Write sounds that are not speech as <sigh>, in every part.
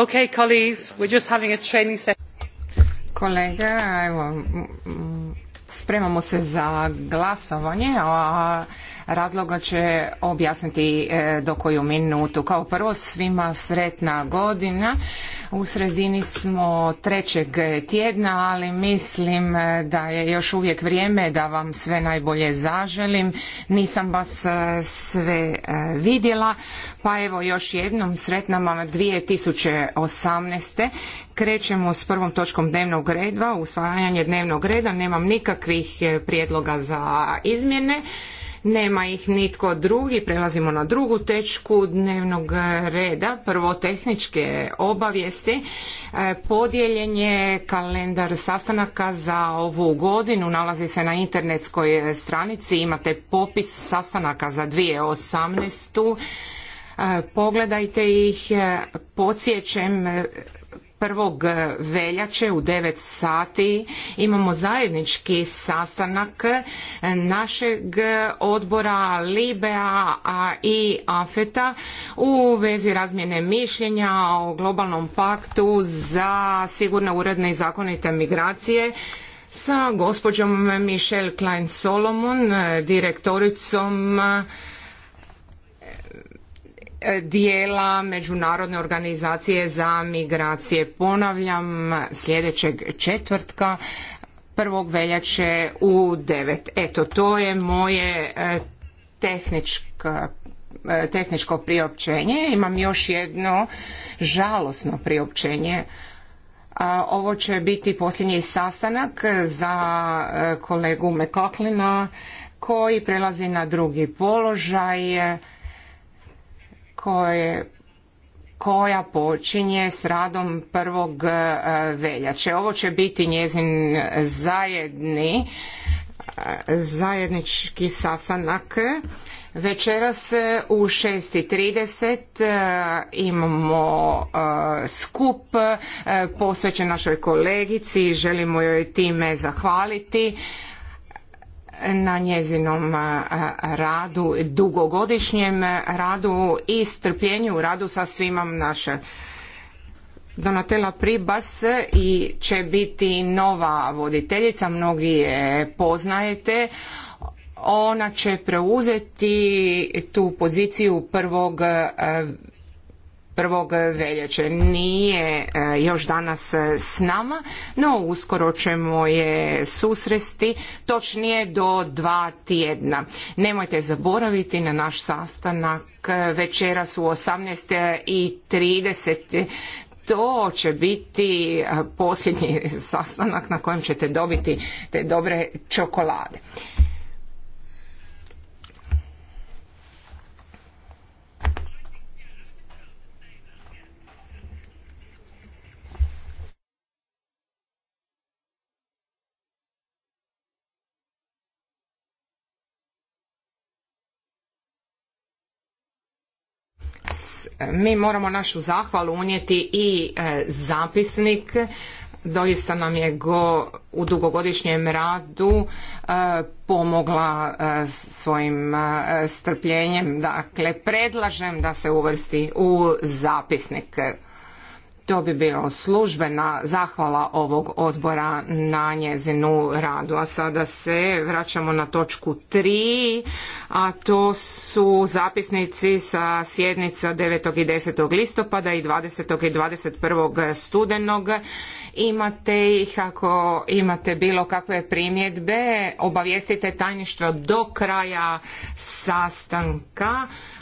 Okay, colleagues, we're just having a Spremamo se za glasovanje, a razloga će objasniti e, do koju minutu. Kao prvo svima sretna godina. U sredini smo trećeg tjedna, ali mislim e, da je još uvijek vrijeme da vam sve najbolje zaželim. Nisam vas e, sve vidjela, pa evo još jednom sretna vam 2018 krećemo s prvom točkom dnevnog reda, usvajanje dnevnog reda. Nemam nikakvih e, prijedloga za izmjene. Nema ih nitko drugi. Prelazimo na drugu tečku dnevnog reda. Prvo tehničke obavijesti. E, podijeljen je kalendar sastanaka za ovu godinu. Nalazi se na internetskoj stranici. Imate popis sastanaka za 2018. E, pogledajte ih. Podsjećem 1. Eh, veljače u 9 sati imamo zajednički sastanak eh, našeg eh, odbora Libea i Afeta u vezi razmjene mišljenja o globalnom paktu za sigurne uredne i zakonite migracije sa gospođom Michelle Klein Solomon, direktoricom dijela Međunarodne organizacije za migracije. Ponavljam, sljedećeg četvrtka prvog veljače u devet. Eto, to je moje e, tehnička e, tehničko priopćenje. Imam još jedno žalosno priopćenje. E, ovo će biti posljednji sastanak za kolegu Mekoklina koji prelazi na drugi položaj koje koja počinje s radom prvog e, veljače. Ovo će biti njezin zajedni e, zajednički sasanak. Večeras u 6.30 e, imamo skup posvećen našoj kolegici. Želimo joj time zahvaliti na njezinom radu, dugogodišnjem radu i strpljenju u radu sa svima naše. Donatela Pribas i će biti nova voditeljica, mnogi je poznajete. Ona će preuzeti tu poziciju prvog 1. veljače. Nije e, još danas e, s nama, no uskoro ćemo je susresti, točnije do dva tjedna. Nemojte zaboraviti na naš sastanak večeras u 18.30 to će biti e, posljednji sastanak na kojem ćete dobiti te dobre čokolade. Mi moramo našu zahvalu unijeti i e, zapisnik. Doista nam je go u dugogodišnjem radu e, pomogla e, svojim strpljenjem. Dakle, predlažem da se uvrsti u zapisnik. To bi bio službena zahvala ovog odbora na njezinu radu. A sada se vraćamo na točku 3, a to su zapisnici sa sjednica 9. i 10. listopada i 20. i 21. studenog. Imate ih, ako imate bilo kakve primjedbe, obavijestite tajništvo do kraja sastanka.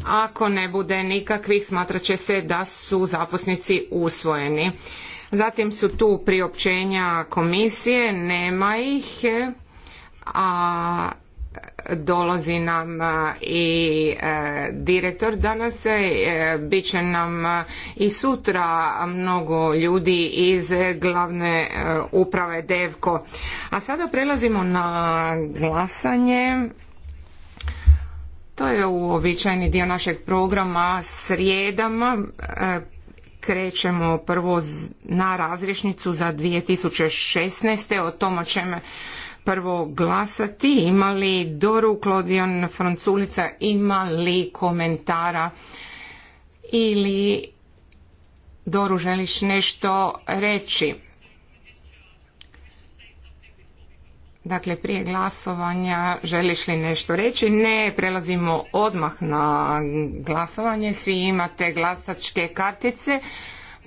Ako ne bude nikakvih, smatrat se da su zapisnici usvojeni. Zatim su tu priopćenja komisije, nema ih, a dolazi nam e, i e, direktor danas, e, bit će nam i sutra mnogo ljudi iz glavne uprave Devko. A sada prelazimo na glasanje. To je uobičajeni dio našeg programa srijedama krećemo prvo na razrješnicu za 2016. o tom o čemu prvo glasati. Ima li Doru Klodion Franculica, ima li komentara ili Doru želiš nešto reći? Dakle, prije glasovanja želiš li nešto reći? Ne, prelazimo odmah na glasovanje. Svi imate glasačke kartice.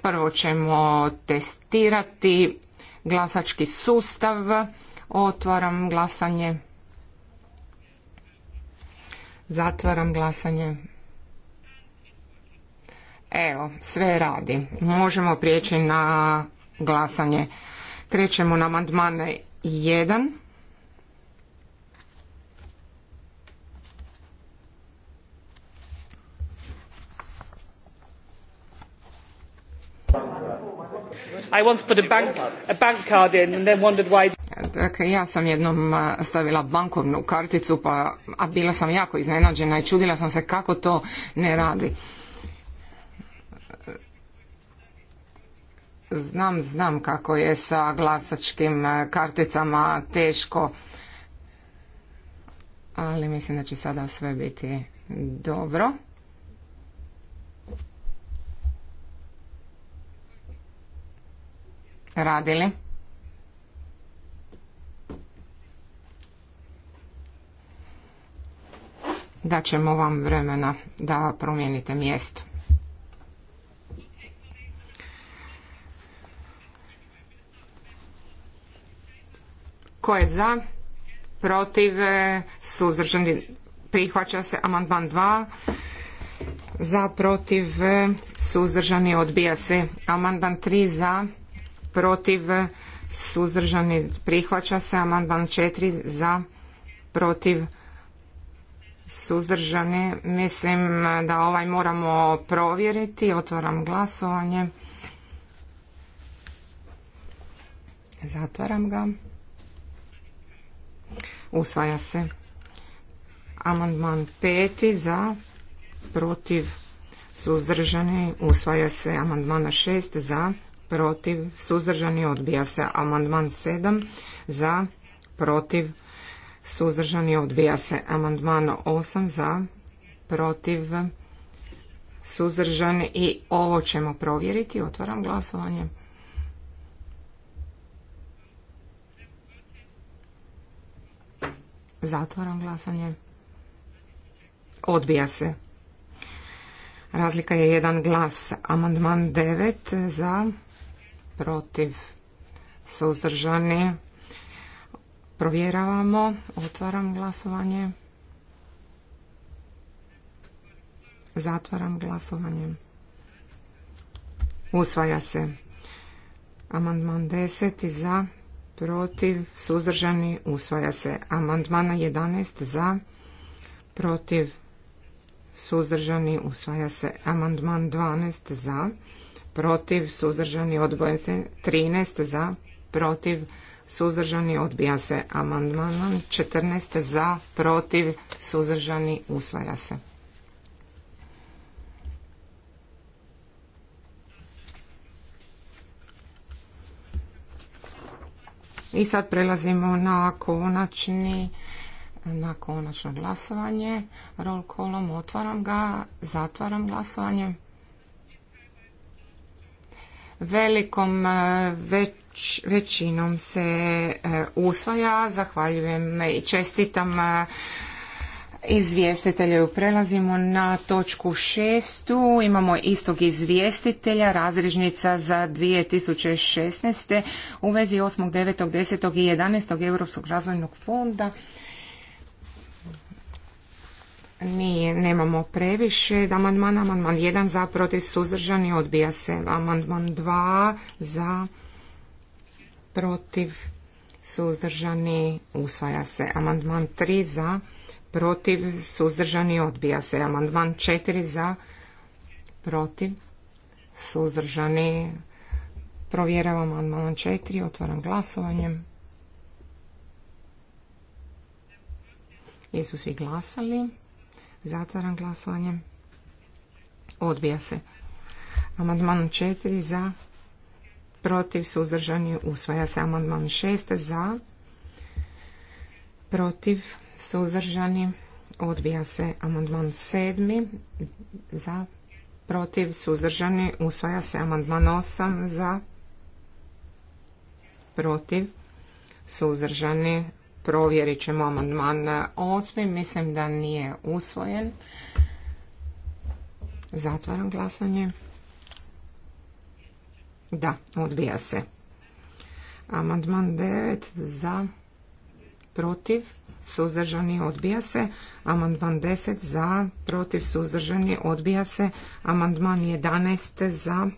Prvo ćemo testirati glasački sustav. Otvaram glasanje. Zatvaram glasanje. Evo, sve radi. Možemo prijeći na glasanje. Krećemo na amandmane 1 I once put a ja sam jednom stavila bankovnu karticu, pa, a bila sam jako iznenađena i čudila sam se kako to ne radi. Znam, znam kako je sa glasačkim karticama teško, ali mislim da će sada sve biti dobro. radili. Da ćemo vam vremena da promijenite mjesto. Ko je za? Protiv? Suzdržani? Prihvaća se amandman 2. Za, protiv, suzdržani, odbija se. Amandman 3 za, protiv, suzdržani, prihvaća se. Amandman 4 za, protiv, suzdržani. Mislim da ovaj moramo provjeriti. Otvaram glasovanje. Zatvaram ga. Usvaja se. Amandman 5 za, protiv, suzdržani. Usvaja se amandmana 6 za, protiv, suzdržani, odbija se. Amandman 7 za, protiv, suzdržani, odbija se. Amandman 8 za, protiv, suzdržan i ovo ćemo provjeriti. Otvaram glasovanje. Zatvaram glasanje. Odbija se. Razlika je jedan glas. Amandman 9 za, protiv, suzdržani. Provjeravamo, otvaram glasovanje. Zatvaram glasovanje. Usvaja se. Amandman 10 za, protiv, suzdržani, usvaja se. Amandmana 11 za, protiv, suzdržani, usvaja se. Amandman 12 za, protiv, suzdržani, odbojen se. 13 za, protiv, suzdržani, odbija se. amandmanom. 14 za, protiv, suzdržani, usvaja se. I sad prelazimo na konačni na konačno glasovanje. Roll kolom otvaram ga, zatvaram glasovanje velikom e, već, većinom se e, usvaja. Zahvaljujem i čestitam e, izvjestitelju. Prelazimo na točku šestu. Imamo istog izvjestitelja, razrežnica za 2016. u vezi 8., 9., 10. i 11. Europskog razvojnog fonda nije, nemamo previše. Amandman, amandman 1 za, protiv, suzdržani, odbija se. Amandman 2 za, protiv, suzdržani, usvaja se. Amandman 3 za, protiv, suzdržani, odbija se. Amandman 4 za, protiv, suzdržani, provjeravam amandman 4, otvaram glasovanjem. Jesu svi glasali? Zatvaram glasovanje. Odbija se. Amandman 4 za. Protiv suzdržani usvaja se. Amandman 6 za. Protiv suzdržani odbija se. Amandman 7 za. Protiv suzdržani usvaja se. Amandman 8 za. Protiv suzdržani provjerit ćemo amandman osmi. Mislim da nije usvojen. Zatvaram glasanje. Da, odbija se. Amandman devet za, protiv, suzdržani, odbija se. Amandman deset za, protiv, suzdržani, odbija se. Amandman 11 za,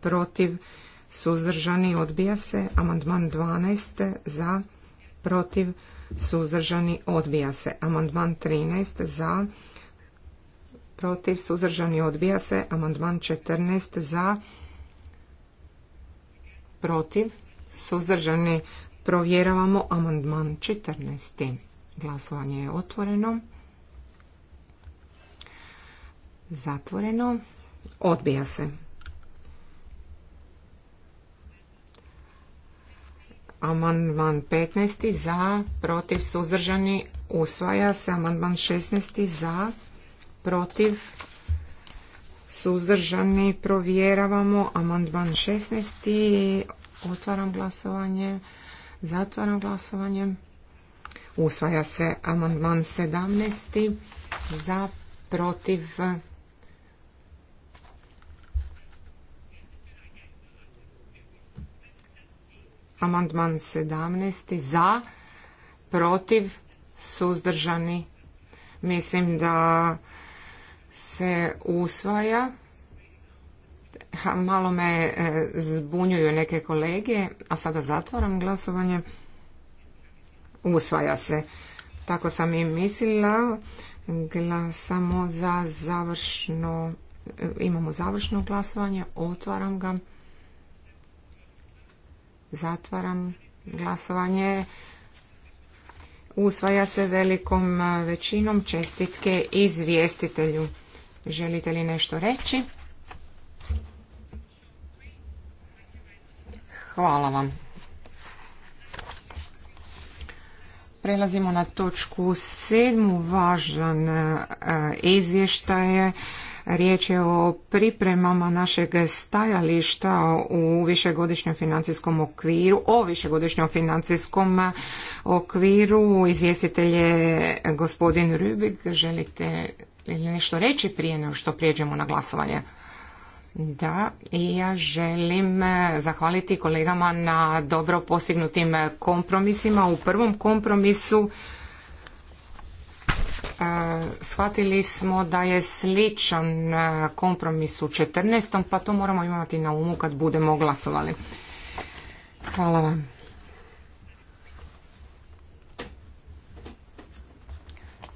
protiv, suzdržani, odbija se. Amandman 12 za, protiv, suzdržani, odbija se. Amandman 13 za, protiv, suzdržani, odbija se. Amandman 14 za, protiv, suzdržani, provjeravamo amandman 14. Glasovanje je otvoreno. Zatvoreno. Odbija se. Amandman 15. za, protiv, suzdržani, usvaja se. Amandman 16. za, protiv, suzdržani, provjeravamo. Amandman 16. otvaram glasovanje, zatvaram glasovanje. Usvaja se amandman 17. za, protiv, Amandman 17. Za, protiv, suzdržani. Mislim da se usvaja. Malo me e, zbunjuju neke kolege, a sada zatvaram glasovanje. Usvaja se. Tako sam i mislila. Glasamo za završno, e, imamo završno glasovanje, otvaram ga. Zatvaram glasovanje. Usvaja se velikom e, većinom čestitke izvjestitelju. Želite li nešto reći? Hvala vam. Prelazimo na točku sedmu, važan e, izvještaj Riječ je o pripremama našeg stajališta u višegodišnjem financijskom okviru, o višegodišnjem financijskom okviru. Izvjestitelj je gospodin Rubik. Želite li nešto reći prije nego što prijeđemo na glasovanje? Da, i ja želim zahvaliti kolegama na dobro postignutim kompromisima. U prvom kompromisu shvatili smo da je sličan kompromis u 14. pa to moramo imati na umu kad budemo glasovali. Hvala vam.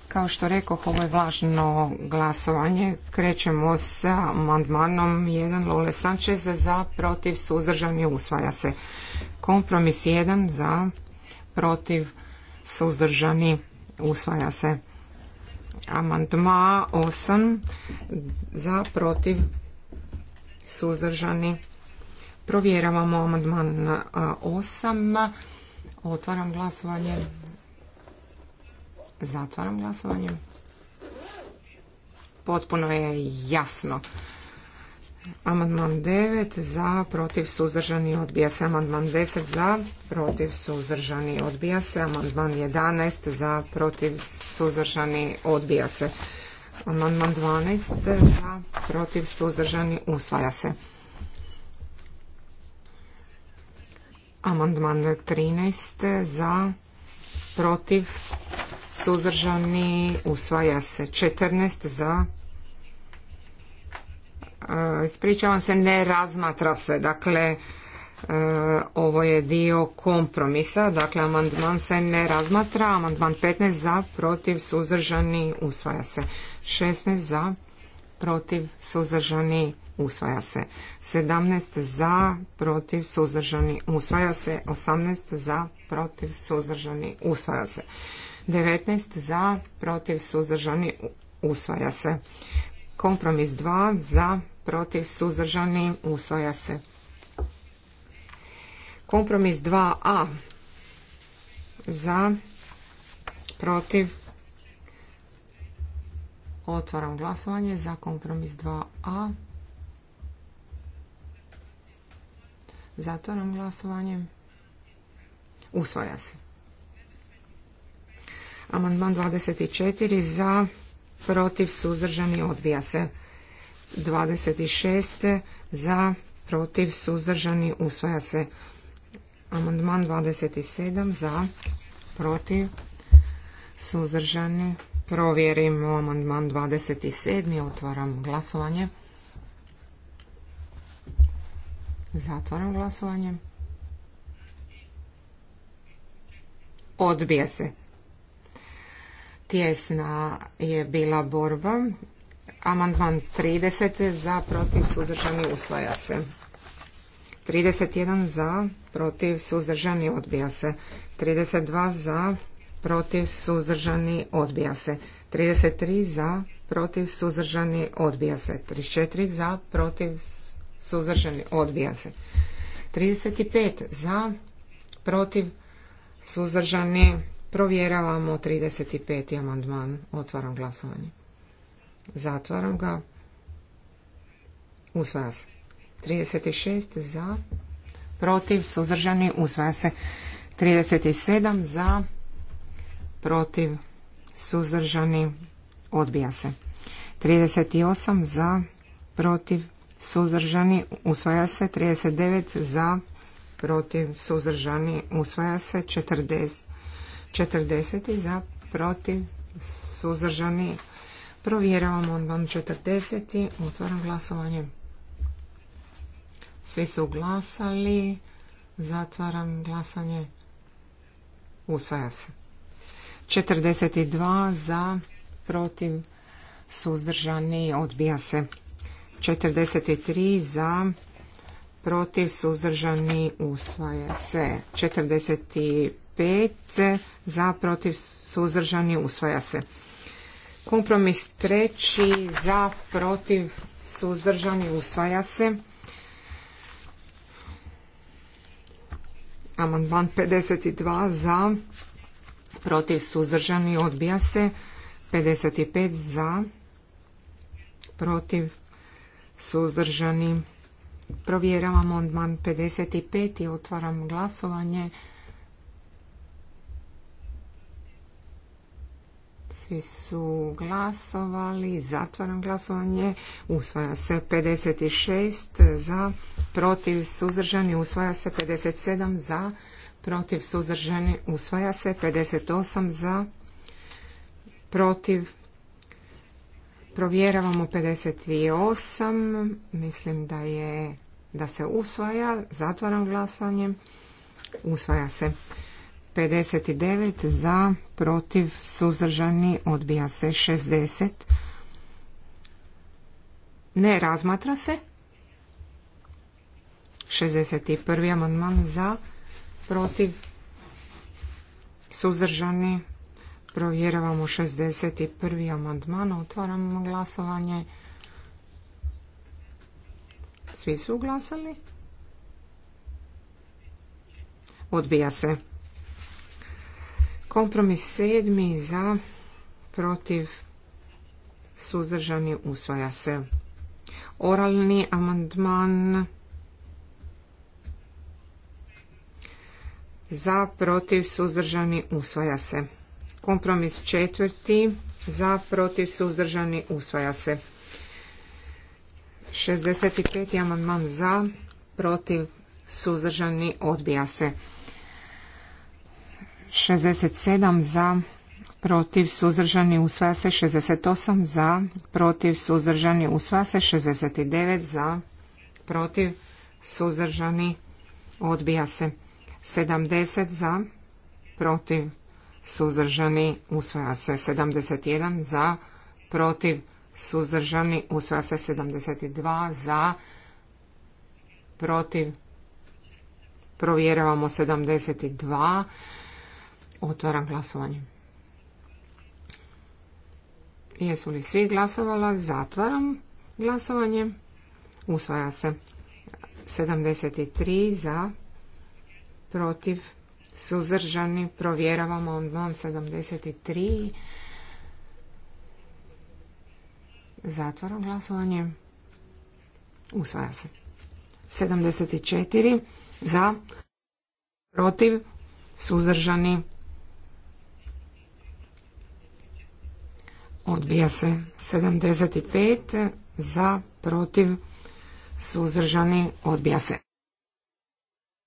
Kao što rekao, ovo je važno glasovanje. Krećemo sa amandmanom 1 Lule Sančeza za protiv suzdržani usvaja se. Kompromis 1 za protiv suzdržani usvaja se. Amandma 8 za protiv suzdržani. Provjeravamo amandman 8. Otvaram glasovanje. Zatvaram glasovanje. Potpuno je jasno. Amandman 9 za, protiv suzdržani odbija se. Amandman 10 za, protiv suzdržani odbija se. Amandman 11 za, protiv suzdržani odbija se. Amandman 12 za, protiv suzdržani usvaja se. Amandman 13 za, protiv suzdržani usvaja se. 14 za, E, ispričavam se, ne razmatra se. Dakle, e, ovo je dio kompromisa, dakle amandman se ne razmatra, amandman 15 za, protiv, suzdržani, usvaja se. 16 za, protiv, suzdržani, usvaja se. 17 za, protiv, suzdržani, usvaja se. 18 za, protiv, suzdržani, usvaja se. 19 za, protiv, suzdržani, usvaja se. Kompromis 2 za, protiv, suzdržani, usvaja se. Kompromis 2a za, protiv, otvaram glasovanje za kompromis 2a. Zatvaram glasovanje. Usvaja se. Amandman 24 za, protiv, suzdržani, odbija se. 26 za, protiv, suzdržani, usvaja se. Amandman 27 za, protiv, suzdržani. Provjerimo amandman 27. Otvaram glasovanje. Zatvaram glasovanje. Odbije se. Tjesna je bila borba. Amandman 30 za, protiv, suzdržani, usvaja se. 31 za, protiv, suzdržani, odbija se. 32 za, protiv, suzdržani, odbija se. 33 za, protiv, suzdržani, odbija se. 34 za, protiv, suzdržani, odbija se. 35 za, protiv, suzdržani, provjeravamo 35. amandman. Otvaram glasovanje. Zatvaram ga. Usvaja se. 36 za, protiv, suzdržani, usvaja se. 37 za, protiv, suzdržani, odbija se. 38 za, protiv, suzdržani, usvaja se. 39 za, protiv, suzdržani, usvaja se. 40, 40 za, protiv, suzdržani, se. Provjeravamo odman 40. Otvaram glasovanje. Svi su glasali. Zatvaram glasanje. Usvaja se. 42 za, protiv, suzdržani, odbija se. 43 za, protiv, suzdržani, usvaja se. 45 za, protiv, suzdržani, usvaja se. Kompromis treći za, protiv, suzdržani, usvaja se. Amandman 52 za, protiv, suzdržani, odbija se. 55 za, protiv, suzdržani. Provjeravamo amandman 55 i otvaram glasovanje. Svi su glasovali. Zatvaram glasovanje. Usvaja se 56 za, protiv suzdržani. Usvaja se 57 za, protiv suzdržani. Usvaja se 58 za, protiv. Provjeravamo 58. Mislim da je da se usvaja. Zatvaram glasovanje. Usvaja se. 59 za, protiv, suzdržani, odbija se 60. Ne razmatra se. 61. amandman za, protiv, suzdržani, provjeravamo 61. amandman, otvaramo glasovanje. Svi su glasali? Odbija se. Kompromis sedmi za, protiv, suzdržani, usvaja se. Oralni amandman za, protiv, suzdržani, usvaja se. Kompromis četvrti za, protiv, suzdržani, usvaja se. 65. amandman za, protiv, suzdržani, odbija se. 67 za, protiv suzdržani usvaja se 68 za, protiv suzdržani usvaja se 69 za, protiv suzdržani odbija se 70 za, protiv suzdržani usvaja se 71 za, protiv suzdržani usvaja se 72 za, protiv provjeravamo 72 Otvaram glasovanje. Jesu li svi glasovala? Zatvaram glasovanje. Usvaja se. 73 za, protiv, suzdržani. Provjeravamo amandman 73. Zatvaram glasovanje. Usvaja se. 74 za, protiv, suzdržani. Odbija se 75 za protiv suzdržani odbija se.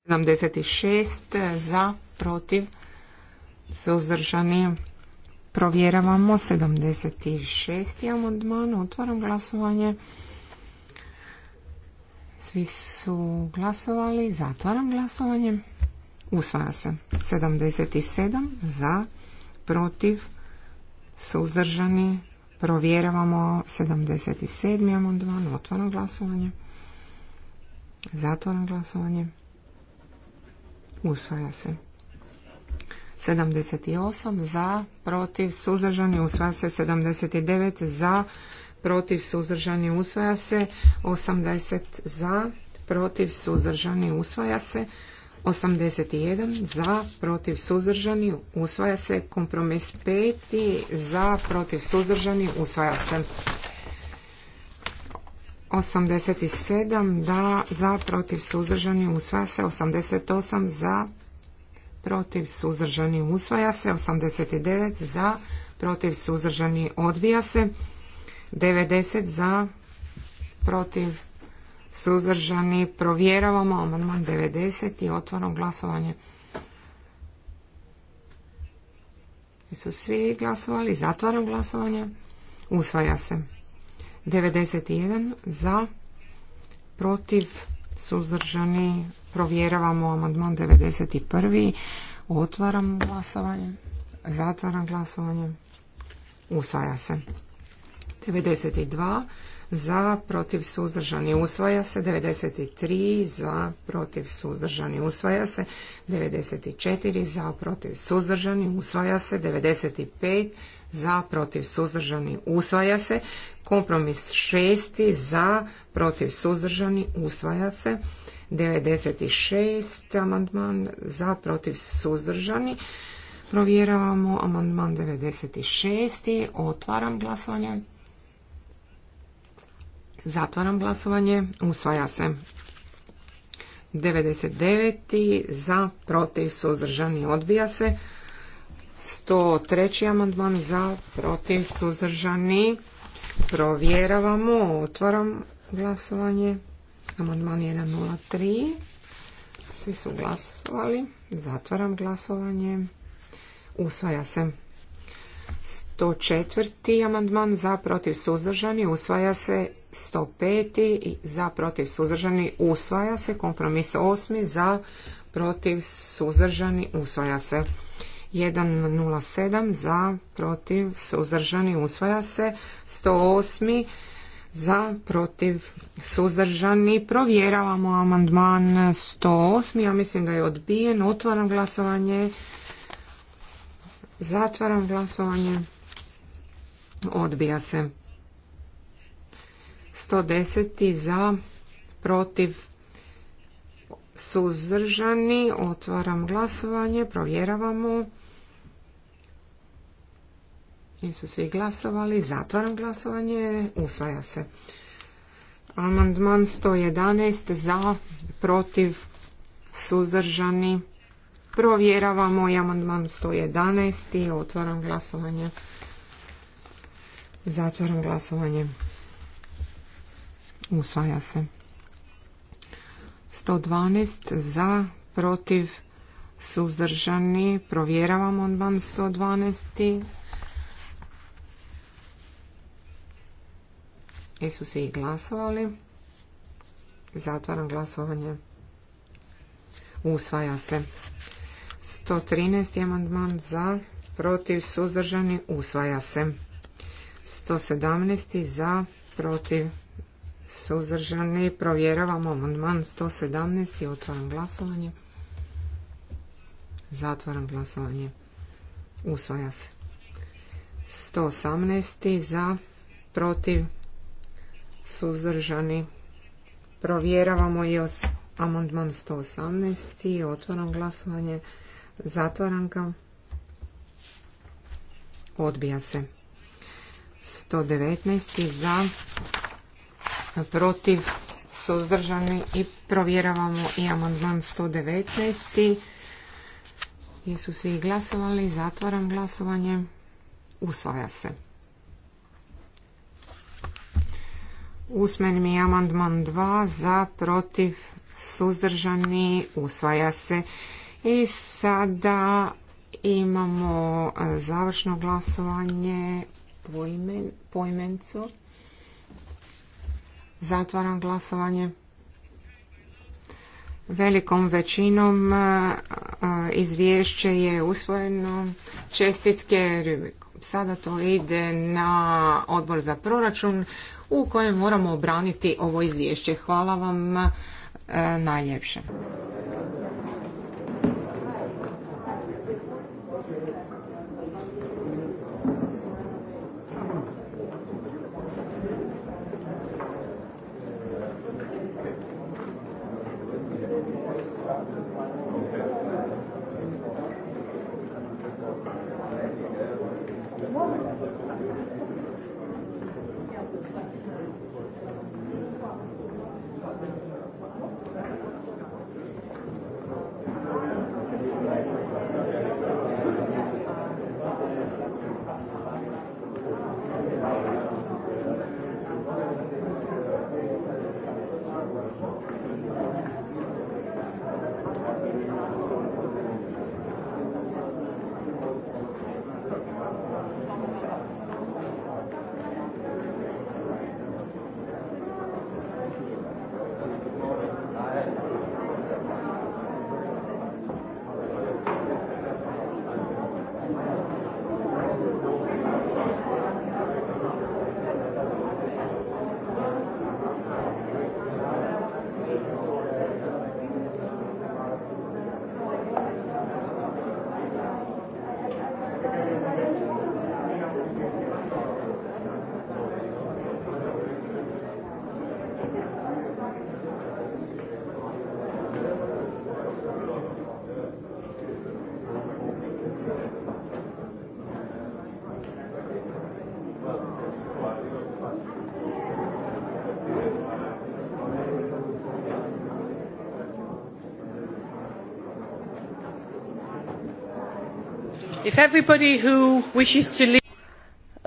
76 za protiv suzdržani provjeravamo 76. amandman otvaram glasovanje. Svi su glasovali, zatvaram glasovanje. Usvaja se 77 za protiv suzdržani, provjeravamo 77. amandman, otvoreno glasovanje, zatvorno glasovanje, usvaja se. 78 za, protiv, suzdržani, usvaja se 79 za, protiv, suzdržani, usvaja se 80 za, protiv, suzdržani, usvaja se 81 za, protiv suzdržani, usvaja se. Kompromis 5 za, protiv suzdržani, usvaja se. 87 da, za, protiv suzdržani, usvaja se. 88 za, protiv suzdržani, usvaja se. 89 za, protiv suzdržani, odbija se. 90 za, protiv suzdržani, provjeravamo amandman 90 i otvaram glasovanje. Su svi glasovali? Zatvaram glasovanje. Usvaja se. 91 za, protiv, suzdržani, provjeravamo amandman 91. Otvaram glasovanje. Zatvaram glasovanje. Usvaja se. 92 za, protiv, suzdržani, usvaja se. 93 za, protiv, suzdržani, usvaja se. 94 za, protiv, suzdržani, usvaja se. 95 za, protiv, suzdržani, usvaja se. Kompromis 6 za, protiv, suzdržani, usvaja se. 96 amandman za, protiv, suzdržani. Provjeravamo amandman 96. Otvaram glasovanje. Zatvaram glasovanje. Usvaja se. 99. za, protiv, suzdržani, odbija se. 103. amandman za, protiv, suzdržani. Provjeravamo, otvaram glasovanje. Amandman 103. Svi su glasovali. Zatvaram glasovanje. Usvaja se. 104. amandman za, protiv, suzdržani. Usvaja se. 105. za protiv suzdržani usvaja se. Kompromis 8. za protiv suzdržani usvaja se. 107 za protiv suzdržani usvaja se. 108 za protiv suzdržani. Provjeravamo amandman 108. Ja mislim da je odbijen. Otvaram glasovanje. Zatvaram glasovanje. Odbija se. 110. za, protiv, suzdržani. Otvaram glasovanje, provjeravamo. Nisu svi glasovali, zatvaram glasovanje, usvaja se. Amandman 111 za, protiv, suzdržani. Provjeravamo i amandman 111 otvaram glasovanje. Zatvaram glasovanje usvaja se. 112 za, protiv, suzdržani, provjeravamo vam 112. Jesu svi glasovali? Zatvaram glasovanje. Usvaja se. 113. amandman za, protiv, suzdržani, usvaja se. 117. za, protiv, suzdržani, provjeravamo amandman 117 i otvaram glasovanje. Zatvaram glasovanje. Usvaja se. 118 za, protiv, suzdržani. Provjeravamo još amandman 118. Otvaram glasovanje. Zatvaram ga. Odbija se. 119. za, protiv, suzdržani i provjeravamo i amandman 119. Jesu svi glasovali? Zatvaram glasovanje. Usvaja se. Usmeni amandman 2 za protiv suzdržani usvaja se. I sada imamo e, završno glasovanje po imencu. Zatvaram glasovanje. Velikom većinom e, e, izvješće je usvojeno. Čestitke Sada to ide na odbor za proračun u kojem moramo obraniti ovo izvješće. Hvala vam e, najljepše.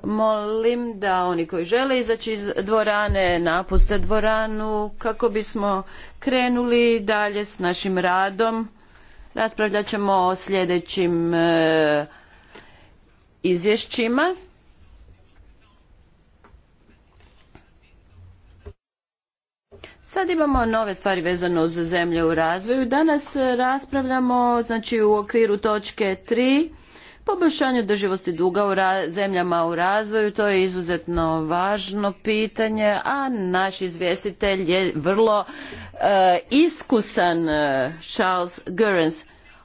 Molim da oni koji žele izaći iz dvorane napuste dvoranu kako bismo krenuli dalje s našim radom. Raspravljat ćemo o sljedećim e, izvješćima. Sad imamo nove stvari vezano za zemlje u razvoju. Danas raspravljamo znači u okviru točke 3 Poboljšanje drživosti duga u zemljama u razvoju, to je izuzetno važno pitanje, a naš izvjestitelj je vrlo e, iskusan e, Charles Gurens.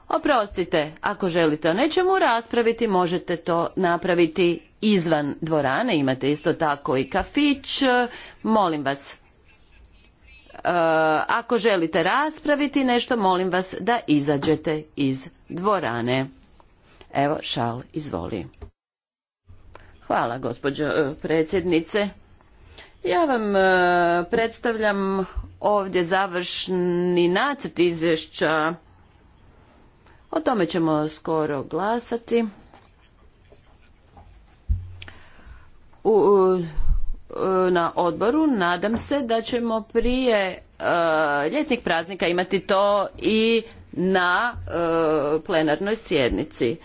Oprostite, ako želite o nečemu raspraviti, možete to napraviti izvan dvorane, imate isto tako i kafić, e, molim vas. ako želite raspraviti nešto, molim vas da izađete iz dvorane. Evo, Šal, izvoli. Hvala, gospođo e, predsjednice. Ja vam e, predstavljam ovdje završni nacrt izvješća. O tome ćemo skoro glasati. U, na odboru. Nadam se da ćemo prije e, ljetnih praznika imati to i na plenarnoj sjednici.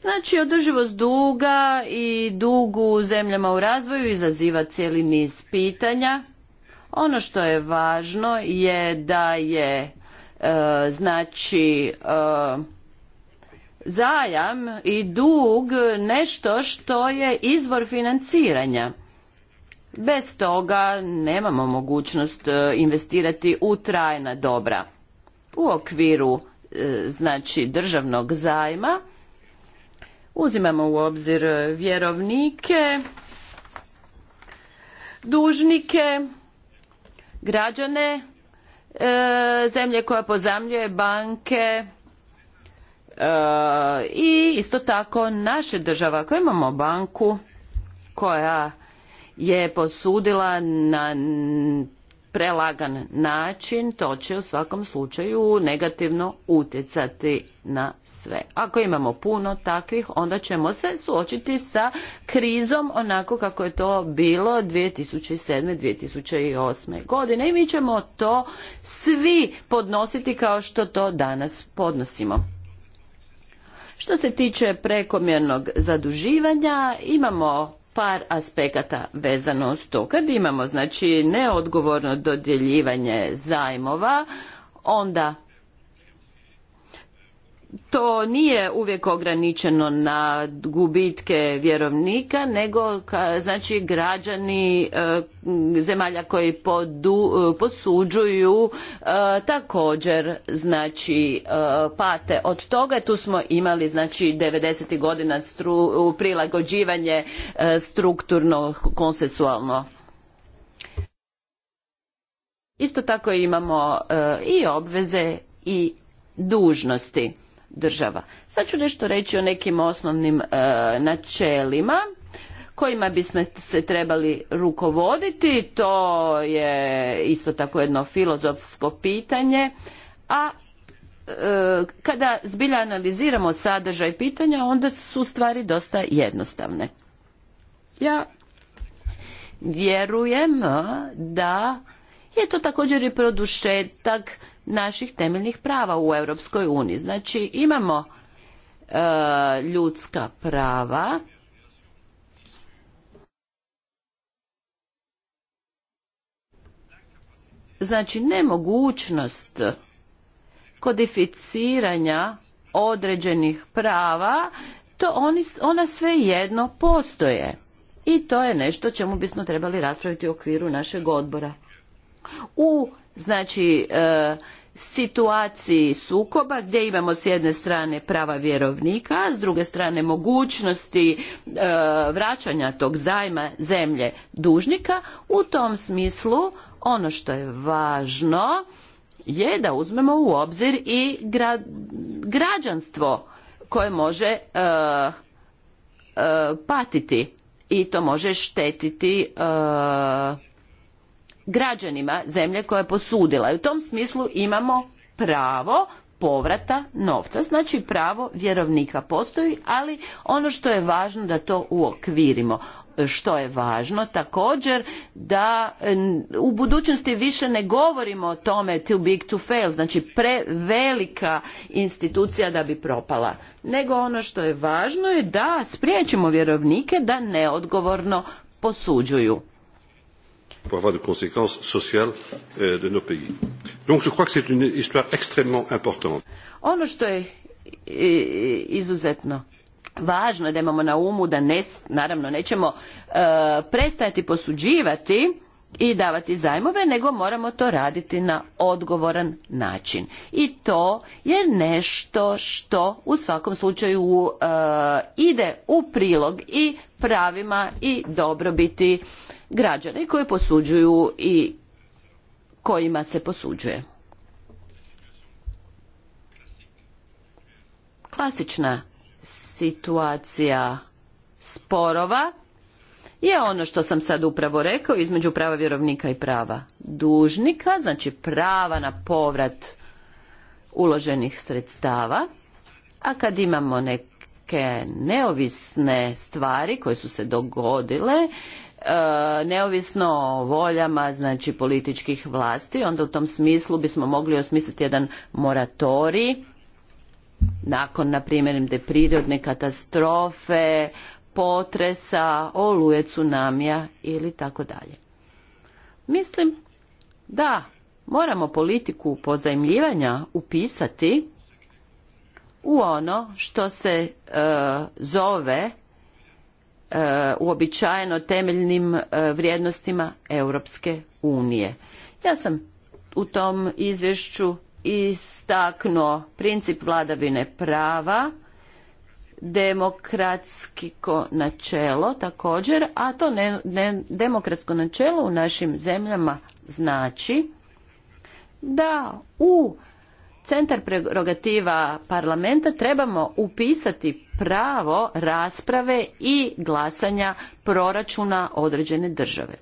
Znači, održivost duga i dugu u zemljama u razvoju izaziva cijeli niz pitanja. Ono što je važno je da je e, znači e, zajam i dug nešto što je izvor financiranja. Bez toga nemamo mogućnost e, investirati u trajna dobra. U okviru znači državnog zajma uzimamo u obzir e, vjerovnike, dužnike, građane, e, zemlje koja pozamljuje banke e, i isto tako naše država koja imamo banku koja je posudila na prelagan način, to će u svakom slučaju negativno utjecati na sve. Ako imamo puno takvih, onda ćemo se suočiti sa krizom onako kako je to bilo 2007. 2008. godine i mi ćemo to svi podnositi kao što to danas podnosimo. Što se tiče prekomjernog zaduživanja, imamo par aspekata vezano uz to. Kad imamo znači neodgovorno dodjeljivanje zajmova, onda to nije uvijek ograničeno na gubitke vjerovnika nego znači građani e, zemalja koji podu, e, posuđuju e, također znači pate od toga tu smo imali znači 90. godina prilagođivanje strukturno konsensualno Isto tako imamo i obveze i dužnosti država. Sad ću nešto reći o nekim osnovnim e, načelima kojima bismo se trebali rukovoditi, to je isto tako jedno filozofsko pitanje, a e, kada zbilja analiziramo sadržaj pitanja, onda su stvari dosta jednostavne. Ja vjerujem da je to također i produšetak naših temeljnih prava u Europskoj uniji. Znači imamo e, ljudska prava znači nemogućnost kodificiranja određenih prava, to ona svejedno postoje. I to je nešto čemu bismo trebali raspraviti u okviru našeg odbora u znači e, situaciji sukoba gdje imamo s jedne strane prava vjerovnika, a s druge strane mogućnosti e, vraćanja tog zajma zemlje dužnika. U tom smislu ono što je važno je da uzmemo u obzir i građanstvo koje može e, patiti i to može štetiti građanima zemlje koja je posudila i u tom smislu imamo pravo povrata novca znači pravo vjerovnika postoji ali ono što je važno da to uokvirimo što je važno također da u budućnosti više ne govorimo o tome too big to fail znači prevelika institucija da bi propala nego ono što je važno je da spriječimo vjerovnike da neodgovorno posuđuju pour avoir des conséquences sociales euh, de nos pays. Donc je crois que c'est une histoire extrêmement importante. Ono što je e, izuzetno važno da imamo na umu da ne, naravno nećemo e, prestajati posuđivati i davati zajmove, nego moramo to raditi na odgovoran način. I to je nešto što u svakom slučaju uh, ide u prilog i pravima i dobrobiti građana koji posuđuju i kojima se posuđuje. Klasična situacija sporova je ono što sam sad upravo rekao između prava vjerovnika i prava dužnika, znači prava na povrat uloženih sredstava, a kad imamo neke neovisne stvari koje su se dogodile, e, neovisno o voljama znači političkih vlasti, onda u tom smislu bismo mogli osmisliti jedan moratorij nakon, na primjer, prirodne katastrofe, potresa, oluje, tsunamija ili tako dalje. Mislim da moramo politiku pozajmljivanja upisati u ono što se e, zove e, uobičajeno temeljnim e, vrijednostima Europske unije. Ja sam u tom izvješću istaknuo princip vladavine prava, demokratsko načelo također, a to ne, demokratsko načelo u našim zemljama znači da u centar prerogativa parlamenta trebamo upisati pravo rasprave i glasanja proračuna određene države.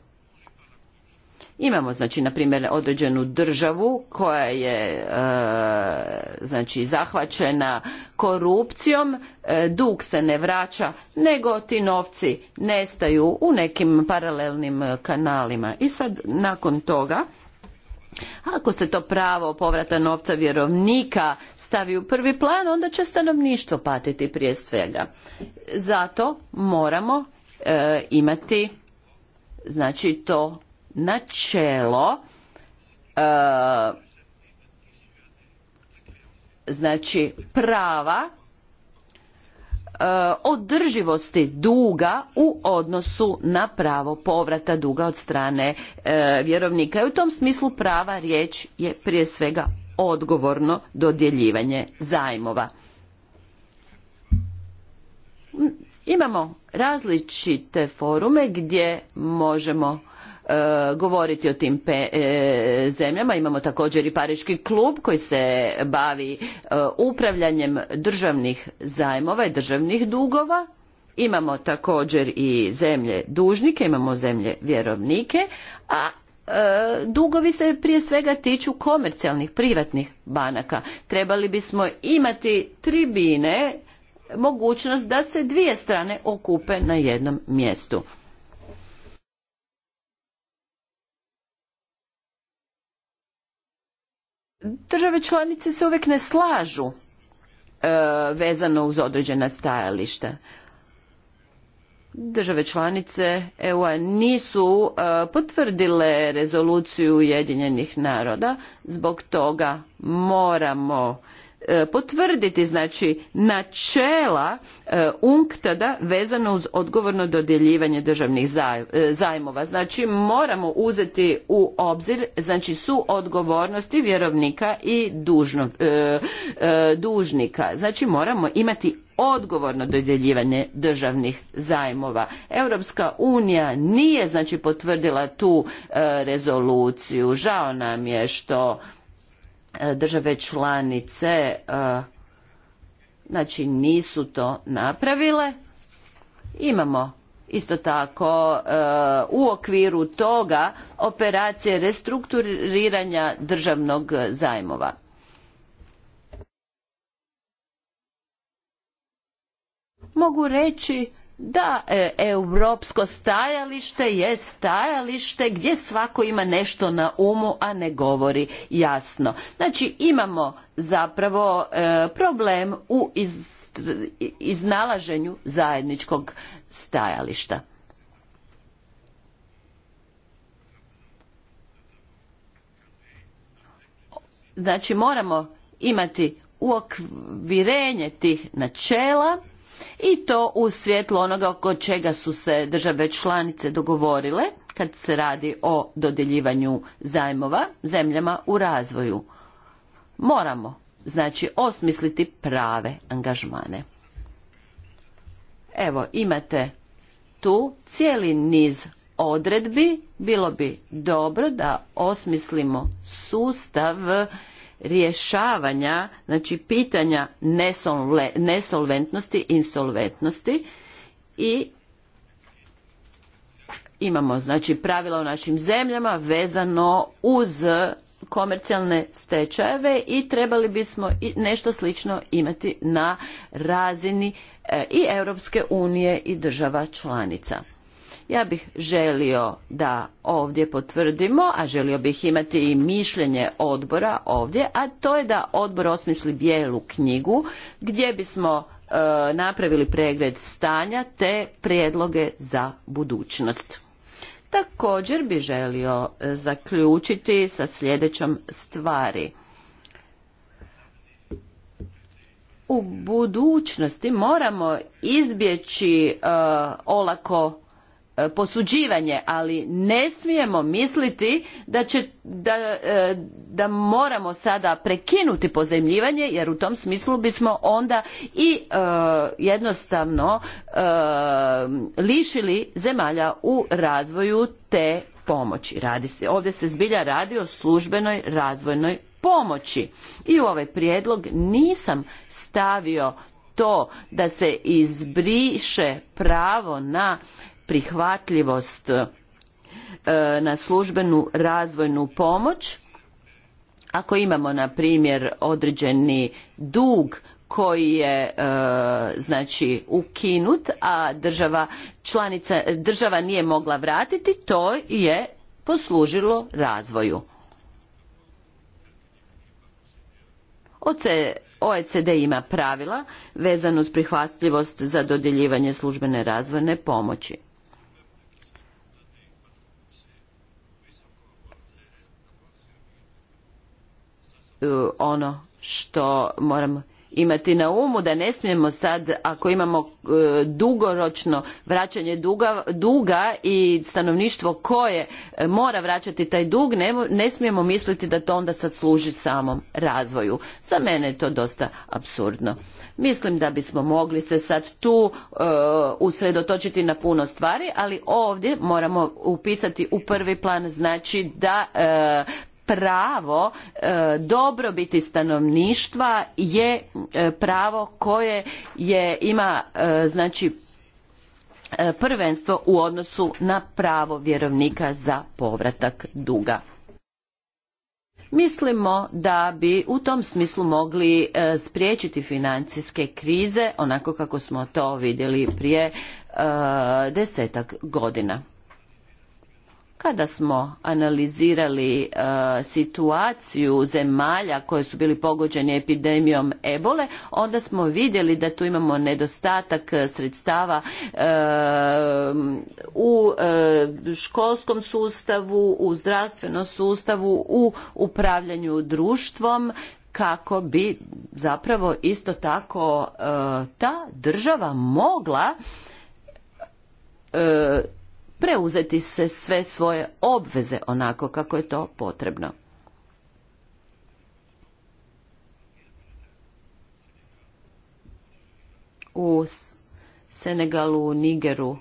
Imamo znači na primjer određenu državu koja je e, znači zahvaćena korupcijom, e, dug se ne vraća, nego ti novci nestaju u nekim paralelnim e, kanalima. I sad nakon toga ako se to pravo povrata novca vjerovnika stavi u prvi plan, onda će stanovništvo patiti prije svega. Zato moramo imati znači to načelo e, znači prava e, održivosti duga u odnosu na pravo povrata duga od strane e, vjerovnika. I u tom smislu prava riječ je prije svega odgovorno dodjeljivanje zajmova. Imamo različite forume gdje možemo E, govoriti o tim e, zemljama. Imamo također i Pariški klub koji se bavi e, upravljanjem državnih zajmova i državnih dugova. Imamo također i zemlje dužnike, imamo zemlje vjerovnike, a dugovi se prije svega tiču komercijalnih, privatnih banaka. Trebali bismo imati tribine mogućnost da se dvije strane okupe na jednom mjestu. Države članice se uvijek ne slažu e, vezano uz određena stajališta. Države članice EU-a nisu e, potvrdile rezoluciju Ujedinjenih naroda, zbog toga moramo E, potvrditi znači načela e, unktada vezano uz odgovorno dodjeljivanje državnih e, zajmova. Znači moramo uzeti u obzir znači su odgovornosti vjerovnika i dužno, dužnika. Znači moramo imati odgovorno dodjeljivanje državnih zajmova. Europska unija nije znači potvrdila tu rezoluciju. Žao nam je što E, države članice e, znači nisu to napravile. Imamo isto tako e, u okviru toga operacije restrukturiranja državnog zajmova. Mogu reći da e, europsko stajalište je stajalište gdje svako ima nešto na umu a ne govori jasno znači imamo zapravo e, problem u iznalaženju zajedničkog stajališta znači moramo imati uokvirenje tih načela i to u svjetlu onoga oko čega su se države članice dogovorile kad se radi o dodjeljivanju zajmova zemljama u razvoju. Moramo, znači, osmisliti prave angažmane. Evo, imate tu cijeli niz odredbi. Bilo bi dobro da osmislimo sustav rješavanja, znači pitanja nesolventnosti, insolventnosti i imamo znači pravila u našim zemljama vezano uz komercijalne stečajeve i trebali bismo nešto slično imati na razini e, i Europske unije i država članica. Ja bih želio da ovdje potvrdimo, a želio bih imati i mišljenje odbora ovdje, a to je da odbor osmisli bijelu knjigu gdje bismo e, napravili pregled stanja te prijedloge za budućnost. Također bi želio e, zaključiti sa sljedećom stvari. U budućnosti moramo izbjeći e, olako E, posuđivanje, ali ne smijemo misliti da, će, e, da, moramo sada prekinuti pozajmljivanje jer u tom smislu bismo onda i e, jednostavno lišili zemalja u razvoju te pomoći. Radi se, ovdje se zbilja radi o službenoj razvojnoj pomoći. I u ovaj prijedlog nisam stavio to da se izbriše pravo na prihvatljivost e, na službenu razvojnu pomoć ako imamo na primjer određeni dug koji je e, znači ukinut a država članica država nije mogla vratiti to je poslužilo razvoju OECD ima pravila vezano s prihvatljivost za dodjeljivanje službene razvojne pomoći E, ono što moramo imati na umu da ne smijemo sad ako imamo e, dugoročno vraćanje duga, duga i stanovništvo koje e, mora vraćati taj dug ne, smijemo misliti da to onda sad služi samom razvoju za mene je to dosta apsurdno mislim da bismo mogli se sad tu usredotočiti na puno stvari ali ovdje moramo upisati u prvi plan znači da pravo e, dobrobiti stanovništva je e, pravo koje je ima e, znači prvenstvo u odnosu na pravo vjerovnika za povratak duga mislimo da bi u tom smislu mogli spriječiti financijske krize onako kako smo to vidjeli prije desetak godina kada smo analizirali e, situaciju zemalja koje su bili pogođeni epidemijom ebole, onda smo vidjeli da tu imamo nedostatak e, sredstava e, u školskom sustavu, u zdravstvenom sustavu, u upravljanju društvom kako bi zapravo isto tako ta država mogla preuzeti se sve svoje obveze onako kako je to potrebno. U Senegalu, Nigeru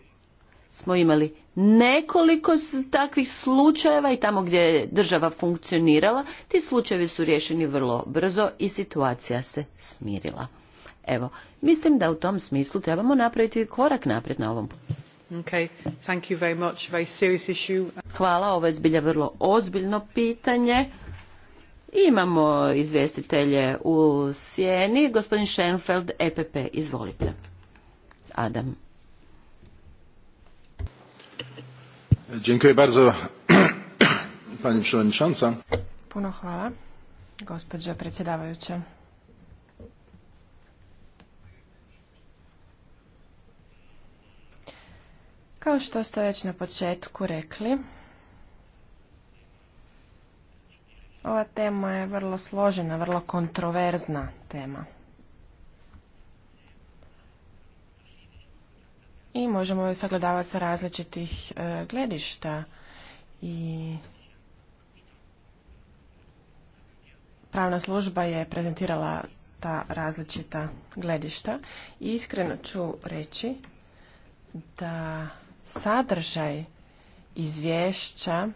smo imali nekoliko takvih slučajeva i tamo gdje je država funkcionirala, ti slučajevi su riješeni vrlo brzo i situacija se smirila. Evo, mislim da u tom smislu trebamo napraviti korak naprijed na ovom putu. Hvala, ovo je zbilja vrlo ozbiljno pitanje. Imamo izvjestitelje u sjeni. Gospodin Schenfeld, EPP, izvolite. Adam. Dziękuję <clears throat> Puno hvala, gospođa predsjedavajuća. Kao što ste već na početku rekli, ova tema je vrlo složena, vrlo kontroverzna tema. I možemo ju sagledavati sa različitih e, gledišta i pravna služba je prezentirala ta različita gledišta i iskreno ću reći da sadržaj izvješća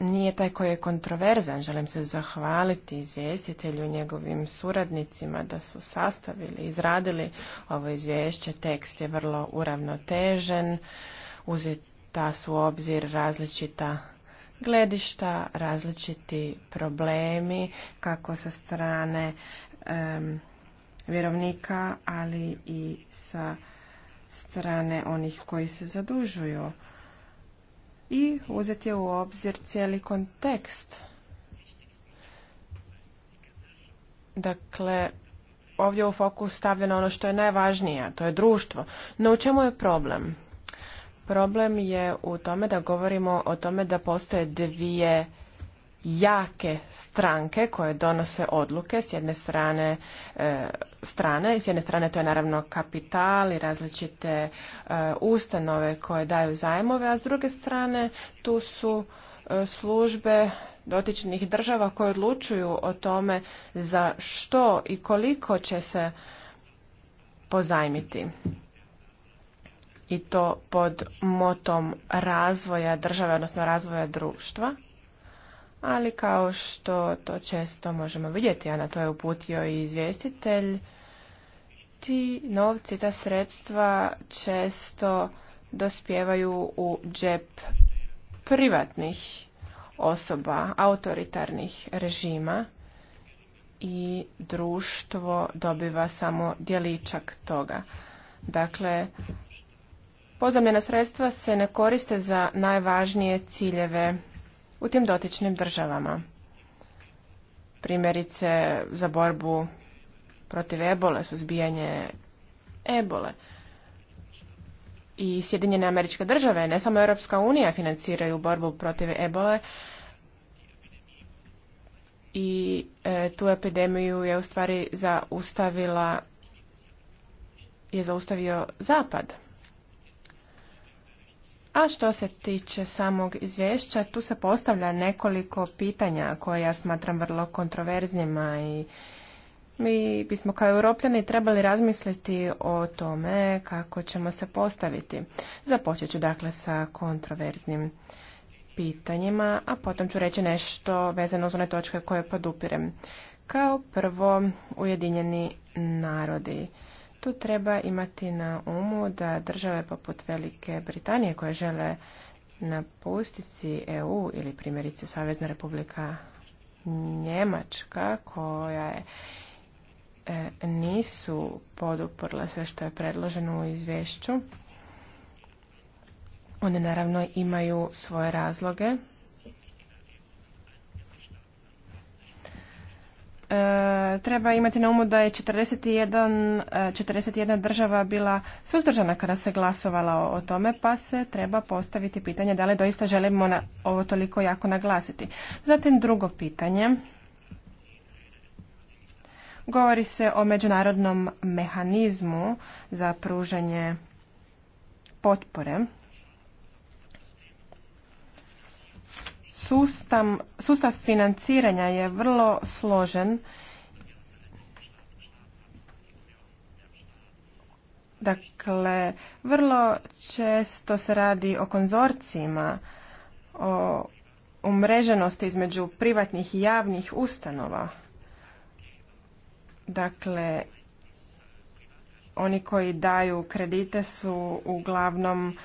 nije taj koji je kontroverzan. Želim se zahvaliti izvjestitelju, njegovim suradnicima da su sastavili, izradili ovo izvješće. Tekst je vrlo uravnotežen, uzeta su u obzir različita gledišta, različiti problemi, kako sa strane vjerovnika, ali i sa strane onih koji se zadužuju i uzeti u obzir cijeli kontekst. Dakle, ovdje u fokus stavljeno ono što je najvažnije, a to je društvo. No u čemu je problem? Problem je u tome da govorimo o tome da postoje dvije jake stranke koje donose odluke s jedne strane e, strane s jedne strane to je naravno kapital i različite e, ustanove koje daju zajmove a s druge strane tu su e, službe dotičnih država koje odlučuju o tome za što i koliko će se pozajmiti i to pod motom razvoja države odnosno razvoja društva ali kao što to često možemo vidjeti, a na to je uputio i izvjestitelj, ti novci, ta sredstva često dospjevaju u džep privatnih osoba, autoritarnih režima i društvo dobiva samo djeličak toga. Dakle, pozamljena sredstva se ne koriste za najvažnije ciljeve u tim dotičnim državama. Primjerice za borbu protiv ebole, suzbijanje ebole. I Sjedinjene američke države, ne samo Europska unija, financiraju borbu protiv ebole i e, tu epidemiju je u stvari zaustavila je zaustavio zapad. A što se tiče samog izvješća, tu se postavlja nekoliko pitanja koje ja smatram vrlo kontroverznima i mi bismo kao europljani trebali razmisliti o tome kako ćemo se postaviti. Započet ću dakle sa kontroverznim pitanjima, a potom ću reći nešto vezano uz one točke koje podupirem. Kao prvo, Ujedinjeni narodi. Tu treba imati na umu da države poput Velike Britanije koje žele napustiti EU ili primjerice Savezna republika Njemačka koja e, nisu poduprla sve što je predloženo u izvješću. One naravno imaju svoje razloge E, treba imati na umu da je 41, 41 e, država bila suzdržana kada se glasovala o, tome, pa se treba postaviti pitanje da li doista želimo na, ovo toliko jako naglasiti. Zatim drugo pitanje. Govori se o međunarodnom mehanizmu za pružanje potpore sustav, sustav financiranja je vrlo složen. Dakle, vrlo često se radi o konzorcijima, o umreženosti između privatnih i javnih ustanova. Dakle, oni koji daju kredite su uglavnom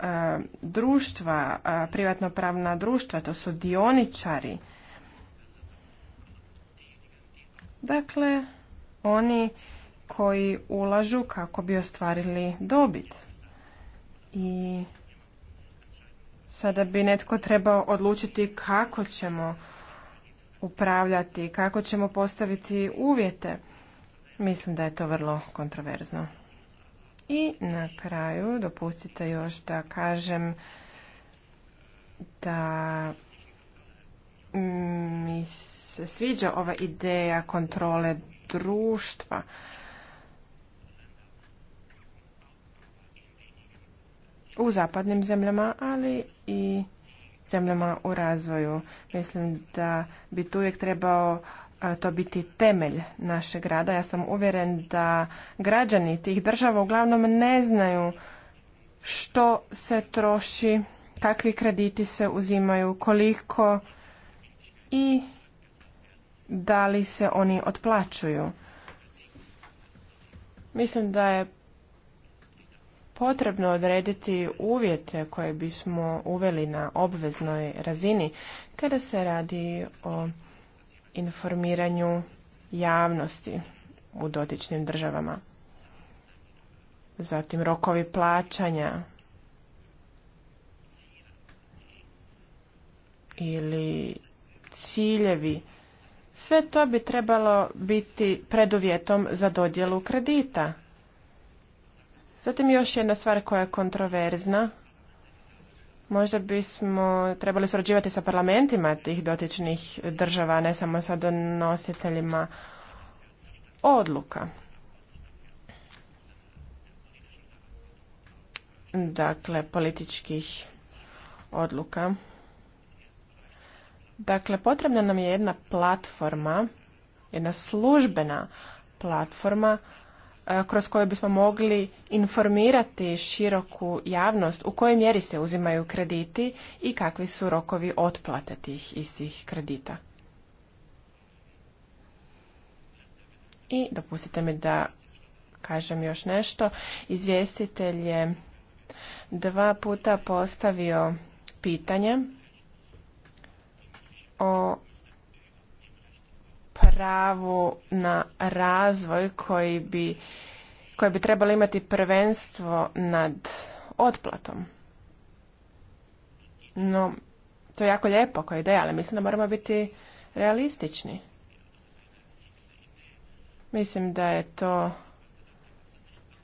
E, društva, e, privatnopravna društva, to su dioničari. Dakle, oni koji ulažu kako bi ostvarili dobit. I sada bi netko trebao odlučiti kako ćemo upravljati, kako ćemo postaviti uvjete. Mislim da je to vrlo kontroverzno. I na kraju dopustite još da kažem da mi se sviđa ova ideja kontrole društva. u zapadnim zemljama, ali i zemljama u razvoju. Mislim da bi tu uvijek trebao to biti temelj našeg rada. Ja sam uvjeren da građani tih država uglavnom ne znaju što se troši, kakvi krediti se uzimaju, koliko i da li se oni otplaćuju. Mislim da je potrebno odrediti uvjete koje bismo uveli na obveznoj razini kada se radi o informiranju javnosti u dotičnim državama. Zatim rokovi plaćanja ili ciljevi. Sve to bi trebalo biti preduvjetom za dodjelu kredita. Zatim još jedna stvar koja je kontroverzna – Možda bismo trebali surađivati sa parlamentima tih dotičnih država, ne samo sa donositeljima odluka. Dakle, političkih odluka. Dakle, potrebna nam je jedna platforma, jedna službena platforma E, kroz koje bismo mogli informirati široku javnost u kojoj mjeri se uzimaju krediti i kakvi su rokovi otplate tih istih kredita. I dopustite mi da kažem još nešto. Izvjestitelj je dva puta postavio pitanje o pravu na razvoj koji bi, koje bi trebalo imati prvenstvo nad otplatom. No, to je jako lijepo koja ideja, ali mislim da moramo biti realistični. Mislim da je to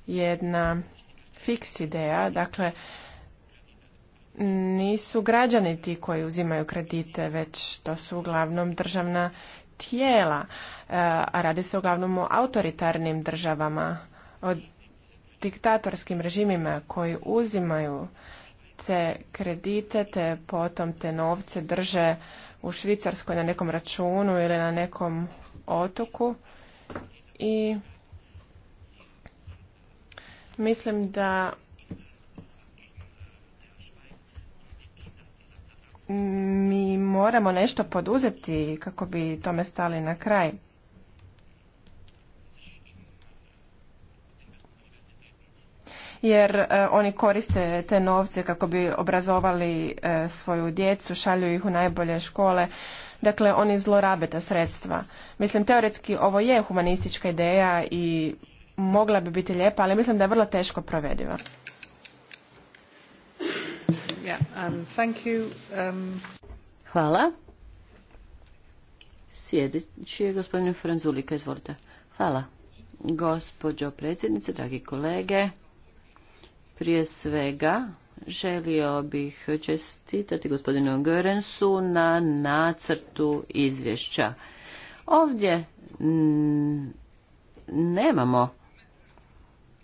jedna fiks ideja, dakle nisu građani ti koji uzimaju kredite, već to su uglavnom državna tijela, e, a radi se uglavnom o autoritarnim državama, o diktatorskim režimima koji uzimaju te kredite, te potom te novce drže u Švicarskoj na nekom računu ili na nekom otoku i mislim da mi moramo nešto poduzeti kako bi tome stali na kraj. jer e, oni koriste te novce kako bi obrazovali e, svoju djecu, šalju ih u najbolje škole. Dakle, oni zlorabe ta sredstva. Mislim, teoretski ovo je humanistička ideja i mogla bi biti lijepa, ali mislim da je vrlo teško provediva. Um, um, Hvala. je gospodin Franzulika, Hvala. Gospođo predsjednice, dragi kolege, prije svega želio bih čestitati gospodinu Görensu na nacrtu izvješća. Ovdje nemamo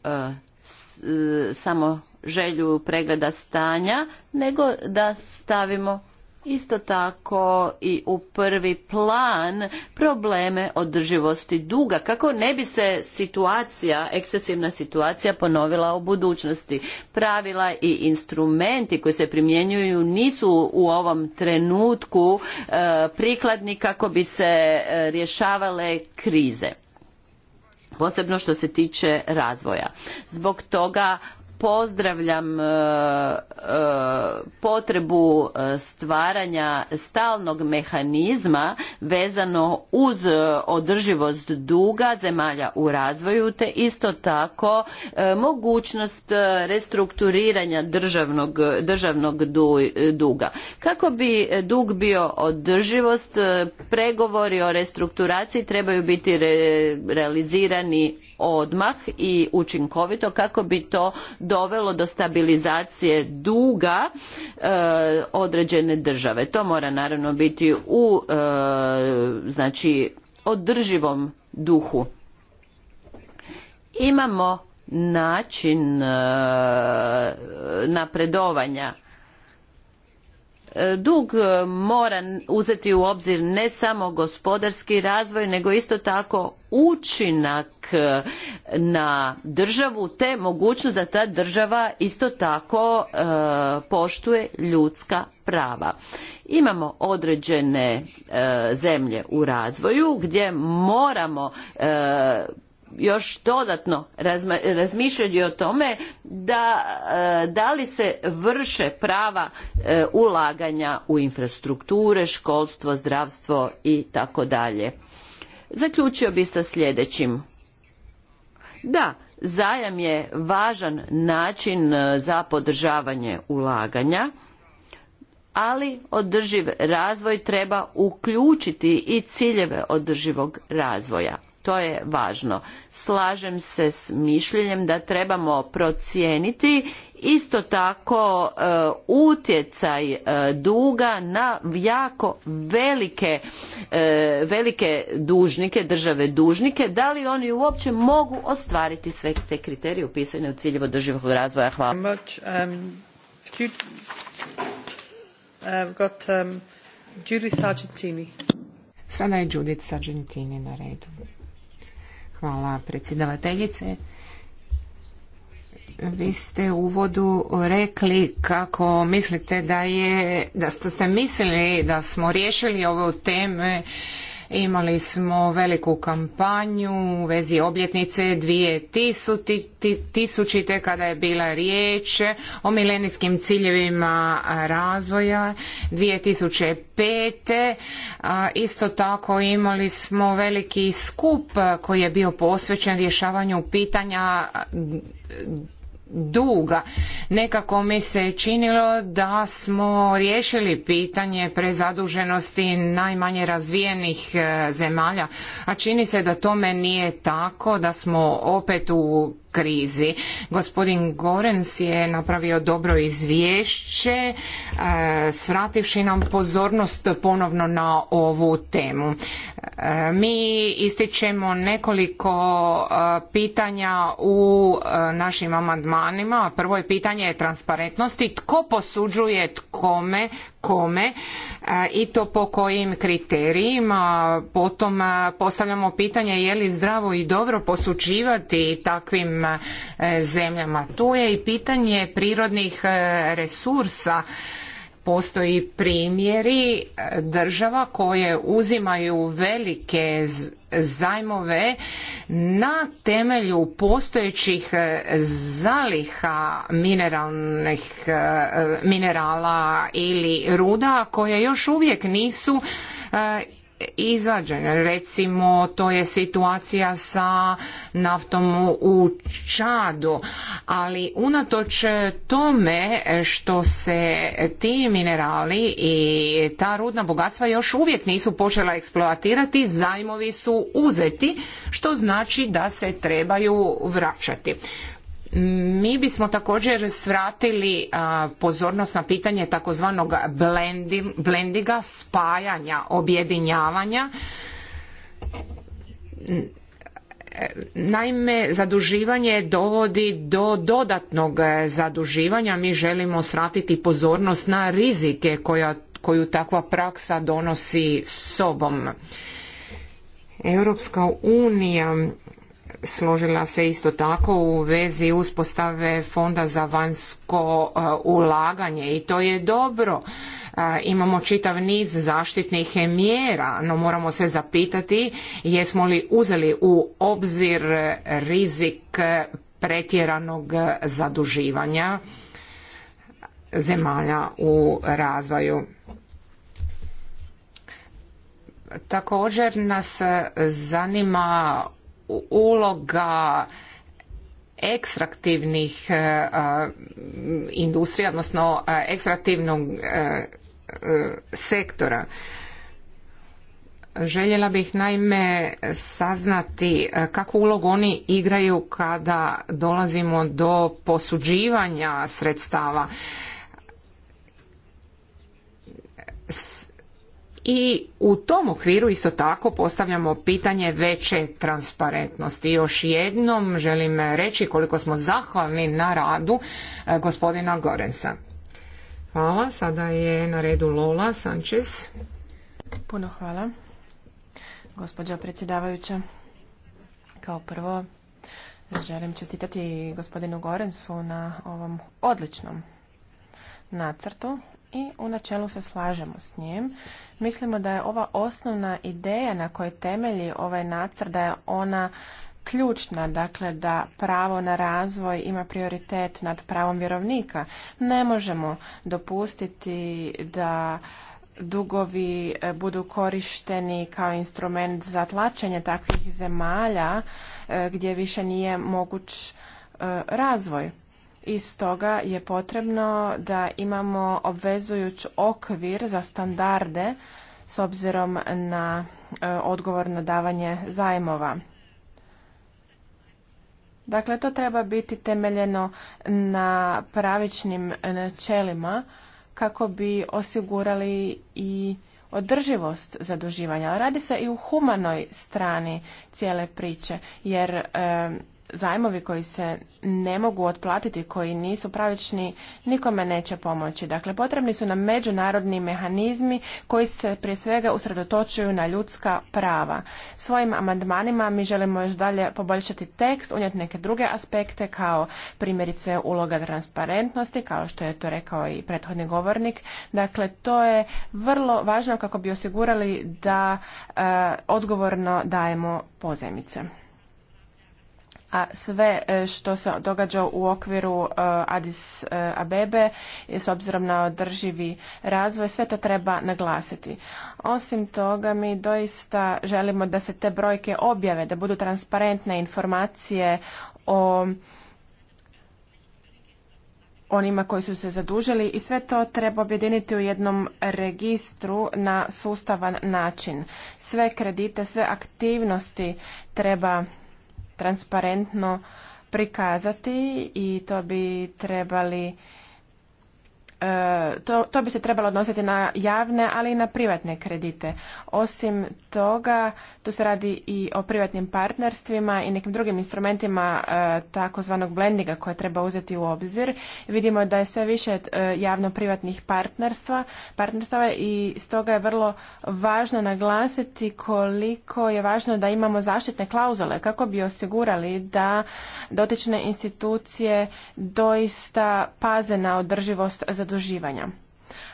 e, e, samo želju pregleda stanja, nego da stavimo isto tako i u prvi plan probleme održivosti duga kako ne bi se situacija ekscesivna situacija ponovila u budućnosti pravila i instrumenti koji se primjenjuju nisu u ovom trenutku e, prikladni kako bi se e, rješavale krize posebno što se tiče razvoja zbog toga pozdravljam e, e, potrebu e, stvaranja stalnog mehanizma vezano uz održivost duga zemalja u razvoju te isto tako mogućnost restrukturiranja državnog, duga. Kako bi dug bio održivost, pregovori o restrukturaciji trebaju biti realizirani odmah i učinkovito kako bi to dovelo do stabilizacije duga e, određene države. To mora naravno biti u e, znači održivom duhu. Imamo način e, napredovanja dug mora uzeti u obzir ne samo gospodarski razvoj nego isto tako učinak e, na državu te mogućnost da ta država isto tako e, poštuje ljudska prava. Imamo određene e, zemlje u razvoju gdje moramo još dodatno razmišljati o tome da, e, da li se vrše prava e, ulaganja u infrastrukture, školstvo, zdravstvo i tako dalje. Zaključio bi sa sljedećim. Da, zajam je važan način e, za podržavanje ulaganja, ali održiv razvoj treba uključiti i ciljeve održivog razvoja to je važno. Slažem se s mišljenjem da trebamo procijeniti isto tako e, utjecaj e, duga na jako velike, e, velike dužnike, države dužnike, da li oni uopće mogu ostvariti sve te kriterije upisane u ciljevo održivog razvoja. Hvala. Um, uh, um, Sada je Judith Sargentini na redu. Hvala predsjedavateljice. Vi ste u uvodu rekli kako mislite da je, da ste mislili da smo riješili ove teme Imali smo veliku kampanju u vezi obljetnice 2000. kada je bila riječ o milenijskim ciljevima razvoja 2005. Isto tako imali smo veliki skup koji je bio posvećen rješavanju pitanja duga. Nekako mi se činilo da smo riješili pitanje prezaduženosti najmanje razvijenih e, zemalja, a čini se da tome nije tako, da smo opet u krizi. Gospodin Gorens je napravio dobro izvješće, e, svrativši nam pozornost ponovno na ovu temu. E, mi ističemo nekoliko e, pitanja u našim amandmanima. Prvo je pitanje transparentnosti. Tko posuđuje kome kome e, i to po kojim kriterijima. Potom e, postavljamo pitanje je li zdravo i dobro posuđivati takvim e, zemljama. Tu je i pitanje prirodnih resursa postoji primjeri država koje uzimaju velike zajmove na temelju postojećih zaliha mineralnih eh, minerala ili ruda koje još uvijek nisu eh, izađen. Recimo, to je situacija sa naftom u Čadu, ali unatoč tome što se ti minerali i ta rudna bogatstva još uvijek nisu počela eksploatirati, zajmovi su uzeti, što znači da se trebaju vraćati mi bismo također svratili pozornost na pitanje takozvanog blendiga spajanja, objedinjavanja. Naime, zaduživanje dovodi do dodatnog zaduživanja. Mi želimo svratiti pozornost na rizike koju takva praksa donosi sobom. Europska unija složila se isto tako u vezi uspostave fonda za vanjsko e, ulaganje i to je dobro. E, imamo čitav niz zaštitnih mjera, no moramo se zapitati jesmo li uzeli u obzir rizik pretjeranog zaduživanja zemalja u razvoju. Također nas zanima uloga ekstraktivnih e, industrija, odnosno e, ekstraktivnog e, sektora. Željela bih naime saznati kakvu ulogu oni igraju kada dolazimo do posuđivanja sredstava i u tom okviru isto tako postavljamo pitanje veće transparentnosti. Još jednom želim reći koliko smo zahvalni na radu e, gospodina Gorensa. Hvala, sada je na redu Lola Sanchez. Puno hvala, gospođa predsjedavajuća. Kao prvo, želim čestitati gospodinu Gorensu na ovom odličnom nacrtu i u načelu se slažemo s njim. Mislimo da je ova osnovna ideja na kojoj temelji ovaj nacrt, da je ona ključna, dakle da pravo na razvoj ima prioritet nad pravom vjerovnika. Ne možemo dopustiti da dugovi e, budu korišteni kao instrument za tlačenje takvih zemalja e, gdje više nije moguć e, razvoj i stoga je potrebno da imamo obvezujući okvir za standarde s obzirom na e, odgovorno davanje zajmova. Dakle, to treba biti temeljeno na pravičnim načelima kako bi osigurali i održivost zaduživanja. Radi se i u humanoj strani cijele priče, jer e, zajmovi koji se ne mogu otplatiti, koji nisu pravični, nikome neće pomoći. Dakle, potrebni su nam međunarodni mehanizmi koji se prije svega usredotočuju na ljudska prava. Svojim amandmanima mi želimo još dalje poboljšati tekst, unijeti neke druge aspekte kao primjerice uloga transparentnosti, kao što je to rekao i prethodni govornik. Dakle, to je vrlo važno kako bi osigurali da e, odgovorno dajemo pozemice a sve e, što se događa u okviru e, Adis e, Abebe s obzirom na održivi razvoj, sve to treba naglasiti. Osim toga, mi doista želimo da se te brojke objave, da budu transparentne informacije o onima koji su se zadužili i sve to treba objediniti u jednom registru na sustavan način. Sve kredite, sve aktivnosti treba transparentno prikazati i to bi trebali E, to, to bi se trebalo odnositi na javne, ali i na privatne kredite. Osim toga, tu se radi i o privatnim partnerstvima i nekim drugim instrumentima e, takozvanog blendinga koje treba uzeti u obzir. Vidimo da je sve više e, javno-privatnih partnerstva, partnerstava i stoga je vrlo važno naglasiti koliko je važno da imamo zaštitne klauzule kako bi osigurali da dotične institucije doista paze na održivost za zaduživanja.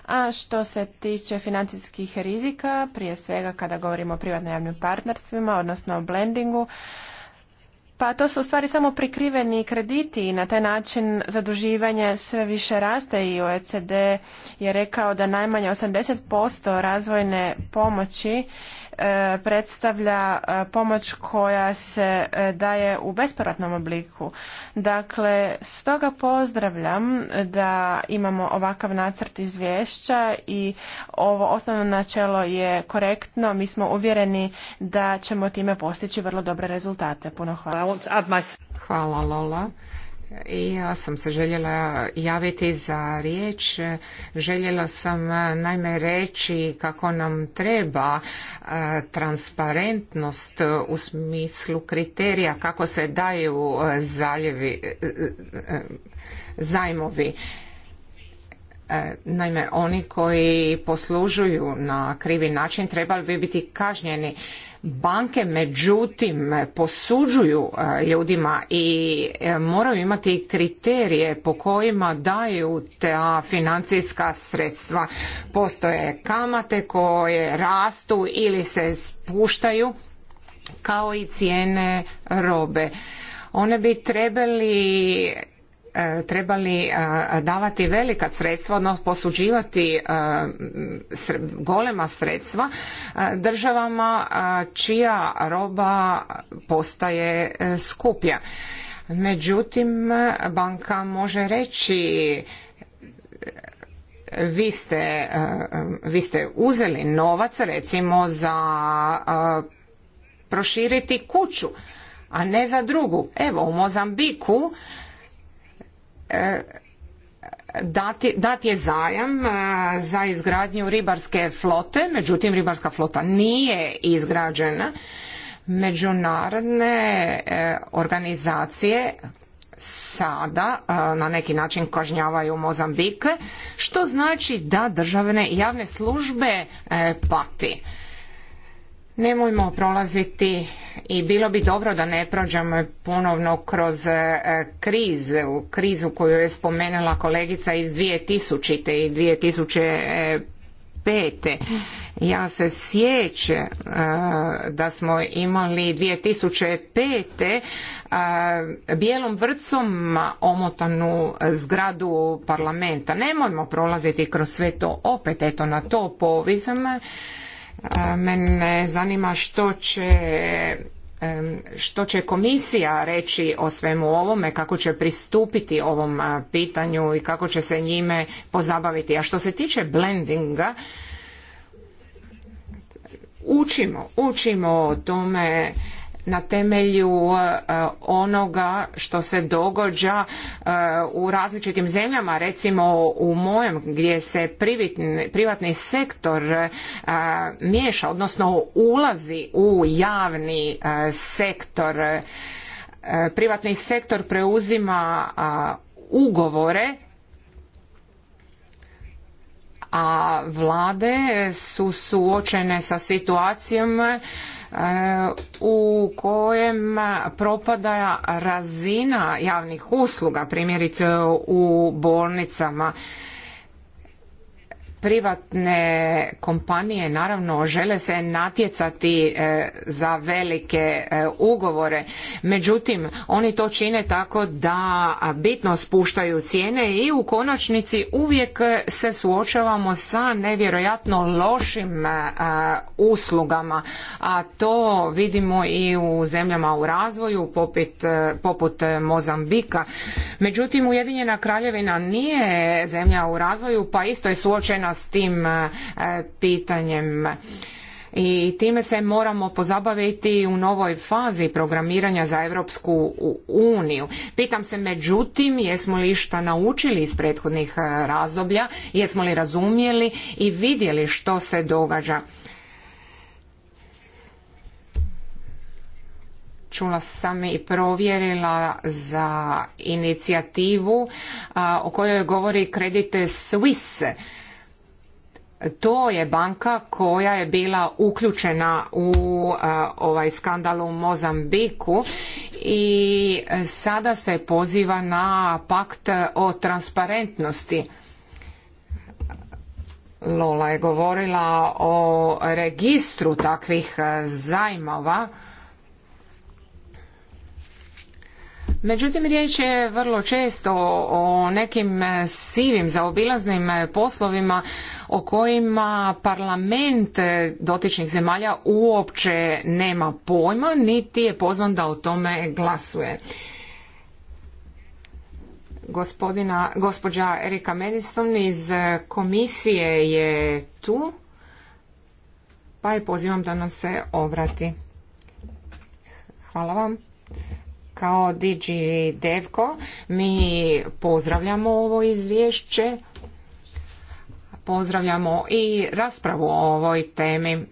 A što se tiče financijskih rizika, prije svega kada govorimo o privatno-javnim partnerstvima, odnosno o blendingu, pa to su u stvari samo prikriveni krediti i na taj način zaduživanje sve više raste i OECD je rekao da najmanje 80% razvojne pomoći E, predstavlja e, pomoć koja se e, daje u bespovratnom obliku. Dakle, stoga pozdravljam da imamo ovakav nacrt izvješća i ovo osnovno načelo je korektno. Mi smo uvjereni da ćemo time postići vrlo dobre rezultate. Puno hvala. Hvala Lola. I ja sam se željela javiti za riječ. Željela sam e, najme reći kako nam treba e, transparentnost u smislu kriterija kako se daju e, zaljevi, zajmovi. Naime, oni koji poslužuju na krivi način trebali bi biti kažnjeni Banke međutim posuđuju e, ljudima i e, moraju imati kriterije po kojima daju ta financijska sredstva. Postoje kamate koje rastu ili se spuštaju kao i cijene robe one bi trebali trebali davati velika sredstva, odnosno posuđivati golema sredstva državama čija roba postaje e, skuplja. Međutim, banka može reći vi ste, vi ste uzeli novac recimo za proširiti kuću, a ne za drugu. Evo u Mozambiku dati je, je zajam e, za izgradnju ribarske flote, međutim ribarska flota nije izgrađena. Međunarodne e, organizacije sada e, na neki način kažnjavaju Mozambik, što znači da državne javne službe pati. Nemojmo prolaziti i bilo bi dobro da ne prođemo ponovno kroz e, krizu, krizu koju je spomenula kolegica iz 2000. i 2005 Ja se sjećam e, da smo imali 2005. E, bijelom vrcom omotanu zgradu parlamenta. Nemojmo prolaziti kroz sve to opet, eto na to povizama Mene zanima što će što će komisija reći o svemu ovome, kako će pristupiti ovom pitanju i kako će se njime pozabaviti. A što se tiče blendinga, učimo, učimo o tome na temelju e, onoga što se događa e, u različitim zemljama, recimo u mojem gdje se privatni sektor e, miješa, odnosno ulazi u javni sektor. Privatni sektor preuzima ugovore a vlade su suočene sa situacijom u kojem propada razina javnih usluga, primjerice u bolnicama privatne kompanije naravno žele se natjecati e, za velike e, ugovore međutim oni to čine tako da bitno spuštaju cijene i u konačnici uvijek se suočavamo sa nevjerojatno lošim e, uslugama a to vidimo i u zemljama u razvoju poput, poput Mozambika međutim Ujedinjena Kraljevina nije zemlja u razvoju pa isto je suočena s tim e, pitanjem i time se moramo pozabaviti u novoj fazi programiranja za Europsku uniju. Pitam se međutim jesmo li šta naučili iz prethodnih e, razdoblja, jesmo li razumjeli i vidjeli što se događa. čula sam i provjerila za inicijativu o kojoj govori kredite Swiss to je banka koja je bila uključena u e, ovaj skandal u Mozambiku i sada se poziva na pakt o transparentnosti. Lola je govorila o registru takvih e, zajmova Međutim, riječ je vrlo često o nekim e, sivim zaobilaznim e, poslovima o kojima parlament e, dotičnih zemalja uopće nema pojma, niti je pozvan da o tome glasuje. Gospodina, gospođa Erika Madison iz komisije je tu, pa je pozivam da nam se obrati. Hvala vam kao DG Devko mi pozdravljamo ovo izvješće, pozdravljamo i raspravu o ovoj temi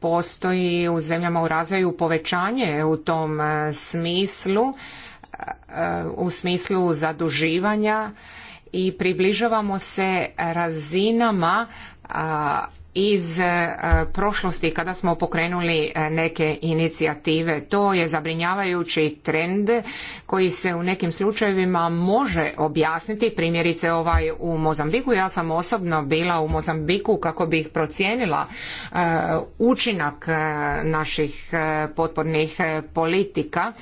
postoji u zemljama u razvoju povećanje u tom e, smislu, e, u smislu zaduživanja i približavamo se razinama iz e, prošlosti kada smo pokrenuli e, neke inicijative. To je zabrinjavajući trend koji se u nekim slučajevima može objasniti. Primjerice ovaj u Mozambiku. Ja sam osobno bila u Mozambiku kako bih procijenila e, učinak naših potpornih politika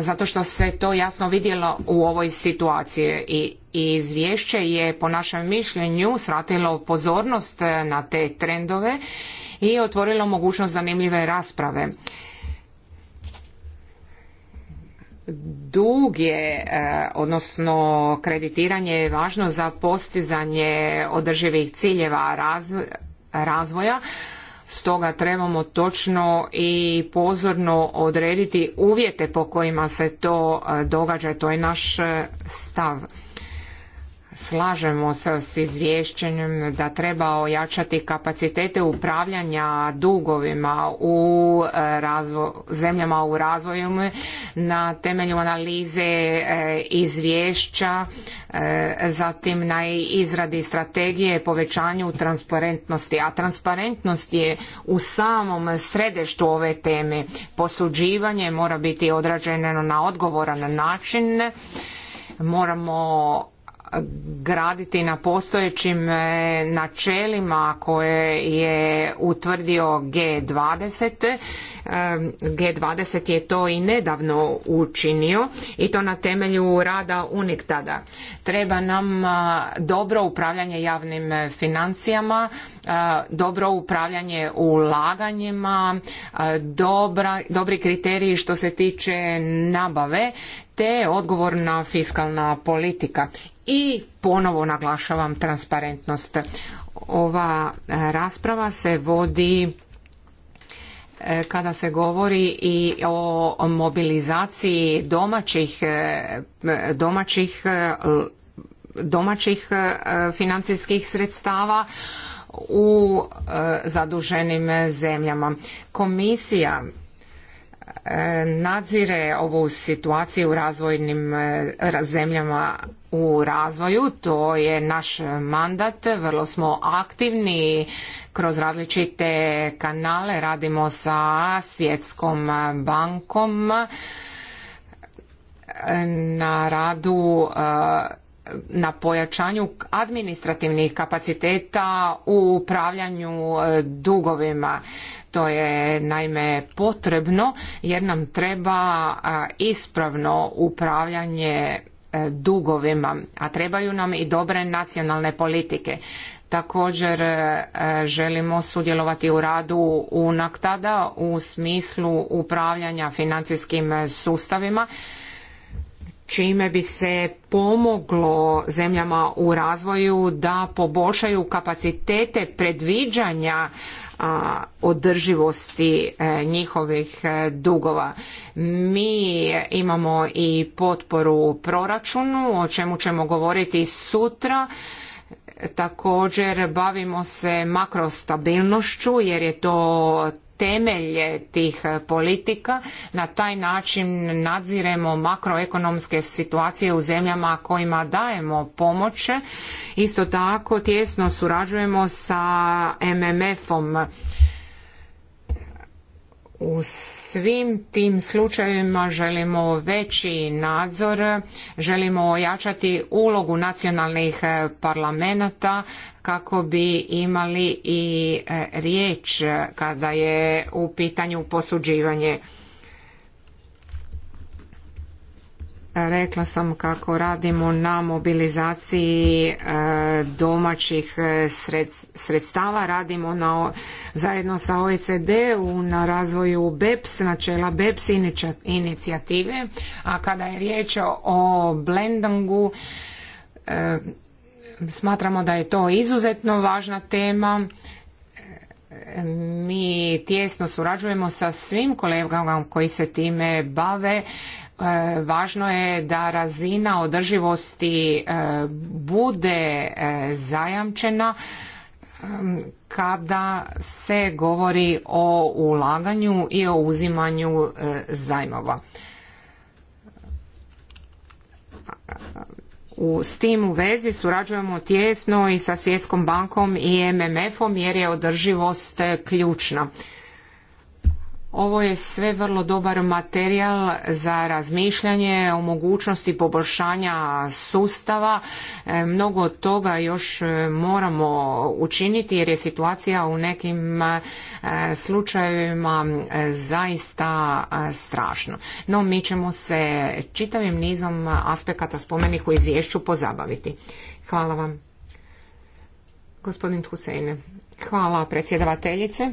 zato što se to jasno vidjelo u ovoj situaciji i izvješće je po našem mišljenju sratilo pozornost e, na te trendove i otvorilo mogućnost zanimljive rasprave. Dug je, e, odnosno kreditiranje je važno za postizanje održivih ciljeva razvoja, stoga trebamo točno i pozorno odrediti uvjete po kojima se to e, događa, to je naš stav slažemo se s izvješćenjem da treba ojačati kapacitete upravljanja dugovima u e, zemljama u razvoju na temelju analize e, izvješća, e, zatim na izradi strategije povećanju transparentnosti, a transparentnost je u samom središtu ove teme. Posuđivanje mora biti odrađeno na odgovoran način, moramo graditi na postojećim e, načelima koje je utvrdio G20. E, G20 je to i nedavno učinio i to na temelju rada Uniktada. Treba nam e, dobro upravljanje javnim financijama, dobro upravljanje ulaganjima, dobri kriteriji što se tiče nabave te odgovorna fiskalna politika i ponovo naglašavam transparentnost. Ova e, rasprava se vodi e, kada se govori i o mobilizaciji domaćih, e, domaćih, domaćih financijskih sredstava u zaduženim zemljama. Komisija nadzire ovu situaciju u razvojnim zemljama u razvoju, to je naš mandat, vrlo smo aktivni kroz različite kanale, radimo sa Svjetskom bankom na radu eh, na pojačanju administrativnih kapaciteta u upravljanju eh, dugovima. To je naime potrebno jer nam treba eh, ispravno upravljanje E, dugovima, a trebaju nam i dobre nacionalne politike. Također e, želimo sudjelovati u radu UNAKTADA u smislu upravljanja financijskim sustavima čime bi se pomoglo zemljama u razvoju da poboljšaju kapacitete predviđanja održivosti e, njihovih e, dugova. Mi imamo i potporu proračunu, o čemu ćemo govoriti sutra. Također bavimo se makrostabilnošću jer je to temelje tih politika. Na taj način nadziremo makroekonomske situacije u zemljama kojima dajemo pomoće. Isto tako tjesno surađujemo sa MMF-om. U svim tim slučajevima želimo veći nadzor, želimo ojačati ulogu nacionalnih parlamenata kako bi imali i e, riječ kada je u pitanju posuđivanje. Rekla sam kako radimo na mobilizaciji e, domaćih e, sredstava, radimo na, zajedno sa OECD-u na razvoju BEPS, načela BEPS inicijative, a kada je riječ o blendingu, Smatramo da je to izuzetno važna tema. Mi tjesno surađujemo sa svim kolegama koji se time bave. E, važno je da razina održivosti e, bude e, zajamčena kada se govori o ulaganju i o uzimanju zajmova u, s tim u vezi surađujemo tjesno i sa Svjetskom bankom i MMF-om jer je održivost e, ključna. Ovo je sve vrlo dobar materijal za razmišljanje o mogućnosti poboljšanja sustava. E, mnogo toga još e, moramo učiniti jer je situacija u nekim e, slučajevima zaista strašna. No mi ćemo se čitavim nizom aspekata spomenih u izvješću pozabaviti. Hvala vam. Gospodin Hvala predsjedavateljice.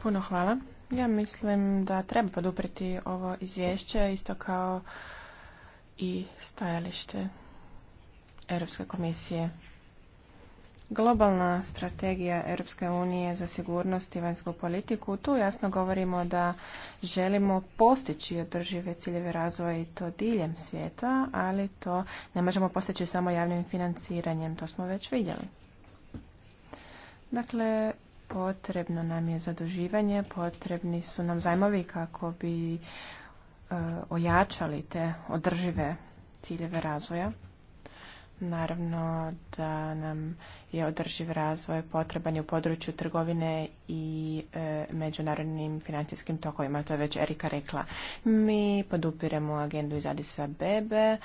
Puno hvala. Ja mislim da treba podupriti ovo izvješće isto kao i stajalište Europske komisije. Globalna strategija Europske unije za sigurnost i vanjsku politiku, tu jasno govorimo da želimo postići održive ciljeve razvoja i to diljem svijeta, ali to ne možemo postići samo javnim financiranjem, to smo već vidjeli. Dakle, potrebno nam je zaduživanje, potrebni su nam zajmovi kako bi e, ojačali te održive ciljeve razvoja. Naravno da nam je održiv razvoj potreban i u području trgovine i e, međunarodnim financijskim tokovima, to je već Erika rekla. Mi podupiremo agendu iz Adisa Bebe,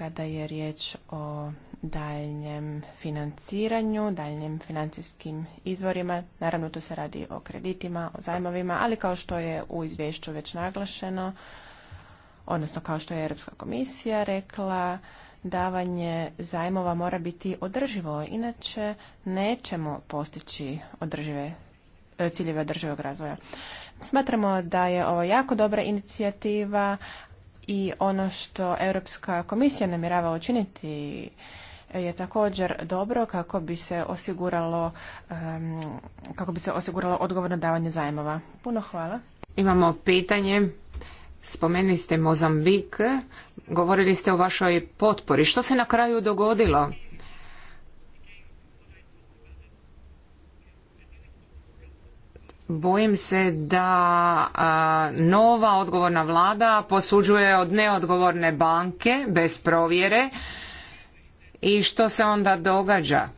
kada je riječ o daljnjem financiranju, daljnjim financijskim izvorima. Naravno, tu se radi o kreditima, o zajmovima, ali kao što je u izvješću već naglašeno, odnosno kao što je Europska komisija rekla, davanje zajmova mora biti održivo, inače nećemo postići održive e, ciljeve održivog razvoja. Smatramo da je ovo jako dobra inicijativa, i ono što Europska komisija namjerava učiniti je također dobro kako bi se osiguralo kako bi se osiguralo odgovorno davanje zajmova. Puno hvala. Imamo pitanje. Spomenuli ste Mozambik, govorili ste o vašoj potpori. Što se na kraju dogodilo? Bojim se da nova odgovorna vlada posuđuje od neodgovorne banke bez provjere i što se onda događa?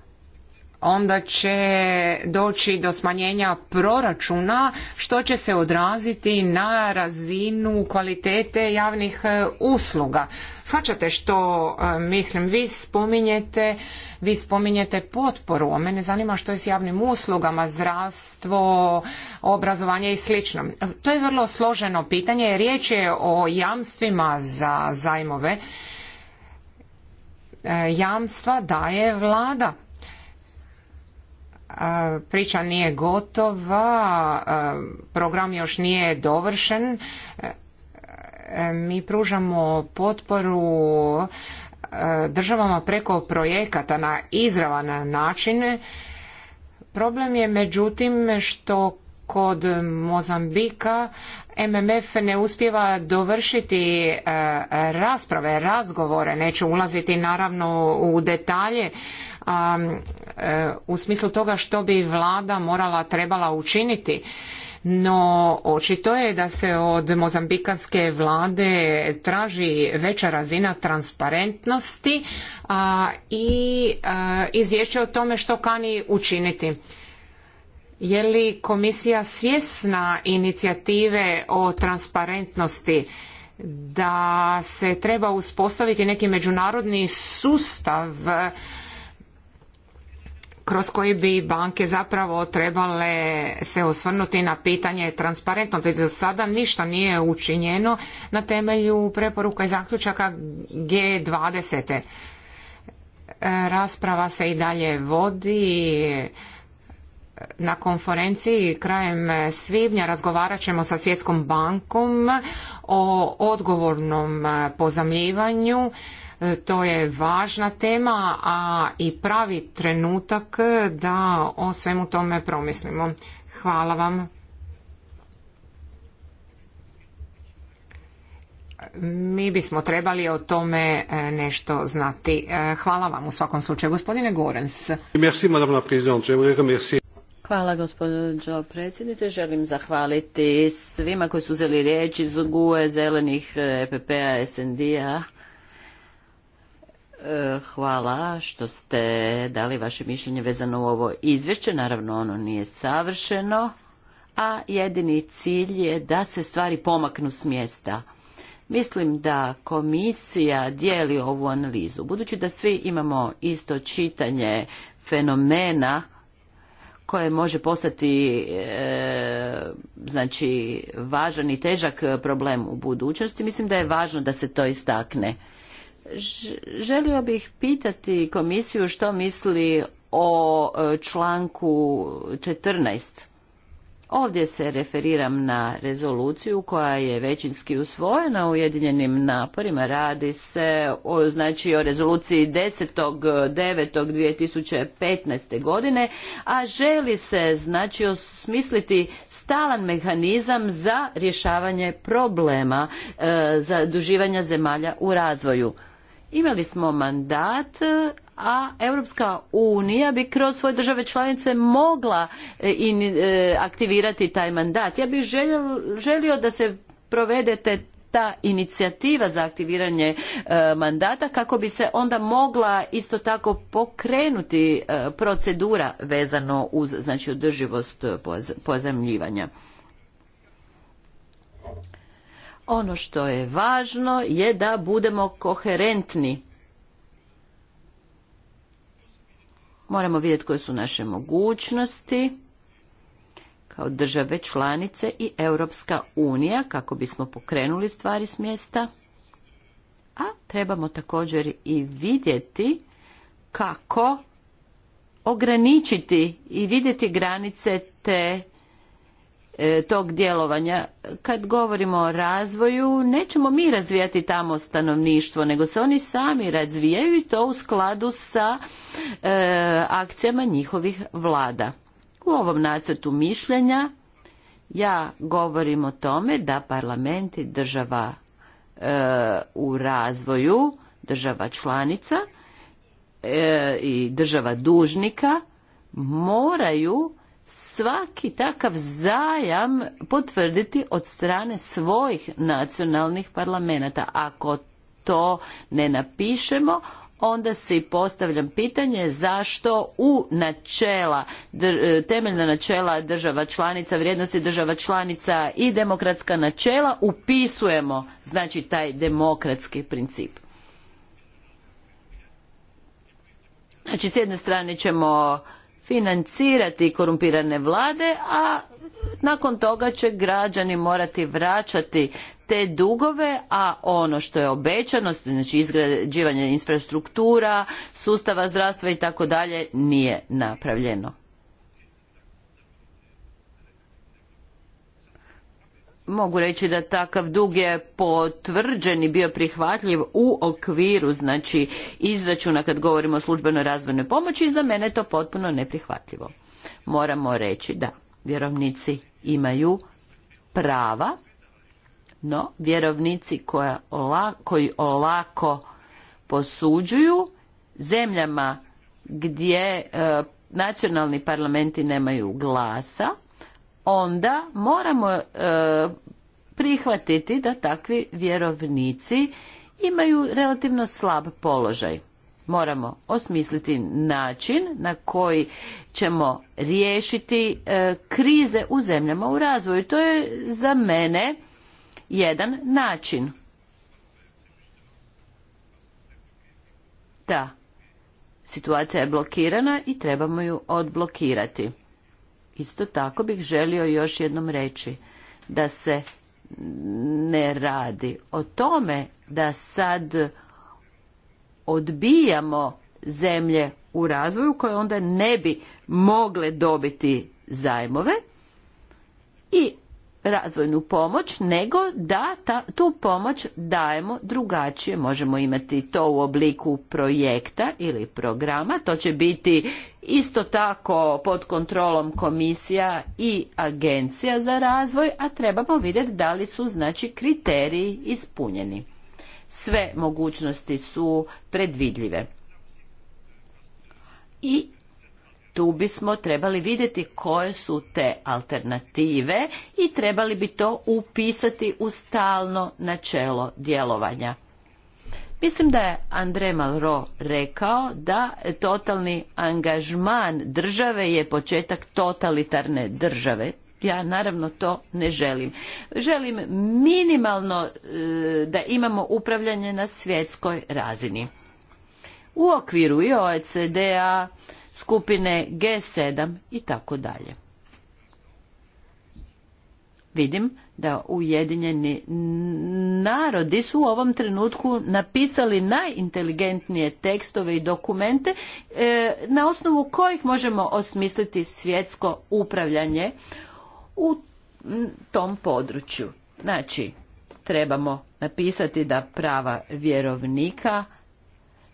onda će doći do smanjenja proračuna što će se odraziti na razinu kvalitete javnih e, usluga. Svačate što e, mislim, vi spominjete, vi spominjete potporu, a mene zanima što je s javnim uslugama, zdravstvo, obrazovanje i slično. To je vrlo složeno pitanje, riječ je o jamstvima za zajmove. E, jamstva daje vlada priča nije gotova, program još nije dovršen. E, e, mi pružamo potporu e, državama preko projekata na izravan način. Problem je međutim što kod Mozambika MMF ne uspjeva dovršiti rasprave, razgovore, neću ulaziti naravno u detalje, a, E, u smislu toga što bi vlada morala trebala učiniti no očito je da se od mozambikanske vlade traži veća razina transparentnosti i izvješće o tome što kani učiniti. Je li komisija svjesna inicijative o transparentnosti da se treba uspostaviti neki međunarodni sustav kroz koji bi banke zapravo trebale se osvrnuti na pitanje transparentnosti. Za sada ništa nije učinjeno na temelju preporuka i zaključaka G20. E, rasprava se i dalje vodi. Na konferenciji krajem svibnja razgovarat ćemo sa Svjetskom bankom o odgovornom pozamljivanju to je važna tema, a i pravi trenutak da o svemu tome promislimo. Hvala vam. Mi bismo trebali o tome e, nešto znati. E, hvala vam u svakom slučaju. Gospodine Gorens. Hvala gospođo predsjednice. Želim zahvaliti svima koji su uzeli riječ iz GUE, Zelenih, EPP-a, e SND-a E, hvala što ste dali vaše mišljenje vezano u ovo izvješće. Naravno, ono nije savršeno, a jedini cilj je da se stvari pomaknu s mjesta. Mislim da komisija dijeli ovu analizu. Budući da svi imamo isto čitanje fenomena koje može postati e, znači važan i težak problem u budućnosti, mislim da je važno da se to istakne. Želio bih pitati komisiju što misli o e, članku 14. Ovdje se referiram na rezoluciju koja je većinski usvojena u Ujedinjenim naporima. Radi se o, znači, o rezoluciji 10.9.2015. godine, a želi se znači, osmisliti stalan mehanizam za rješavanje problema e, zaduživanja zemalja u razvoju. Imali smo mandat, e, a Europska unija bi kroz svoje države članice mogla e, e, aktivirati taj mandat. Ja bih želio da se provedete ta inicijativa za aktiviranje mandata kako bi se onda mogla isto tako pokrenuti procedura vezano uz znači održivost pozemljivanja. Ono što je važno je da budemo koherentni. Moramo vidjeti koje su naše mogućnosti kao države članice i Europska unija kako bismo pokrenuli stvari s mjesta. A trebamo također i vidjeti kako ograničiti i vidjeti granice te E, tog djelovanja kad govorimo o razvoju nećemo mi razvijati tamo stanovništvo nego se oni sami razvijaju i to u skladu sa e, akcijama njihovih vlada u ovom nacrtu mišljenja ja govorim o tome da parlamenti država e, u razvoju država članica i država dužnika moraju svaki takav zajam potvrditi od strane svojih nacionalnih parlamenta. Ako to ne napišemo, onda se i postavljam pitanje zašto u načela, e, temeljna načela država članica, vrijednosti država članica i demokratska načela upisujemo znači taj demokratski princip. Znači s jedne strane ćemo financirati korumpirane vlade, a nakon toga će građani morati vraćati te dugove, a ono što je obećano, znači izgrađivanje infrastruktura, sustava zdravstva i tako dalje, nije napravljeno. Mogu reći da takav dug je potvrđen i bio prihvatljiv u okviru, znači izračuna kad govorimo o službenoj razvojnoj pomoći i za mene je to potpuno neprihvatljivo. Moramo reći da vjerovnici imaju prava, no vjerovnici koja koji olako posuđuju zemljama gdje e, nacionalni parlamenti nemaju glasa, onda moramo e, prihvatiti da takvi vjerovnici imaju relativno slab položaj. Moramo osmisliti način na koji ćemo riješiti e, krize u zemljama u razvoju. To je za mene jedan način. Da, situacija je blokirana i trebamo ju odblokirati. Isto tako bih želio još jednom reći da se ne radi o tome da sad odbijamo zemlje u razvoju koje onda ne bi mogle dobiti zajmove i razvojnu pomoć, nego da ta, tu pomoć dajemo drugačije. Možemo imati to u obliku projekta ili programa. To će biti isto tako pod kontrolom komisija i agencija za razvoj, a trebamo vidjeti da li su znači kriteriji ispunjeni. Sve mogućnosti su predvidljive. I tu bismo trebali vidjeti koje su te alternative i trebali bi to upisati u stalno načelo djelovanja. Mislim da je André Malraux rekao da totalni angažman države je početak totalitarne države. Ja naravno to ne želim. Želim minimalno e, da imamo upravljanje na svjetskoj razini. U okviru i OECD-a skupine G7 i tako dalje. Vidim da Ujedinjeni narodi su u ovom trenutku napisali najinteligentnije tekstove i dokumente e, na osnovu kojih možemo osmisliti svjetsko upravljanje u tom području. Znači, trebamo napisati da prava vjerovnika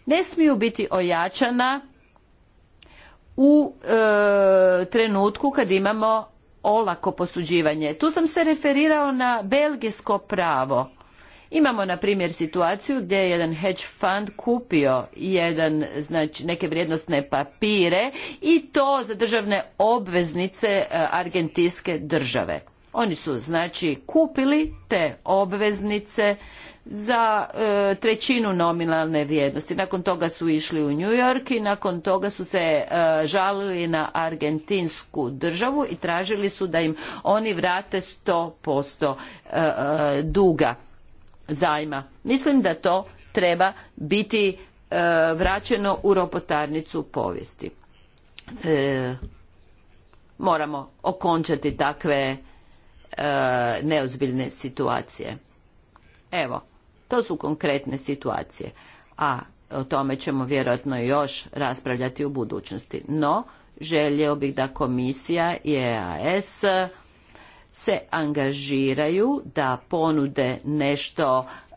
ne smiju biti ojačana u e, trenutku kad imamo olako posuđivanje. Tu sam se referirao na belgijsko pravo. Imamo na primjer situaciju gdje je jedan hedge fund kupio jedan, znači, neke vrijednostne papire i to za državne obveznice e, argentinske države. Oni su znači kupili te obveznice za e, trećinu nominalne vrijednosti. Nakon toga su išli u New York i nakon toga su se e, žalili na argentinsku državu i tražili su da im oni vrate 100% posto e, duga zajma. Mislim da to treba biti vraćeno u ropotarnicu povijesti. Moramo okončati takve neozbiljne situacije. Evo, to su konkretne situacije, a o tome ćemo vjerojatno još raspravljati u budućnosti. No, želio bih da komisija i EAS se angažiraju da ponude nešto e,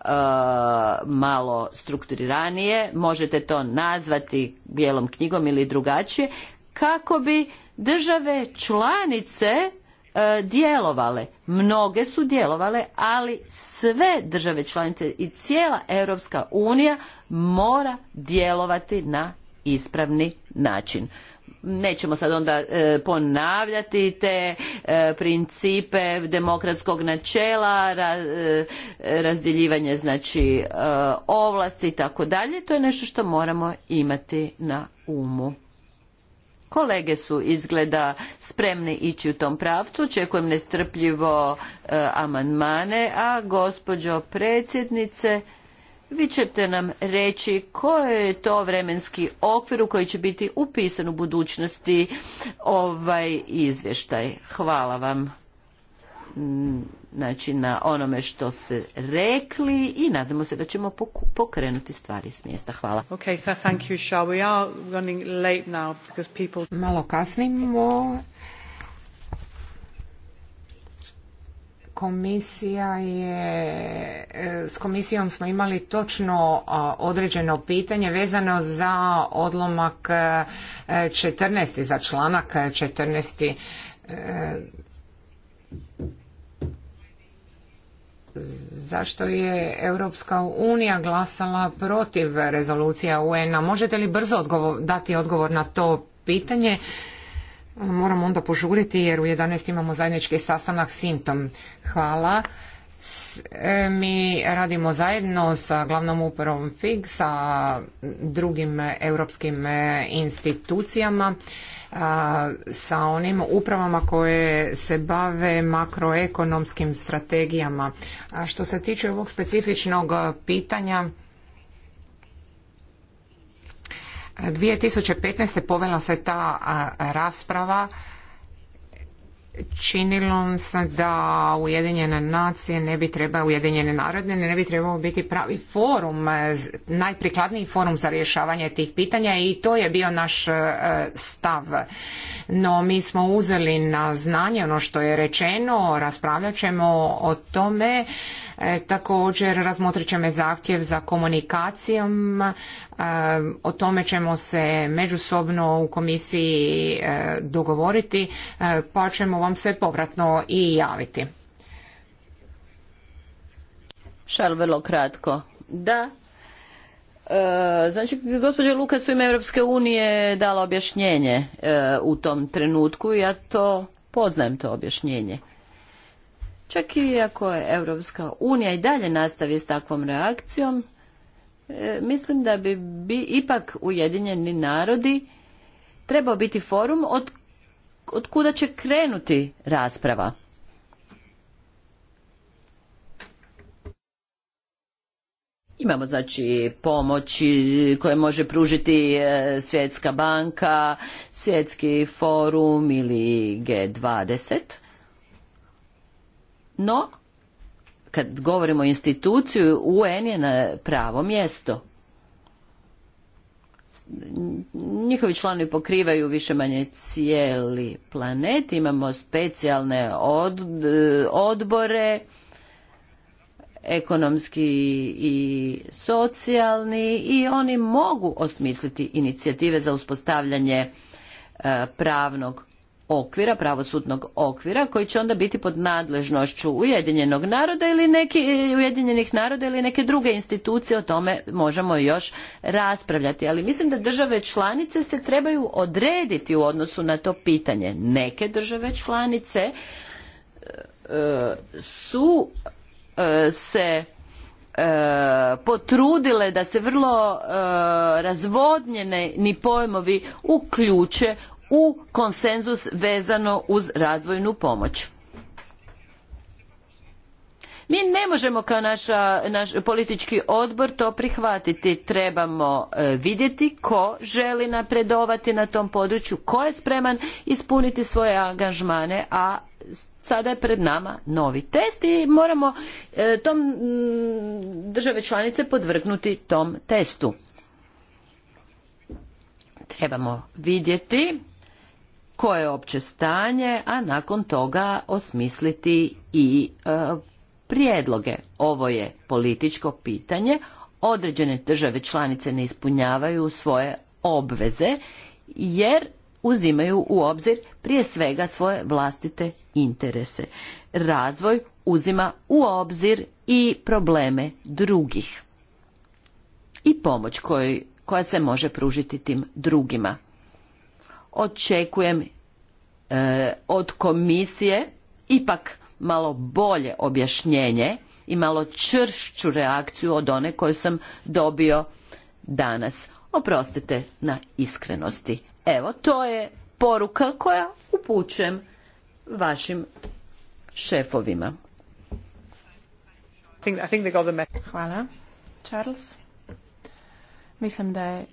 malo strukturiranije, možete to nazvati bijelom knjigom ili drugačije, kako bi države članice E, djelovale. Mnoge su djelovale, ali sve države članice i cijela Europska unija mora djelovati na ispravni način. Nećemo sad onda e, ponavljati te e, principe demokratskog načela, ra, razdjeljivanje znači ovlasti i tako dalje. To je nešto što moramo imati na umu. Kolege su izgleda spremni ići u tom pravcu, očekujem nestrpljivo e, amandmane, a gospođo predsjednice, vi ćete nam reći koji je to vremenski okvir u koji će biti upisan u budućnosti ovaj izvještaj. Hvala vam znači na onome što ste rekli i nadamo se da ćemo pokrenuti stvari s mjesta. Hvala. Okay, so thank you, Shah. We are running late now because people... Malo kasnimo. Komisija je, s komisijom smo imali točno određeno pitanje vezano za odlomak 14. E, za članak 14. E, zašto je Europska unija glasala protiv rezolucija UN-a. Možete li brzo odgovor, dati odgovor na to pitanje? Moram onda požuriti jer u 11 imamo zajednički sastanak s Intom. Hvala. E, mi radimo zajedno sa glavnom upravom FIG, sa drugim europskim e, institucijama sa onim upravama koje se bave makroekonomskim strategijama. A što se tiče ovog specifičnog pitanja, 2015. povela se ta rasprava činilo se da Ujedinjene nacije ne bi trebao, Ujedinjene narodne ne bi trebao biti pravi forum, najprikladniji forum za rješavanje tih pitanja i to je bio naš e, stav. No mi smo uzeli na znanje ono što je rečeno, raspravljat ćemo o tome, e, također razmotrit ćemo zahtjev za komunikacijom o tome ćemo se međusobno u komisiji e, dogovoriti, e, pa ćemo vam se povratno i javiti. Šal, vrlo kratko. Da, e, Znači, gospođa Lukas u ime Europske unije dala objašnjenje u tom trenutku i ja to poznajem to objašnjenje. Čak i ako je Europska unija i dalje nastavi s takvom reakcijom, E, mislim da bi, bi ipak Ujedinjeni narodi trebao biti forum od, od kuda će krenuti rasprava. Imamo znači pomoći koje može pružiti e, Svjetska banka, Svjetski forum ili G20. No, kad govorimo o instituciju, UN je na pravo mjesto. Njihovi članovi pokrivaju više manje cijeli planet, imamo specijalne odbore, ekonomski i socijalni i oni mogu osmisliti inicijative za uspostavljanje e, pravnog okvira, pravosudnog okvira koji će onda biti pod nadležnošću Ujedinjenog naroda ili neki, e, Ujedinjenih naroda ili neke druge institucije o tome možemo još raspravljati. Ali mislim da države članice se trebaju odrediti u odnosu na to pitanje. Neke države članice e, su e, se potrudile da se vrlo razvodnjeni razvodnjene ni pojmovi uključe u konsenzus vezano uz razvojnu pomoć. Mi ne možemo kao naša, naš politički odbor to prihvatiti. Trebamo e, vidjeti ko želi napredovati na tom području, ko je spreman ispuniti svoje angažmane, a sada je pred nama novi test i moramo e, tom države članice podvrgnuti tom testu. Trebamo vidjeti koje je opće stanje, a nakon toga osmisliti i e, prijedloge. Ovo je političko pitanje, određene države članice ne ispunjavaju svoje obveze jer uzimaju u obzir prije svega svoje vlastite interese. Razvoj uzima u obzir i probleme drugih i pomoć koja se može pružiti tim drugima očekujem e, od komisije ipak malo bolje objašnjenje i malo čršću reakciju od one koju sam dobio danas. Oprostite na iskrenosti. Evo, to je poruka koja upućujem vašim šefovima. Hvala. Charles? Mislim da je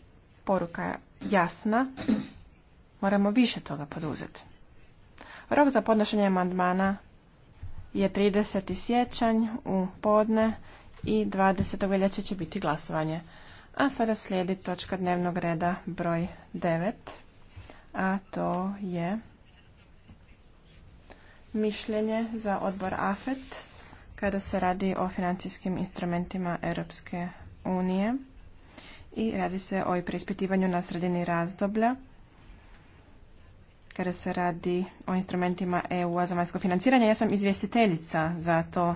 poruka jasna Moramo više toga poduzeti. Rok za podnošenje amandmana je 30. siječanj u podne i 20. veljače će biti glasovanje. A sada slijedi točka dnevnog reda broj 9, a to je mišljenje za odbor AFET kada se radi o financijskim instrumentima Europske unije i radi se o preispitivanju na sredini razdoblja kada se radi o instrumentima EU-a za vanjsko financiranje. Ja sam izvjestiteljica za to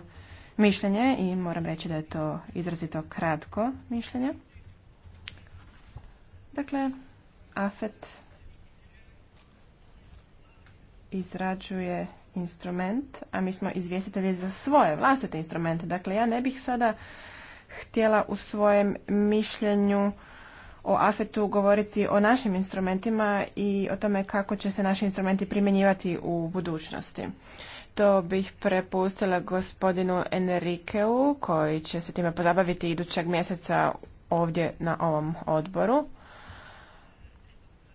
mišljenje i moram reći da je to izrazito kratko mišljenje. Dakle, AFET izrađuje instrument, a mi smo izvjestitelji za svoje vlastite instrumente. Dakle, ja ne bih sada htjela u svojem mišljenju o Afetu govoriti o našim instrumentima i o tome kako će se naši instrumenti primjenjivati u budućnosti. To bih prepustila gospodinu Enrikeu koji će se time pozabaviti idućeg mjeseca ovdje na ovom odboru.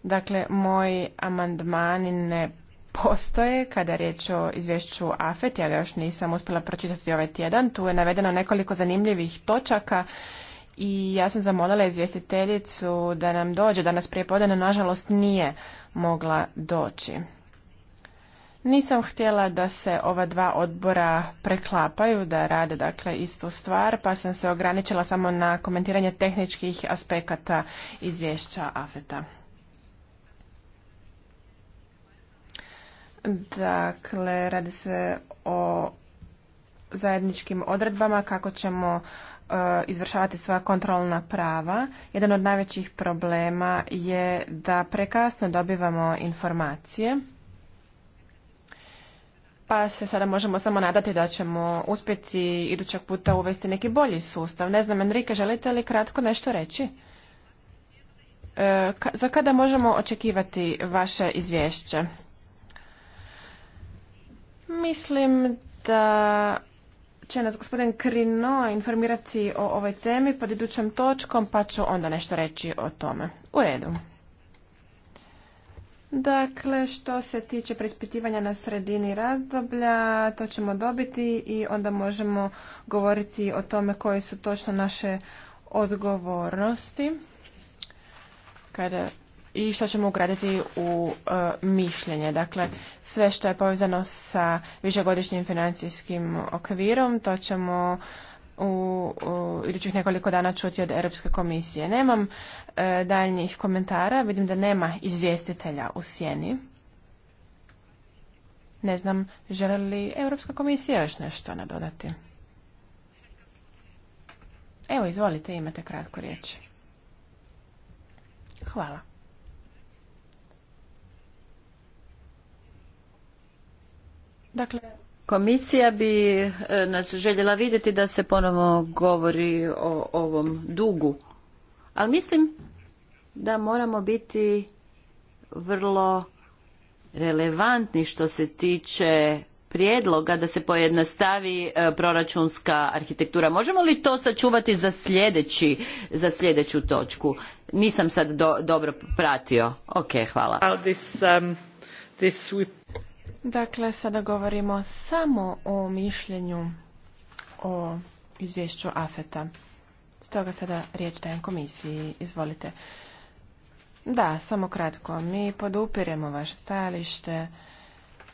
Dakle, moji amandmani ne postoje kada je riječ o izvješću AFET, ja ga još nisam uspjela pročitati ovaj tjedan. Tu je navedeno nekoliko zanimljivih točaka i ja sam zamolila izvjestiteljicu da nam dođe danas prije podane nažalost nije mogla doći. Nisam htjela da se ova dva odbora preklapaju, da rade dakle istu stvar, pa sam se ograničila samo na komentiranje tehničkih aspekata izvješća AFETA. Dakle, radi se o zajedničkim odredbama kako ćemo Eh, izvršavati svoja kontrolna prava. Jedan od najvećih problema je da prekasno dobivamo informacije. Pa se sada možemo samo nadati da ćemo uspjeti idućeg puta uvesti neki bolji sustav. Ne znam, Enrike, želite li kratko nešto reći? Eh, za kada možemo očekivati vaše izvješće? Mislim da će nas gospodin Krino informirati o ovoj temi pod idućom točkom, pa ću onda nešto reći o tome. U redu. Dakle, što se tiče preispitivanja na sredini razdoblja, to ćemo dobiti i onda možemo govoriti o tome koje su točno naše odgovornosti kada i što ćemo ugraditi u e, mišljenje. Dakle, sve što je povezano sa višegodišnjim financijskim okvirom, to ćemo u, idućih nekoliko dana čuti od Europske komisije. Nemam e, daljnjih komentara, vidim da nema izvjestitelja u sjeni. Ne znam, želi li Europska komisija još nešto nadodati? Evo, izvolite, imate kratko riječ. Hvala. Dakle, Komisija bi e, nas željela vidjeti da se ponovo govori o ovom dugu. Ali mislim da moramo biti vrlo relevantni što se tiče prijedloga da se pojednostavi e, proračunska arhitektura. Možemo li to sačuvati za, sljedeći, za sljedeću točku? Nisam sad dobro pratio. Ok, hvala. Um, Dakle, sada govorimo samo o mišljenju o izvješću AFETA. Stoga sada riječ dajem komisiji. Izvolite. Da, samo kratko. Mi podupiremo vaše stajalište.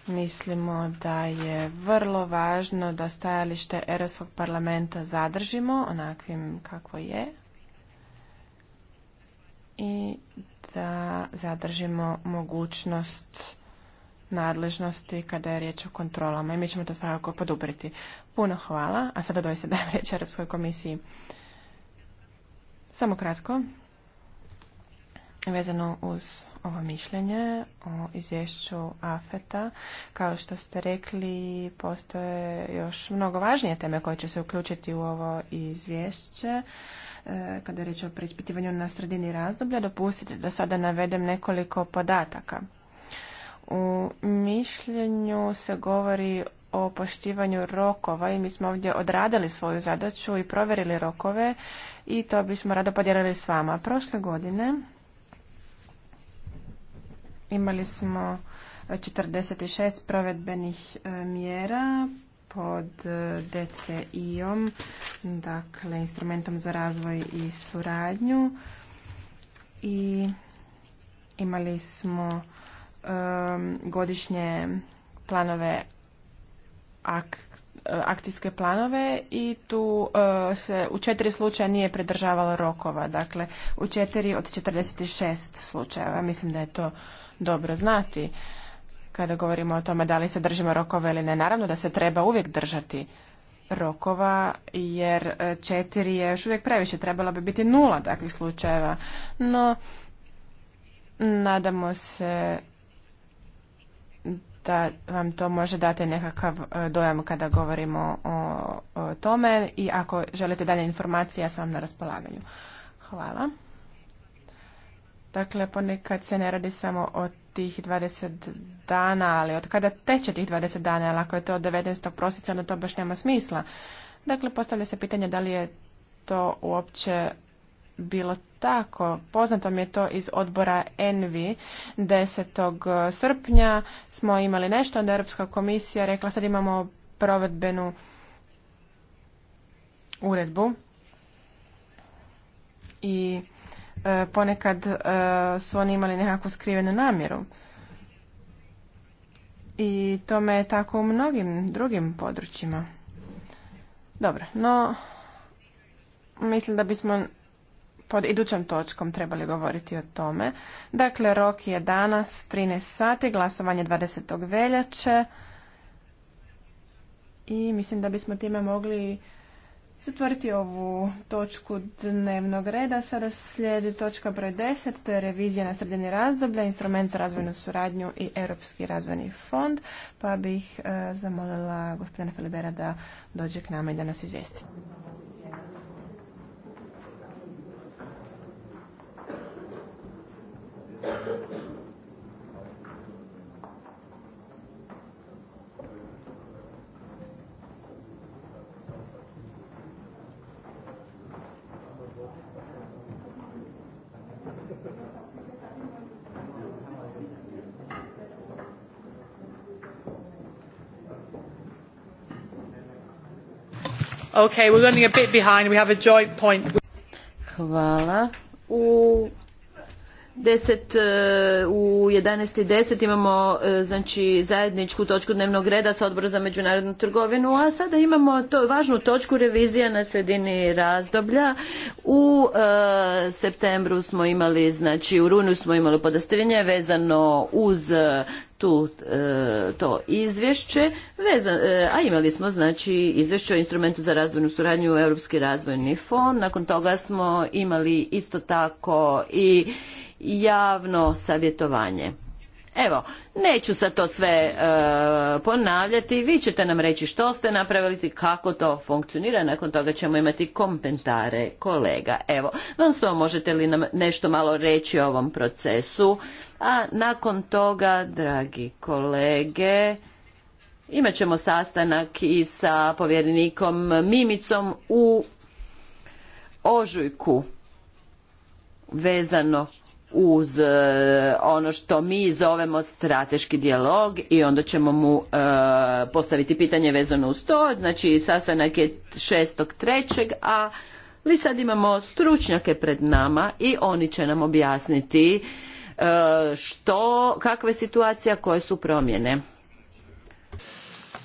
Mislimo da je vrlo važno da stajalište Europskog parlamenta zadržimo onakvim kakvo je i da zadržimo mogućnost nadležnosti kada je riječ o kontrolama i mi ćemo to svakako podupriti. Puno hvala, a sada doista dajem riječ Europskoj komisiji. Samo kratko, vezano uz ovo mišljenje o izvješću AFETA. Kao što ste rekli, postoje još mnogo važnije teme koje će se uključiti u ovo izvješće. E, kada je riječ o preispitivanju na sredini razdoblja, dopustite da sada navedem nekoliko podataka. U mišljenju se govori o poštivanju rokova i mi smo ovdje odradili svoju zadaću i provjerili rokove i to bismo rado podijelili s vama. Prošle godine imali smo 46 provedbenih e, mjera pod e, DCI-om, dakle instrumentom za razvoj i suradnju i imali smo Um, godišnje planove ak, akcijske planove i tu uh, se u četiri slučaja nije pridržavalo rokova. Dakle, u četiri od 46 slučajeva. Mislim da je to dobro znati kada govorimo o tome da li se držimo rokova ili ne. Naravno da se treba uvijek držati rokova jer e, četiri je još uvijek previše. Trebalo bi biti nula takvih slučajeva. No, nadamo se da vam to može dati nekakav e, dojam kada govorimo o, tome i ako želite dalje informacije, ja sam vam na raspolaganju. Hvala. Dakle, ponekad se ne radi samo o tih 20 dana, ali od kada teče tih 20 dana, ali ako je to od 19. prosinca, onda to baš nema smisla. Dakle, postavlja se pitanje da li je to uopće bilo tako. Poznato mi je to iz odbora Envi. 10. E, srpnja smo imali nešto, onda Europska komisija rekla sad imamo provedbenu uredbu i e, ponekad e, su oni imali nekakvu skrivenu namjeru. I tome je tako u mnogim drugim područjima. Dobro, no mislim da bismo pod idućom točkom trebali govoriti o tome. Dakle, rok je danas 13 sati, glasovanje 20. veljače i mislim da bismo time mogli zatvoriti ovu točku dnevnog reda. Sada slijedi točka broj 10, to je revizija na sredini razdoblja, instrument za razvojnu suradnju i Europski razvojni fond, pa bih eh, zamolila gospodina Felibera da dođe k nama i da nas izvijesti. Okay, we're running a bit behind. We have a joint point. Hvala. U 10 e, u 11.10 imamo e, znači zajedničku točku dnevnog reda sa odborom za međunarodnu trgovinu, a sada imamo to, važnu točku revizija na sredini razdoblja. U e, septembru smo imali, znači u rujnu smo imali podastrenje vezano uz tu, to izvješće, a imali smo znači izvješće o instrumentu za razvojnu suradnju Europski razvojni fond, nakon toga smo imali isto tako i javno savjetovanje. Evo, neću sad to sve e, ponavljati, vi ćete nam reći što ste napravili, kako to funkcionira, nakon toga ćemo imati komentare kolega. Evo, vam svo možete li nam nešto malo reći o ovom procesu, a nakon toga, dragi kolege, imat ćemo sastanak i sa povjerenikom Mimicom u ožujku vezano uz e, ono što mi zovemo strateški dijalog i onda ćemo mu e, postaviti pitanje vezano uz to. Znači sastanak je 6.3. a li sad imamo stručnjake pred nama i oni će nam objasniti e, što što, kakve situacija, koje su promjene.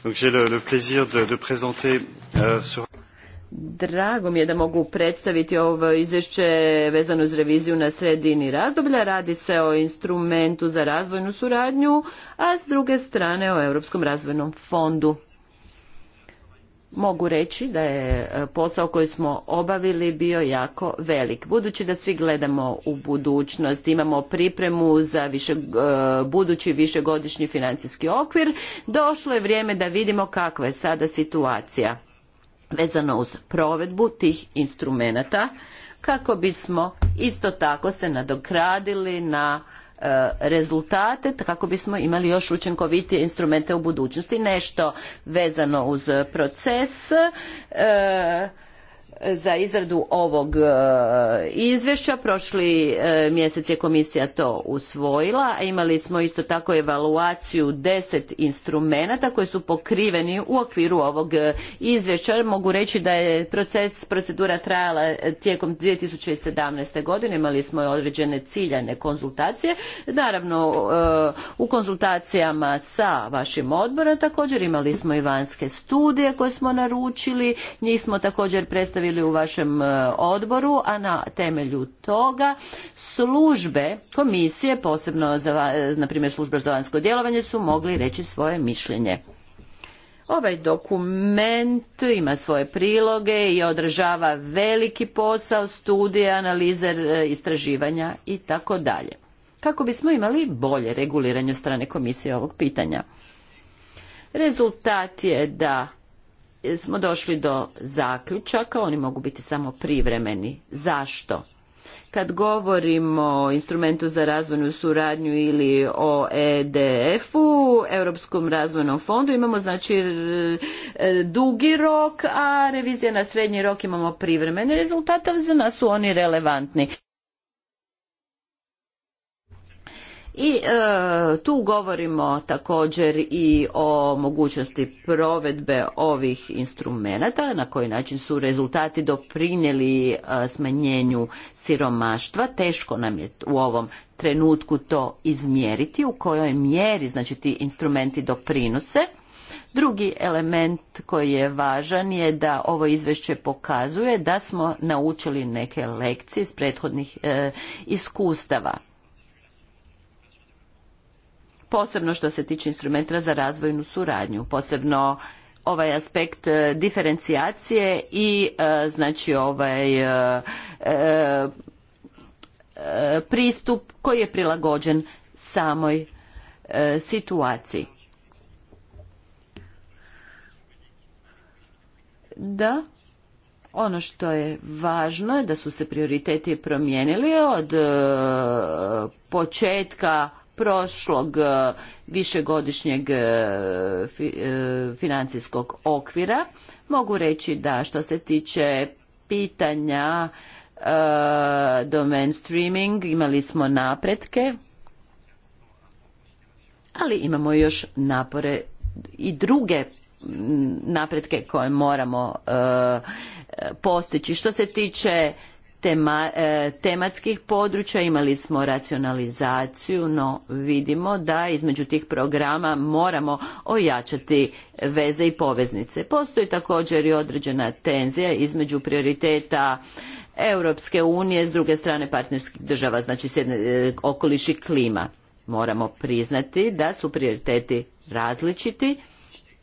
Donc euh, Drago mi je da mogu predstaviti ovo izvješće vezano uz reviziju na sredini razdoblja. Radi se o instrumentu za razvojnu suradnju, a s druge strane o Europskom razvojnom fondu. Mogu reći da je e, posao koji smo obavili bio jako velik. Budući da svi gledamo u budućnost, imamo pripremu za više, e, budući višegodišnji financijski okvir, došlo je vrijeme da vidimo kakva je sada situacija vezano uz provedbu tih instrumenata kako bismo isto tako se nadokradili na e, rezultate kako bismo imali još učinkovitije instrumente u budućnosti nešto vezano uz proces e, za izradu ovog e, izvješća. Prošli e, mjesec je komisija to usvojila. Imali smo isto tako evaluaciju deset instrumenata koji su pokriveni u okviru ovog e, izvješća. Mogu reći da je proces, procedura trajala tijekom 2017. godine. Imali smo određene ciljane konzultacije. Naravno, u konzultacijama sa vašim odborom također imali smo i vanjske studije koje smo naručili. Njih smo također predstavili ili u vašem e, odboru, a na temelju toga službe komisije, posebno za, e, na primjer služba za vanjsko djelovanje, su mogli reći svoje mišljenje. Ovaj dokument ima svoje priloge i održava veliki posao studije, analize, e, istraživanja i tako dalje. Kako bismo imali bolje reguliranje strane komisije ovog pitanja. Rezultat je da smo došli do zaključaka, oni mogu biti samo privremeni. Zašto? Kad govorimo o instrumentu za razvojnu suradnju ili o EDF-u, Europskom razvojnom fondu, imamo znači dugi rok, a revizija na srednji rok imamo privremeni rezultata, za nas su oni relevantni. I e, tu govorimo također i o mogućnosti provedbe ovih instrumenata, na koji način su rezultati doprinijeli e, smanjenju siromaštva. Teško nam je u ovom trenutku to izmjeriti, u kojoj mjeri znači ti instrumenti doprinose. Drugi element koji je važan je da ovo izvješće pokazuje da smo naučili neke lekcije iz prethodnih e, iskustava posebno što se tiče instrumenta za razvojnu suradnju, posebno ovaj aspekt e, diferencijacije i e, znači ovaj e, pristup koji je prilagođen samoj situaciji. Da, ono što je važno je da su se prioriteti promijenili od početka prošlog e, višegodišnjeg e, e, financijskog okvira mogu reći da što se tiče pitanja domen streaming imali smo napretke ali imamo još napore i druge napretke koje moramo postići što se tiče tema, e, tematskih područja, imali smo racionalizaciju, no vidimo da između tih programa moramo ojačati veze i poveznice. Postoji također i određena tenzija između prioriteta Europske unije, s druge strane partnerskih država, znači sjedne, e, okoliš i klima. Moramo priznati da su prioriteti različiti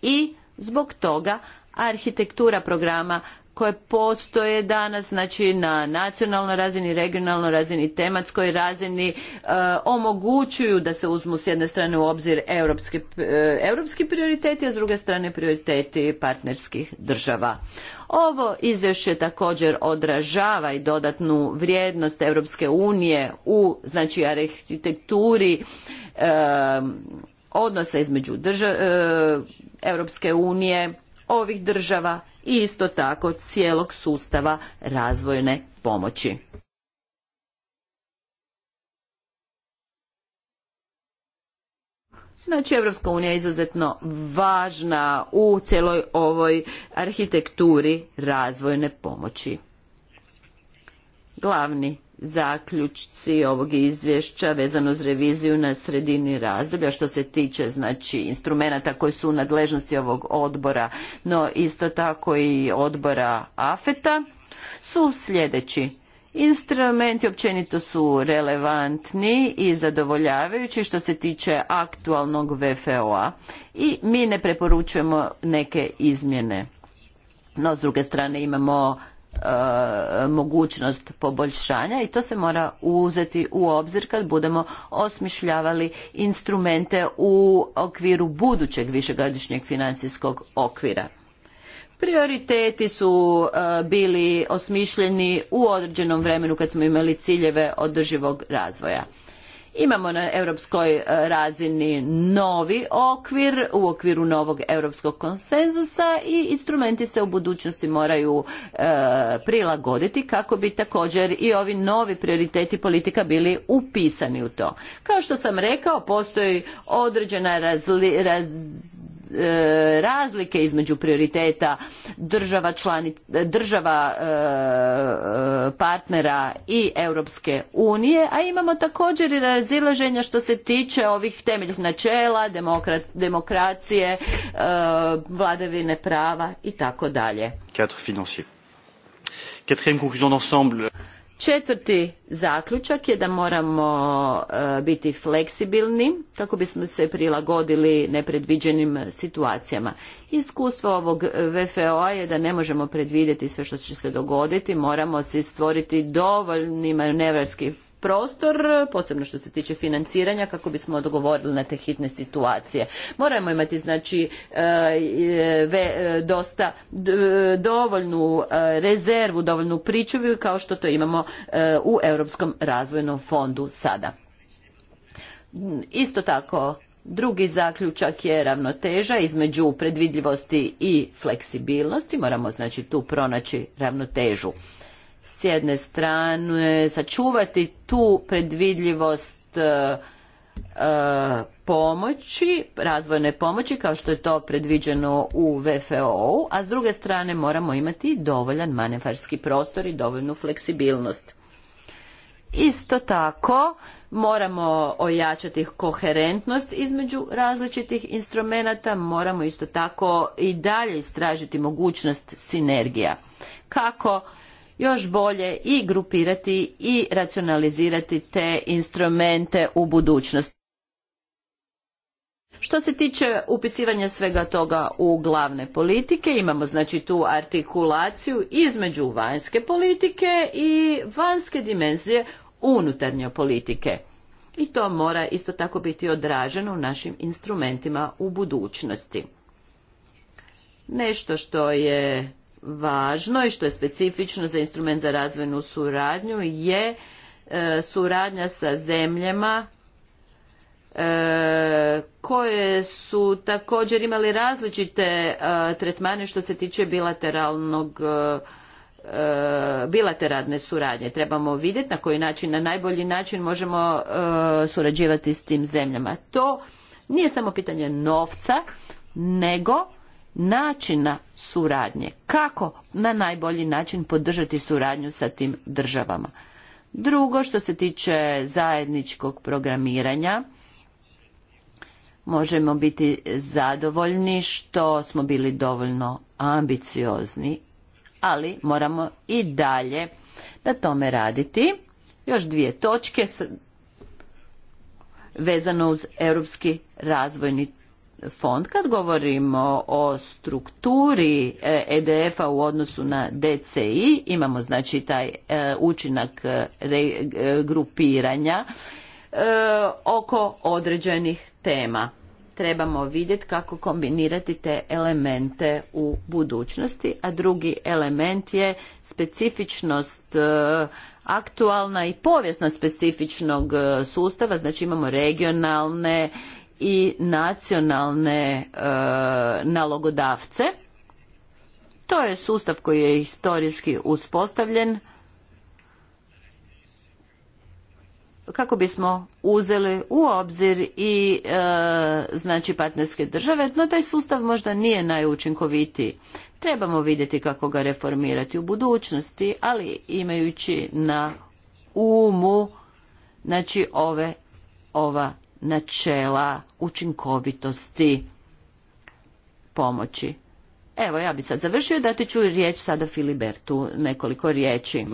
i zbog toga arhitektura programa koje postoje danas, znači na nacionalnoj razini, regionalnoj razini, tematskoj razini, e, omogućuju da se uzmu s jedne strane u obzir e, europski, e, prioriteti, a s druge strane prioriteti partnerskih država. Ovo izvješće također odražava i dodatnu vrijednost Europske unije u znači arhitekturi e, odnosa između EU, Europske unije, ovih država i isto tako cijelog sustava razvojne pomoći. Znači, Evropska unija je izuzetno važna u cijeloj ovoj arhitekturi razvojne pomoći. Glavni zaključci ovog izvješća vezano uz reviziju na sredini razdoblja što se tiče znači instrumenata koji su u nadležnosti ovog odbora no isto tako i odbora afeta su sljedeći Instrumenti općenito su relevantni i zadovoljavajući što se tiče aktualnog VFO-a i mi ne preporučujemo neke izmjene. No, s druge strane imamo E, mogućnost poboljšanja i to se mora uzeti u obzir kad budemo osmišljavali instrumente u okviru budućeg višegodišnjeg financijskog okvira. Prioriteti su e, bili osmišljeni u određenom vremenu kad smo imali ciljeve održivog razvoja. Imamo na europskoj e, razini novi okvir u okviru novog europskog konsenzusa i instrumenti se u budućnosti moraju e, prilagoditi kako bi također i ovi novi prioriteti politika bili upisani u to. Kao što sam rekao, postoji određena razli, raz E, razlike između prioriteta država e, partnera i Europske unije, a imamo također i razilaženja što se tiče ovih temeljnih načela, demokracije, e, vladavine prava i tako dalje. Četvrti zaključak je da moramo e, biti fleksibilni kako bismo se prilagodili nepredviđenim situacijama. Iskustvo ovog vfo je da ne možemo predvidjeti sve što će se dogoditi, moramo si stvoriti dovoljni manevarski prostor, posebno što se tiče financiranja, kako bismo odgovorili na te hitne situacije. Moramo imati znači e, e, e, dosta dovoljnu rezervu, dovoljnu pričuvu kao što to imamo u Europskom razvojnom fondu sada. Isto tako, drugi zaključak je ravnoteža između predvidljivosti i fleksibilnosti. Moramo znači tu pronaći ravnotežu s jedne strane sačuvati tu predvidljivost e, e, pomoći, razvojne pomoći kao što je to predviđeno u VFO-u, a s druge strane moramo imati dovoljan manevarski prostor i dovoljnu fleksibilnost. Isto tako moramo ojačati koherentnost između različitih instrumenata, moramo isto tako i dalje istražiti mogućnost sinergija. Kako još bolje i grupirati i racionalizirati te instrumente u budućnosti. Što se tiče upisivanja svega toga u glavne politike, imamo znači tu artikulaciju između vanjske politike i vanjske dimenzije unutarnje politike. I to mora isto tako biti odraženo u našim instrumentima u budućnosti. Nešto što je važno i što je specifično za instrument za razvojnu suradnju je e, suradnja sa zemljama e, koje su također imali različite e, tretmane što se tiče bilateralnog bilateralne suradnje. Trebamo vidjeti na koji način, na najbolji način možemo surađivati s tim zemljama. To nije samo pitanje novca, nego načina suradnje. Kako na najbolji način podržati suradnju sa tim državama. Drugo, što se tiče zajedničkog programiranja, možemo biti zadovoljni što smo bili dovoljno ambiciozni, ali moramo i dalje na tome raditi. Još dvije točke vezano uz Europski razvojni fond. Kad govorimo o strukturi EDF-a e u odnosu na DCI, imamo znači taj e, učinak e, grupiranja oko određenih tema. Trebamo vidjeti kako kombinirati te elemente u budućnosti, a drugi element je specifičnost aktualna i povijesna specifičnog sustava, znači imamo regionalne i nacionalne e, nalogodavce. To je sustav koji je historijski uspostavljen kako bismo uzeli u obzir i e, znači partnerske države, no taj sustav možda nije najučinkovitiji. Trebamo vidjeti kako ga reformirati u budućnosti, ali imajući na umu znači ove ova načela učinkovitosti pomoći. Evo, ja bi sad završio, dati ću riječ sada Filibertu, nekoliko riječi.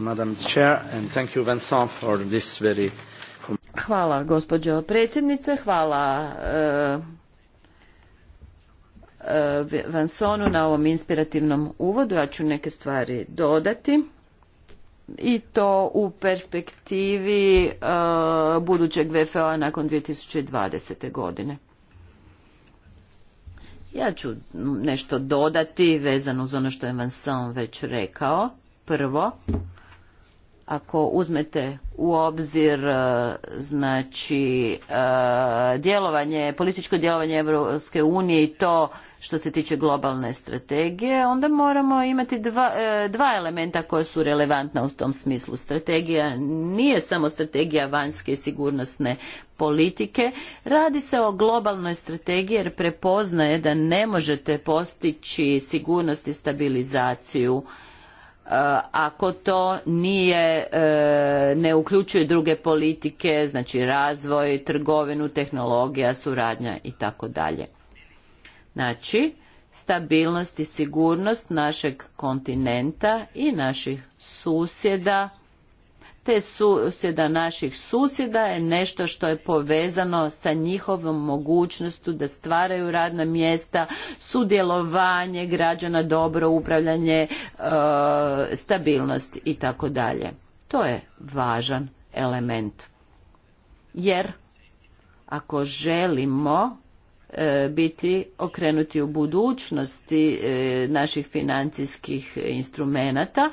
Hvala, gospođo predsjednice, hvala eh, eh, Vansonu na ovom inspirativnom uvodu. Ja ću neke stvari dodati i to u perspektivi uh, budućeg VFO-a nakon 2020. godine. Ja ću nešto dodati vezano uz ono što je sam već rekao. Prvo, ako uzmete u obzir uh, znači uh, djelovanje, političko djelovanje Europske unije i to što se tiče globalne strategije, onda moramo imati dva, e, dva elementa koja su relevantna u tom smislu. Strategija nije samo strategija vanjske i sigurnosne politike, radi se o globalnoj strategiji jer prepoznaje da ne možete postići sigurnost i stabilizaciju e, ako to nije e, ne uključuje druge politike znači razvoj trgovinu tehnologija suradnja i tako dalje Znači, stabilnost i sigurnost našeg kontinenta i naših susjeda, te susjeda naših susjeda je nešto što je povezano sa njihovom mogućnostu da stvaraju radna mjesta, sudjelovanje građana, dobro upravljanje, e, stabilnost i tako dalje. To je važan element. Jer ako želimo E, biti okrenuti u budućnosti e, naših financijskih instrumenata,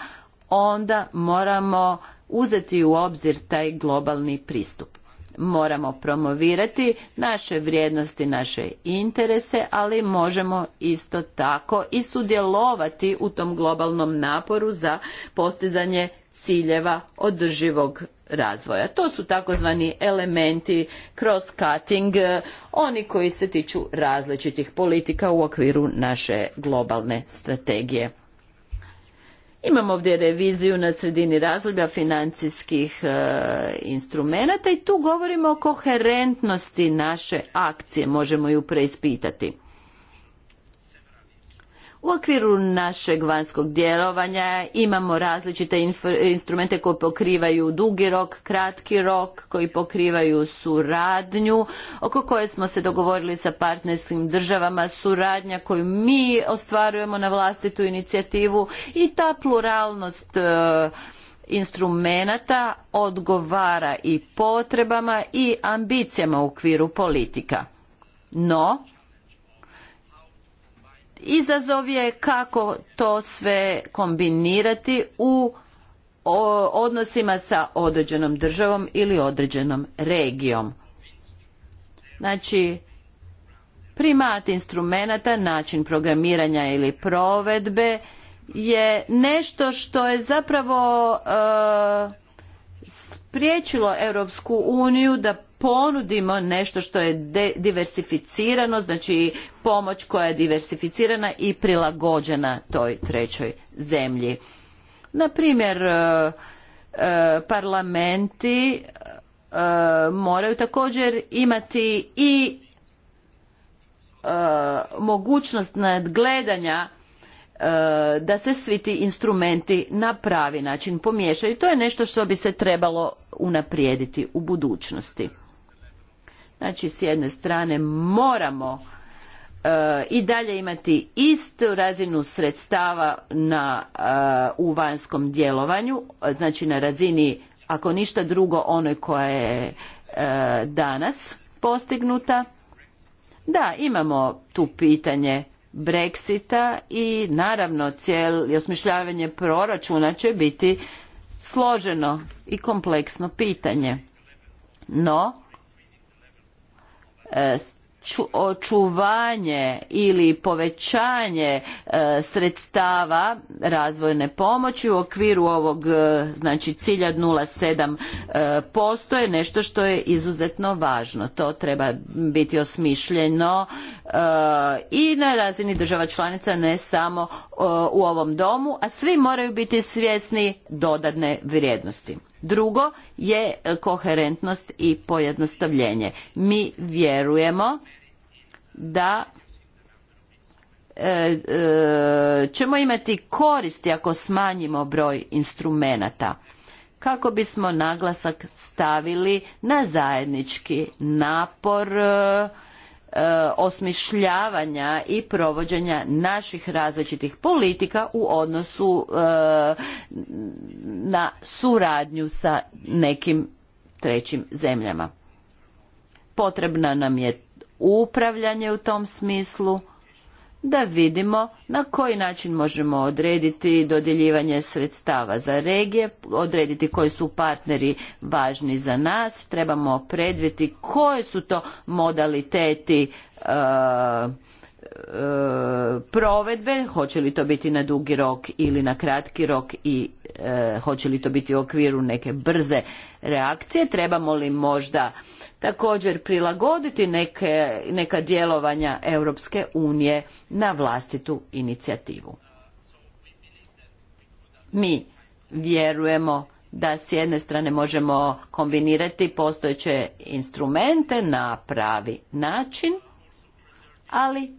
onda moramo uzeti u obzir taj globalni pristup moramo promovirati naše vrijednosti, naše interese, ali možemo isto tako i sudjelovati u tom globalnom naporu za postizanje ciljeva održivog razvoja. To su takozvani elementi cross cutting, eh, oni koji se tiču različitih politika u okviru naše globalne strategije. Imamo ovdje reviziju na sredini razdoblja financijskih e, instrumenata i tu govorimo o koherentnosti naše akcije, možemo ju preispitati. U okviru našeg vanjskog djelovanja imamo različite instrumente koji pokrivaju dugi rok, kratki rok, koji pokrivaju suradnju, oko koje smo se dogovorili sa partnerskim državama, suradnja koju mi ostvarujemo na vlastitu inicijativu i ta pluralnost e, instrumenata odgovara i potrebama i ambicijama u okviru politika. No, Izazov je kako to sve kombinirati u odnosima sa određenom državom ili određenom regijom. Znači, primat instrumenta, način programiranja ili provedbe je nešto što je zapravo e, spriječilo Europsku uniju da ponudimo nešto što je diversificirano, znači pomoć koja je diversificirana i prilagođena toj trećoj zemlji. Na primjer, e, e, parlamenti e, moraju također imati i mogućnost nadgledanja da se svi ti instrumenti na pravi način pomiješaju. To je nešto što bi se trebalo unaprijediti u budućnosti. Znači, s jedne strane moramo e, i dalje imati istu razinu sredstava na, e, u vanjskom djelovanju, znači na razini, ako ništa drugo, onoj koja je e, danas postignuta. Da, imamo tu pitanje Brexita i naravno cijel osmišljavanje proračuna će biti složeno i kompleksno pitanje. No, E, očuvanje ili povećanje e, sredstava razvojne pomoći u okviru ovog e, znači cilja 0,7 posto je nešto što je izuzetno važno. To treba biti osmišljeno i na razini država članica ne samo u ovom domu, a svi moraju biti svjesni dodatne vrijednosti. Drugo je koherentnost i pojednostavljenje. Mi vjerujemo da e, e, ćemo imati koristi ako smanjimo broj instrumenata kako bismo naglasak stavili na zajednički napor E, osmišljavanja i provođenja naših različitih politika u odnosu e, na suradnju sa nekim trećim zemljama. Potrebna nam je upravljanje u tom smislu da vidimo na koji način možemo odrediti dodjeljivanje sredstava za regije, odrediti koji su partneri važni za nas, trebamo predviti koje su to modaliteti e, e, provedbe, hoće li to biti na dugi rok ili na kratki rok i e, hoće li to biti u okviru neke brze reakcije, trebamo li možda također prilagoditi neka djelovanja Europske unije na vlastitu inicijativu. Mi vjerujemo da s jedne strane možemo kombinirati postojeće instrumente na pravi način, ali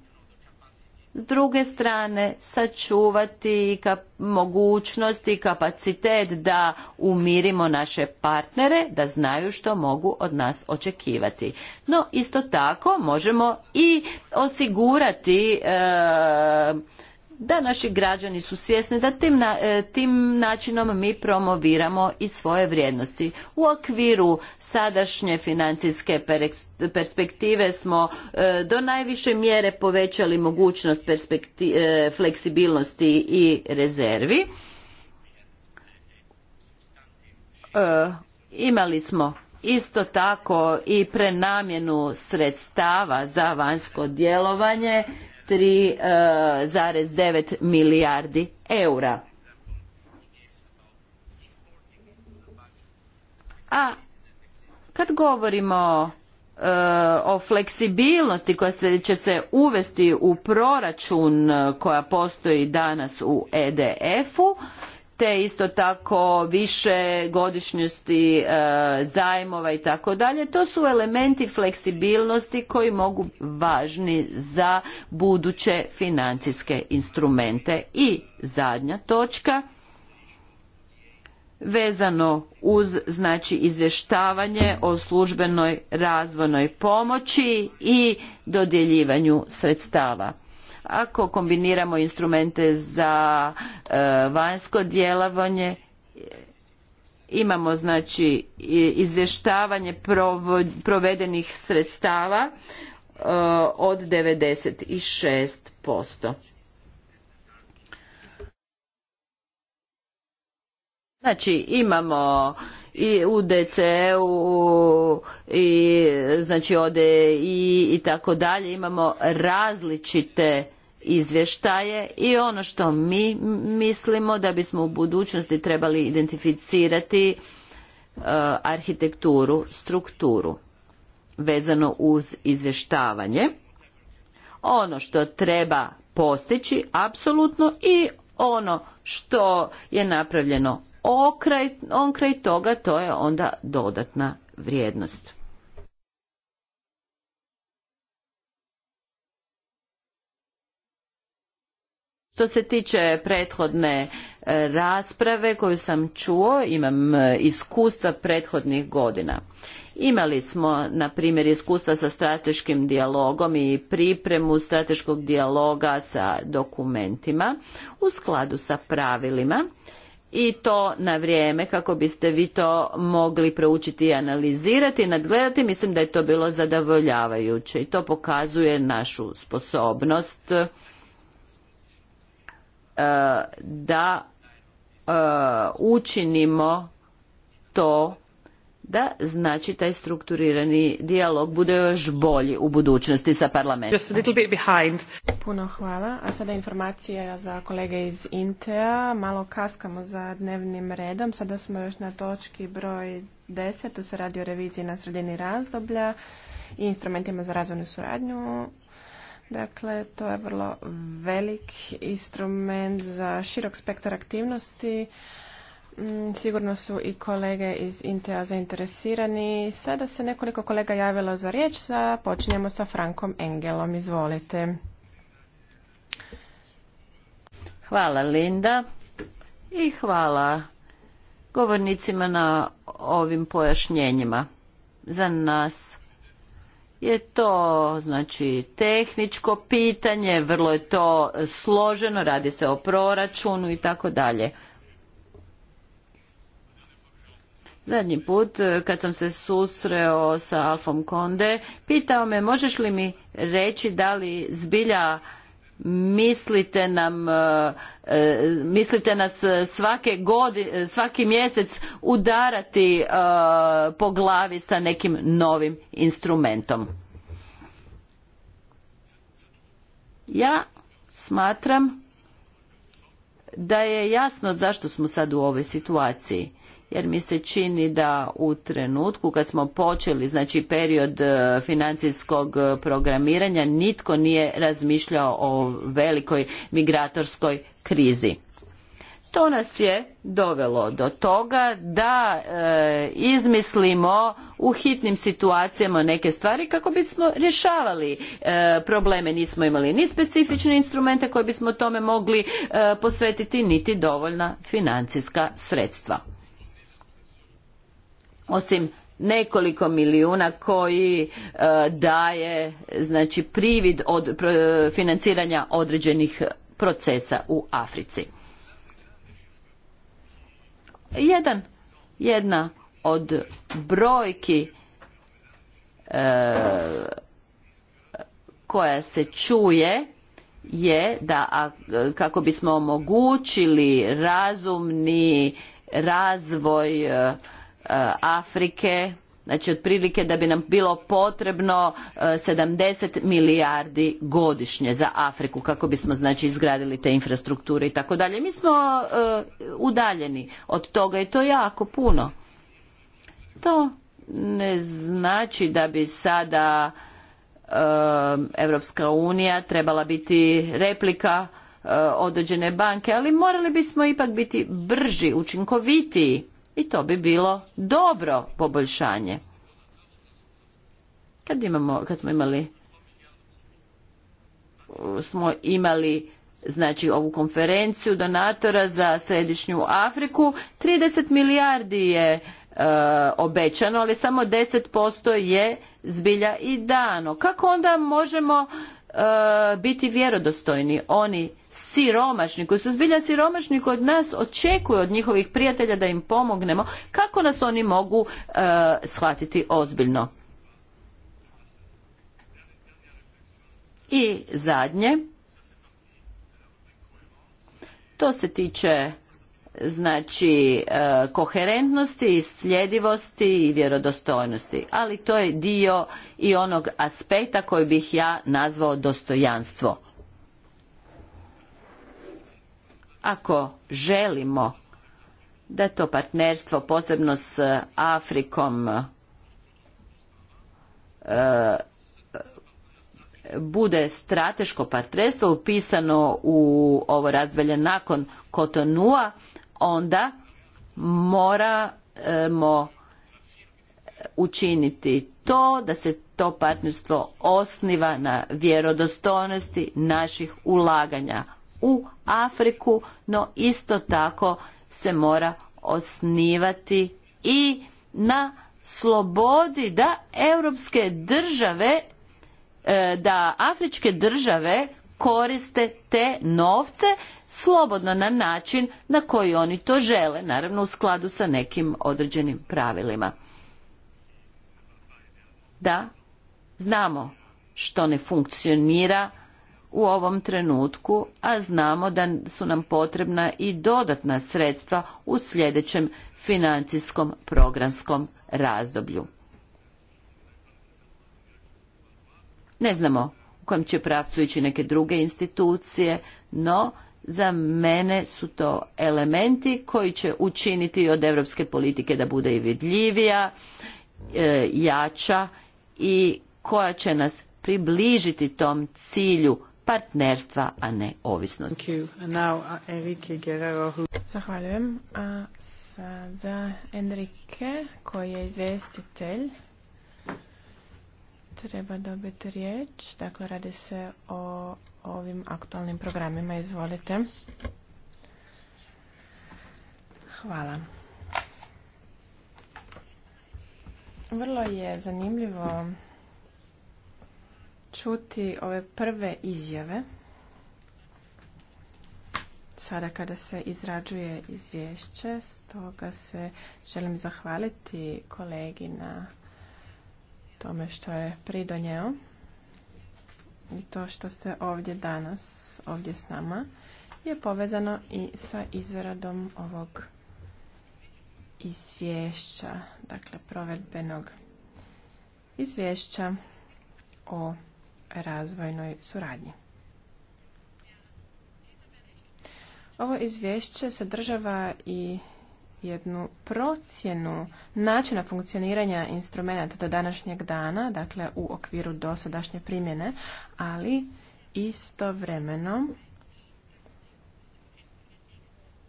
s druge strane sačuvati mogućnost i kapacitet da umirimo naše partnere, da znaju što mogu od nas očekivati. No isto tako možemo i osigurati e, da naši građani su svjesni da tim, e, tim načinom mi promoviramo i svoje vrijednosti. U okviru sadašnje financijske perspektive smo e, do najviše mjere povećali mogućnost e, fleksibilnosti i rezervi. imali smo isto tako i prenamjenu sredstava za vanjsko djelovanje 3,9 e, milijardi eura. A kad govorimo e, o fleksibilnosti koja će se uvesti u proračun e, koja postoji danas u EDF-u te isto tako više godišnjosti e, zajmova i tako dalje. To su elementi fleksibilnosti koji mogu važni za buduće financijske instrumente. I zadnja točka vezano uz znači izvještavanje o službenoj razvojnoj pomoći i dodjeljivanju sredstava. Ako kombiniramo instrumente za e, vanjsko djelovanje, imamo znači izvještavanje provedenih sredstava e, od 96%. Znači imamo i u DCE-u i znači ode i, i tako dalje imamo različite izvještaje i ono što mi mislimo da bismo u budućnosti trebali identificirati e, arhitekturu, strukturu vezano uz izvještavanje. Ono što treba postići apsolutno i ono što je napravljeno onkraj toga to je onda dodatna vrijednost. Što se tiče prethodne e, rasprave koju sam čuo, imam e, iskustva prethodnih godina. Imali smo, na primjer, iskustva sa strateškim dijalogom i pripremu strateškog dijaloga sa dokumentima u skladu sa pravilima i to na vrijeme kako biste vi to mogli proučiti i analizirati i nadgledati. Mislim da je to bilo zadovoljavajuće i to pokazuje našu sposobnost E, da e, učinimo to da znači taj strukturirani dijalog bude još bolji u budućnosti sa parlamentom. Puno hvala. A sada informacija za kolege iz Intea. Malo kaskamo za dnevnim redom. Sada smo još na točki broj 10. Tu se radi o reviziji na sredini razdoblja i instrumentima za razvojnu suradnju. Dakle, to je vrlo velik instrument za širok spektar aktivnosti. Mm, sigurno su i kolege iz Intea zainteresirani. Sada se nekoliko kolega javilo za riječ. Sa, počinjemo sa Frankom Engelom. Izvolite. Hvala Linda i hvala govornicima na ovim pojašnjenjima. Za nas je to znači tehničko pitanje, vrlo je to složeno, radi se o proračunu i tako dalje. Zadnji put e, kad sam se susreo sa Alfom Konde, pitao me možeš li mi reći da li zbilja mislite nam e, e, mislite nas svaki mjesec udarati e, po glavi sa nekim novim instrumentom ja smatram da je jasno zašto smo sad u ovoj situaciji jer mi se čini da u trenutku kad smo počeli znači period e, financijskog e, programiranja nitko nije razmišljao o velikoj migratorskoj krizi to nas je dovelo do toga da e, izmislimo u hitnim situacijama neke stvari kako bismo rješavali probleme nismo imali ni specifične instrumente koje bismo tome mogli posvetiti niti dovoljna financijska sredstva osim nekoliko milijuna koji e, daje znači privid od financiranja određenih procesa u Africi. Jedan, jedna od brojki e, koja se čuje je da kako bismo omogućili razumni razvoj e, Eh, Afrike, znači otprilike da bi nam bilo potrebno 70 eh, milijardi godišnje za Afriku kako bismo znači izgradili te infrastrukture i tako dalje. Mi smo eh, udaljeni od toga i to jako puno. To ne znači da bi sada Europska unija trebala biti replika određene banke, ali morali bismo ipak biti brži, učinkovitiji i to bi bilo dobro poboljšanje. Kad, imamo, kad smo imali smo imali znači ovu konferenciju donatora za središnju Afriku 30 milijardi je e, obećano, ali samo 10% je zbilja i dano. Kako onda možemo Eh, biti vjerodostojni. Oni siromašni, koji su zbilja siromašni koji od nas očekuju od njihovih prijatelja da im pomognemo, kako nas oni mogu eh, shvatiti ozbiljno. I zadnje, to se tiče znači e, koherentnosti, sljedivosti i vjerodostojnosti. Ali to je dio i onog aspekta koji bih ja nazvao dostojanstvo. Ako želimo da to partnerstvo posebno s Afrikom e, bude strateško partnerstvo upisano u ovo razdoblje nakon Kotonua, onda moramo e, učiniti to da se to partnerstvo osniva na vjerodostojnosti naših ulaganja u Afriku, no isto tako se mora osnivati i na slobodi da europske države e, da afričke države koriste te novce slobodno na način na koji oni to žele, naravno u skladu sa nekim određenim pravilima. Da, znamo što ne funkcionira u ovom trenutku, a znamo da su nam potrebna i dodatna sredstva u sljedećem financijskom programskom razdoblju. Ne znamo kojem će pravcu ići neke druge institucije, no za mene su to elementi koji će učiniti od europske politike da bude i vidljivija, e, jača i koja će nas približiti tom cilju partnerstva, a ne ovisnosti. Uh, Zahvaljujem. A sada Enrique, koji je izvestitelj treba dobiti riječ. Dakle, radi se o ovim aktualnim programima. Izvolite. Hvala. Vrlo je zanimljivo čuti ove prve izjave sada kada se izrađuje izvješće, stoga se želim zahvaliti kolegi na tome što je pridonjeo i to što ste ovdje danas, ovdje s nama, je povezano i sa izradom ovog izvješća, dakle provedbenog izvješća o razvojnoj suradnji. Ovo izvješće sadržava i jednu procjenu načina funkcioniranja instrumenta do današnjeg dana, dakle u okviru dosadašnje primjene, ali istovremeno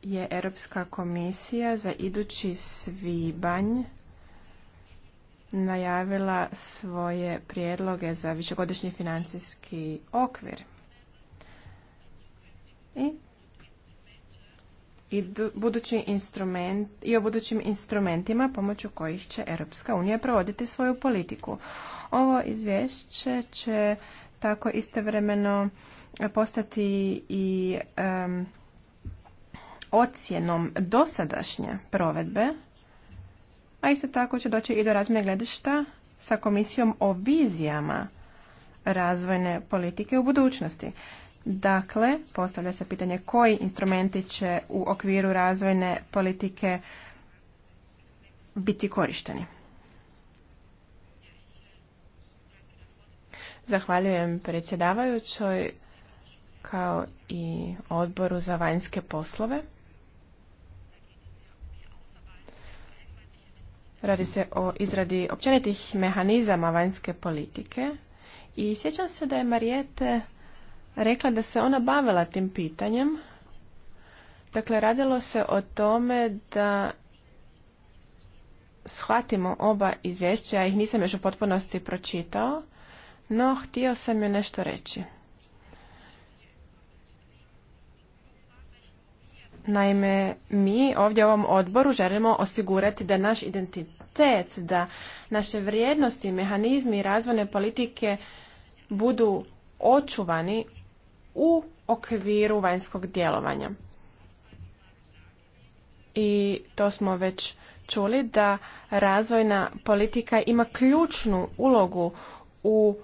je Europska komisija za idući svibanj najavila svoje prijedloge za višegodišnji financijski okvir. I i, budući instrument, i o budućim instrumentima pomoću kojih će Europska unija provoditi svoju politiku. Ovo izvješće će tako istovremeno postati i ocjenom dosadašnje provedbe, a isto tako će doći i do razmjene gledišta sa komisijom o vizijama razvojne politike u budućnosti. Dakle, postavlja se pitanje koji instrumenti će u okviru razvojne politike biti korišteni. Zahvaljujem predsjedavajućoj kao i odboru za vanjske poslove. Radi se o izradi općenitih mehanizama vanjske politike i sjećam se da je Marijete rekla da se ona bavila tim pitanjem. Dakle, radilo se o tome da shvatimo oba izvješća, ja ih nisam još u potpunosti pročitao, no htio sam joj nešto reći. Naime, mi ovdje u ovom odboru želimo osigurati da naš identitet, da naše vrijednosti, mehanizmi i razvojne politike budu očuvani u okviru vanjskog djelovanja. I to smo već čuli da razvojna politika ima ključnu ulogu u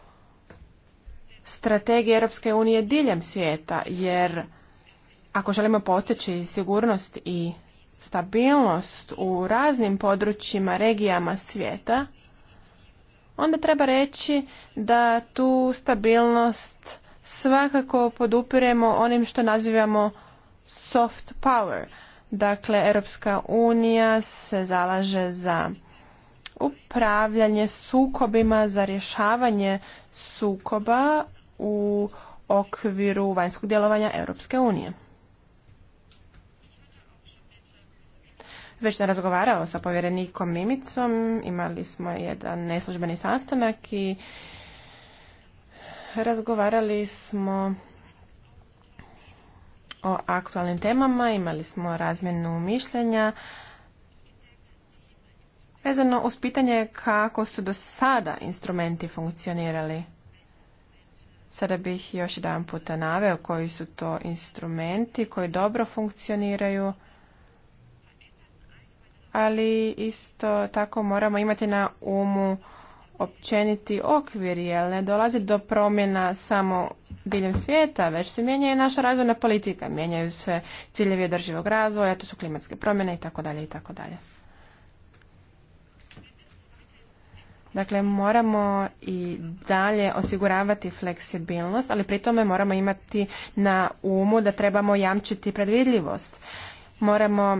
strategiji Europske unije diljem svijeta, jer ako želimo postići sigurnost i stabilnost u raznim područjima, regijama svijeta, onda treba reći da tu stabilnost svakako podupiremo onim što nazivamo soft power. Dakle, Europska unija se zalaže za upravljanje sukobima, za rješavanje sukoba u okviru vanjskog djelovanja Europske unije. Već sam razgovarao sa povjerenikom Mimicom, imali smo jedan neslužbeni sastanak i razgovarali smo o aktualnim temama, imali smo razmjenu mišljenja vezano uz pitanje kako su do sada instrumenti funkcionirali. Sada bih još jedan puta naveo koji su to instrumenti koji dobro funkcioniraju, ali isto tako moramo imati na umu općeniti okvir, jer ne dolazi do promjena samo diljem svijeta, već se mijenja i naša razvojna politika. Mijenjaju se ciljevi održivog razvoja, to su klimatske promjene i tako dalje i tako dalje. Dakle, moramo i dalje osiguravati fleksibilnost, ali pri tome moramo imati na umu da trebamo jamčiti predvidljivost. Moramo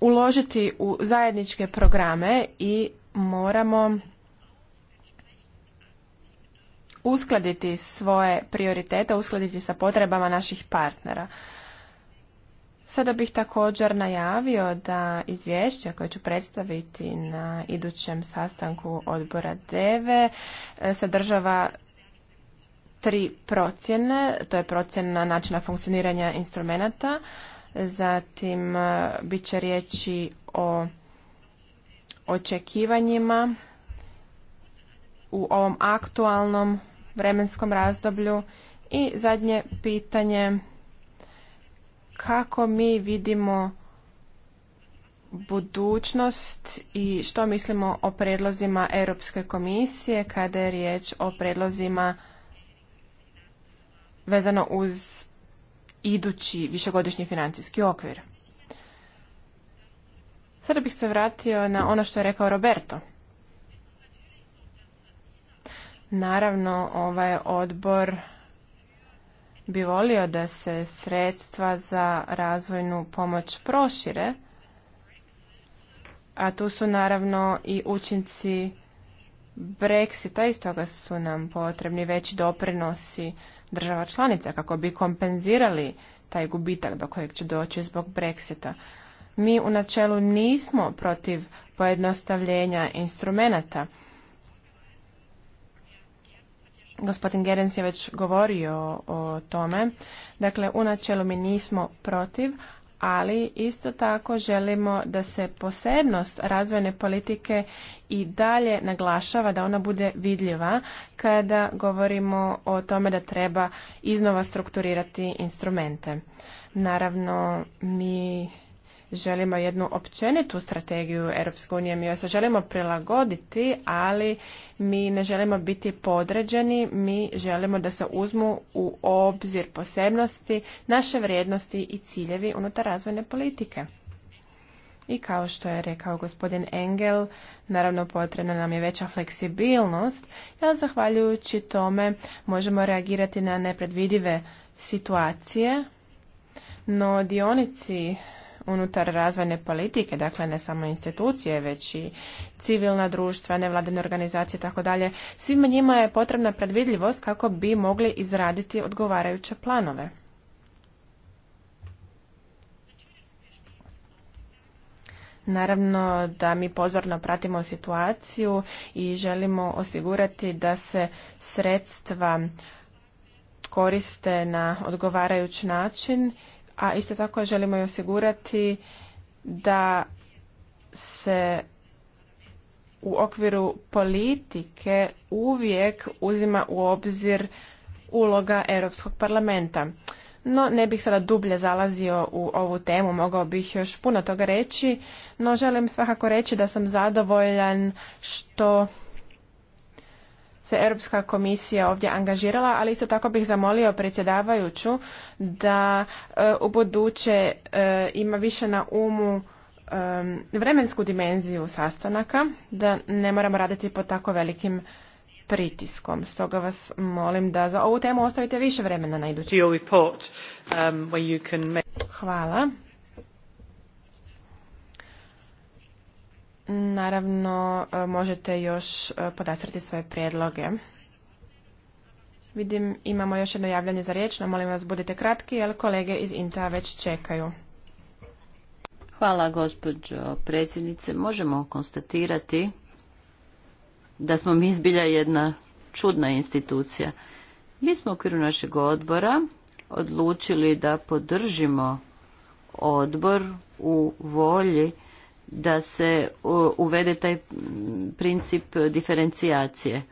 uložiti u zajedničke programe i moramo uskladiti svoje prioritete, uskladiti sa potrebama naših partnera. Sada bih također najavio da izvješća koje ću predstaviti na idućem sastanku odbora DEVE sadržava tri procjene, to je procjena načina funkcioniranja instrumenta. zatim e, bit će riječi o očekivanjima u ovom aktualnom vremenskom razdoblju? I zadnje pitanje, kako mi vidimo budućnost i što mislimo o predlozima Europske komisije kada je riječ o predlozima vezano uz idući višegodišnji financijski okvir. Sada bih se vratio na ono što je rekao Roberto. Naravno, ovaj odbor bi volio da se sredstva za razvojnu pomoć prošire, a tu su naravno i učinci Brexita i toga su nam potrebni veći doprinosi država članica kako bi kompenzirali taj gubitak do kojeg će doći zbog Brexita. Mi u načelu nismo protiv pojednostavljenja instrumenata, Gospodin Gerens je već govorio o tome. Dakle, u načelu mi nismo protiv, ali isto tako želimo da se posebnost razvojne politike i dalje naglašava da ona bude vidljiva kada govorimo o tome da treba iznova strukturirati instrumente. Naravno, mi želimo jednu općenitu strategiju Europske unije. Mi joj se želimo prilagoditi, ali mi ne želimo biti podređeni, mi želimo da se uzmu u obzir posebnosti, naše vrijednosti i ciljevi unutar razvojne politike. I kao što je rekao gospodin Engel, naravno potrebna nam je veća fleksibilnost, ja zahvaljujući tome možemo reagirati na nepredvidive situacije, no dionici unutar razvojne politike, dakle ne samo institucije, već i civilna društva, nevladine organizacije tako dalje. Svima njima je potrebna predvidljivost kako bi mogli izraditi odgovarajuće planove. Naravno da mi pozorno pratimo situaciju i želimo osigurati da se sredstva koriste na odgovarajući način a isto tako želimo i osigurati da se u okviru politike uvijek uzima u obzir uloga Europskog parlamenta. No, ne bih sada dublje zalazio u ovu temu, mogao bih još puno toga reći, no želim svakako reći da sam zadovoljan što se Europska komisija ovdje angažirala, ali isto tako bih zamolio predsjedavajuću da e, u buduće e, ima više na umu e, vremensku dimenziju sastanaka, da ne moramo raditi pod tako velikim pritiskom. Stoga vas molim da za ovu temu ostavite više vremena na idući. Um, Hvala. Naravno, e, možete još e, podastrati svoje prijedloge. Vidim, imamo još jedno javljanje za riječ, no molim vas budite kratki, jer kolege iz INTA već čekaju. Hvala, gospođo predsjednice. Možemo konstatirati da smo mi izbilja jedna čudna institucija. Mi smo u okviru našeg odbora odlučili da podržimo odbor u volji da se uvede taj princip diferencijacije.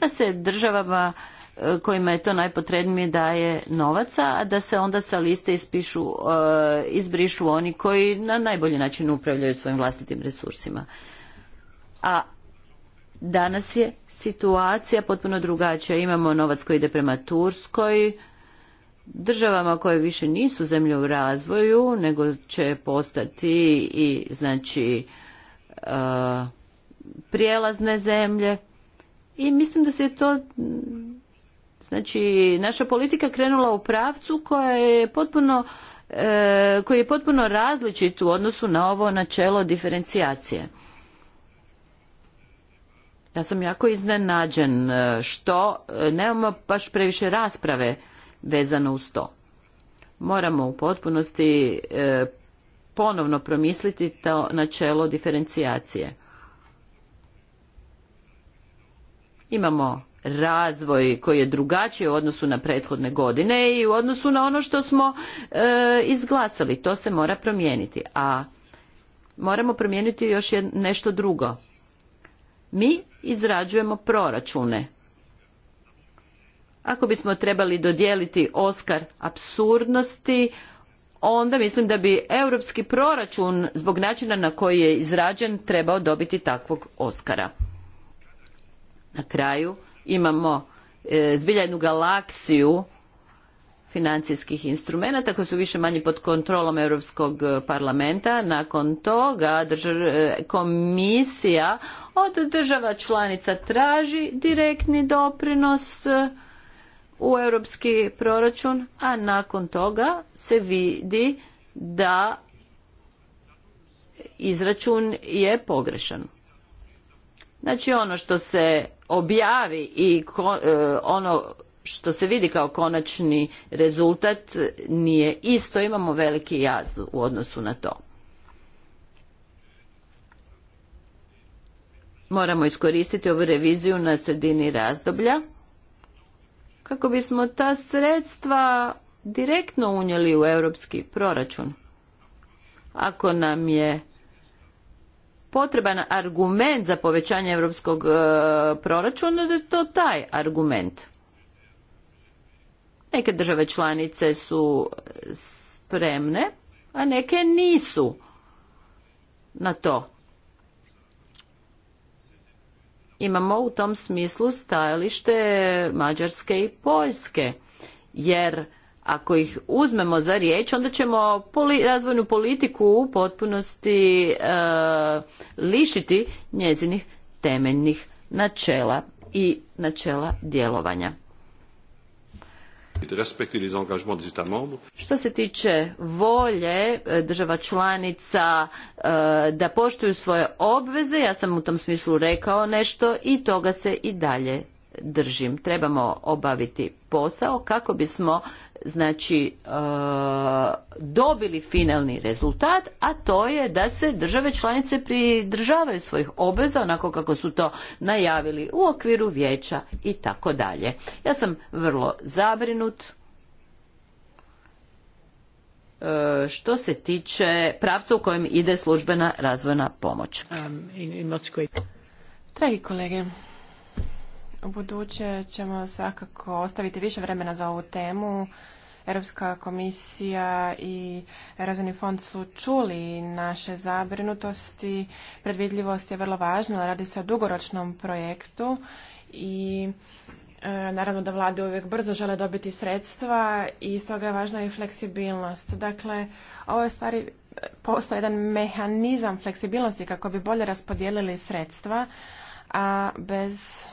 Da se državama e, kojima je to najpotrebnije daje novaca, a da se onda sa liste ispišu, e, izbrišu oni koji na najbolji način upravljaju svojim vlastitim resursima. A danas je situacija potpuno drugačija. Imamo novac koji ide prema Turskoj, državama koje više nisu zemlje u razvoju, nego će postati i znači e, prijelazne zemlje. I mislim da se to znači naša politika krenula u pravcu koja je potpuno uh, koji je potpuno različit u odnosu na ovo načelo diferencijacije. Ja sam jako iznenađen e, što nemamo baš previše rasprave vezano uz to. Moramo u potpunosti e, ponovno promisliti to načelo diferencijacije. Imamo razvoj koji je drugačiji u odnosu na prethodne godine i u odnosu na ono što smo e, izglasali. To se mora promijeniti. A moramo promijeniti još nešto drugo. Mi izrađujemo proračune ako bismo trebali dodijeliti Oskar apsurdnosti, onda mislim da bi europski proračun zbog načina na koji je izrađen trebao dobiti takvog Oskara. Na kraju imamo e, zbilja jednu galaksiju financijskih instrumenata koji su više manje pod kontrolom Europskog parlamenta. Nakon toga e, komisija od država članica traži direktni doprinos u europski proračun, a nakon toga se vidi da izračun je pogrešan. Znači ono što se objavi i e, ono što se vidi kao konačni rezultat nije isto, imamo veliki jaz u odnosu na to. Moramo iskoristiti ovu reviziju na sredini razdoblja kako bismo ta sredstva direktno unijeli u europski proračun. Ako nam je potreban argument za povećanje europskog e, proračuna, da je to taj argument. Neke države članice su spremne, a neke nisu na to. imamo u tom smislu stajalište Mađarske i Poljske, jer ako ih uzmemo za riječ, onda ćemo poli, razvojnu politiku u potpunosti e, lišiti njezinih temeljnih načela i načela djelovanja. Što se tiče volje e, država članica e, da poštuju svoje obveze, ja sam u tom smislu rekao nešto i toga se i dalje držim. Trebamo obaviti posao kako bismo znači e, dobili finalni rezultat, a to je da se države članice pridržavaju svojih obveza onako kako su to najavili u okviru vijeća i tako dalje. Ja sam vrlo zabrinut e, što se tiče pravca u kojem ide službena razvojna pomoć. Um, Dragi kolege, u buduće ćemo svakako ostaviti više vremena za ovu temu. Europska komisija i Razvojni fond su čuli naše zabrinutosti. Predvidljivost je vrlo važna, radi se o dugoročnom projektu i e, naravno da vlade uvijek brzo žele dobiti sredstva i stoga je važna i fleksibilnost. Dakle, ovo je stvari postao jedan mehanizam fleksibilnosti kako bi bolje raspodijelili sredstva, a bez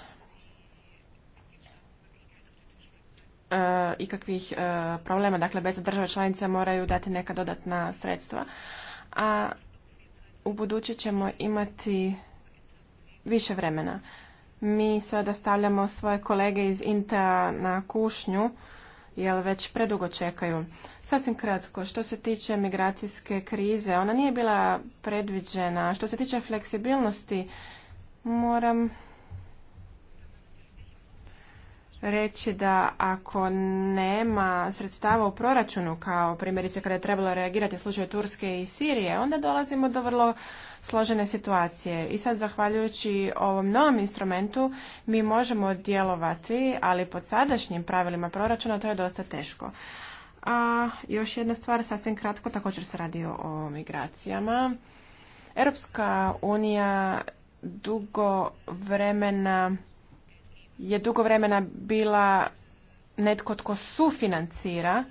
Eh, ikakvih eh, problema, dakle bez država članica moraju dati neka dodatna sredstva. A u budući ćemo imati više vremena. Mi sada stavljamo svoje kolege iz Inta na kušnju, jer već predugo čekaju. Sasvim kratko, što se tiče migracijske krize, ona nije bila predviđena. Što se tiče fleksibilnosti, moram reći da ako nema sredstava u proračunu, kao primjerice kada je trebalo reagirati u slučaju Turske i Sirije, onda dolazimo do vrlo složene situacije. I sad, zahvaljujući ovom novom instrumentu, mi možemo djelovati, ali pod sadašnjim pravilima proračuna to je dosta teško. A još jedna stvar, sasvim kratko, također se radi o migracijama. Europska unija dugo vremena je dugo vremena bila netko tko sufinancira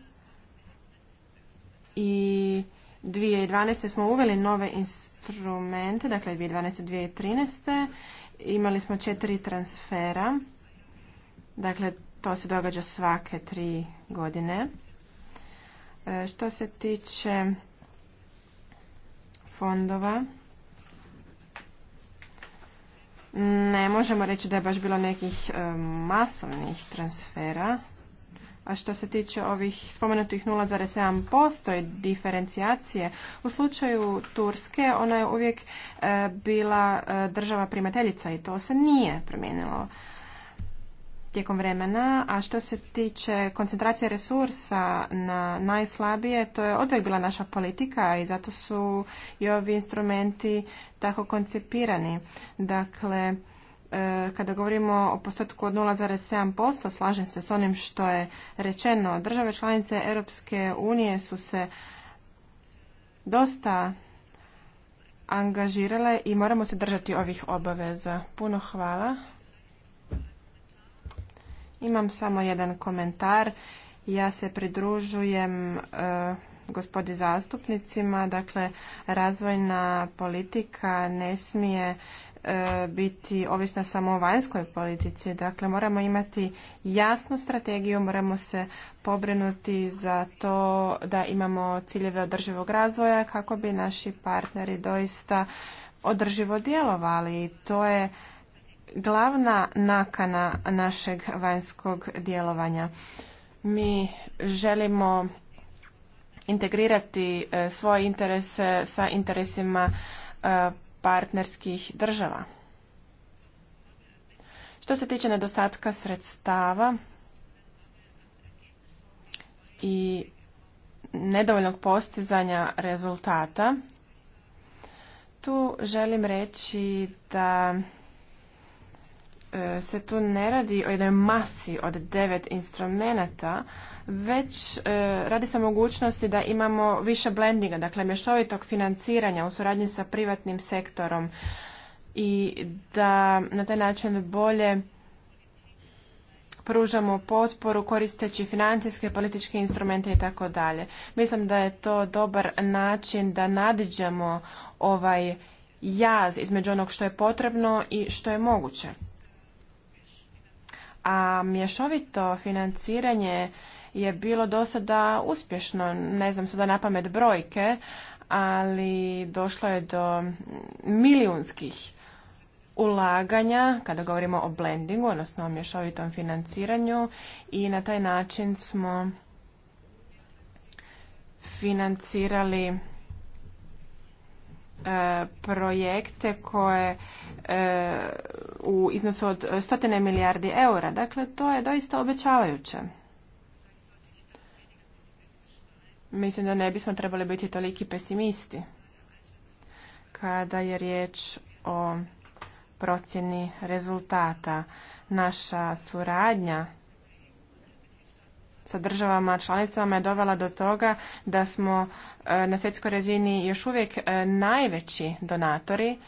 i 2012. smo uveli nove instrumente, dakle 2012. 2013. Imali smo četiri transfera, dakle to se događa svake tri godine. E, što se tiče fondova, ne možemo reći da je baš bilo nekih e, masovnih transfera. A što se tiče ovih spomenutih 0,7% i diferencijacije, u slučaju Turske ona je uvijek e, bila e, država primateljica i to se nije promijenilo tijekom vremena, a što se tiče koncentracije resursa na najslabije, to je odvek bila naša politika i zato su i ovi instrumenti tako koncipirani. Dakle, e, kada govorimo o postotku od 0,7%, slažem se s onim što je rečeno. Države članice Europske unije su se dosta angažirale i moramo se držati ovih obaveza. Puno hvala. Imam samo jedan komentar. Ja se pridružujem e, gospodi zastupnicima. Dakle, razvojna politika ne smije e, biti ovisna samo o vanjskoj politici. Dakle, moramo imati jasnu strategiju, moramo se pobrinuti za to da imamo ciljeve održivog razvoja kako bi naši partneri doista održivo djelovali. To je glavna nakana našeg vanjskog djelovanja. Mi želimo integrirati e, svoje interese sa interesima e, partnerskih država. Što se tiče nedostatka sredstava i nedovoljnog postizanja rezultata, tu želim reći da E, se tu ne radi o jednoj masi od devet instrumenata, već e, radi se o mogućnosti da imamo više blendinga, dakle mješovitog financiranja u suradnji sa privatnim sektorom i da na taj način bolje pružamo potporu koristeći financijske, političke instrumente i tako dalje. Mislim da je to dobar način da nadiđemo ovaj jaz između onog što je potrebno i što je moguće a mješovito financiranje je bilo do sada uspješno. Ne znam sada na pamet brojke, ali došlo je do milijunskih ulaganja kada govorimo o blendingu, odnosno o mješovitom financiranju i na taj način smo financirali e, projekte koje E, u iznosu od stotine milijardi eura. Dakle, to je doista obećavajuće. Mislim da ne bismo trebali biti toliki pesimisti kada je riječ o procjeni rezultata. Naša suradnja sa državama članicama je dovela do toga da smo e, na svjetskoj razini još uvijek e, najveći donatori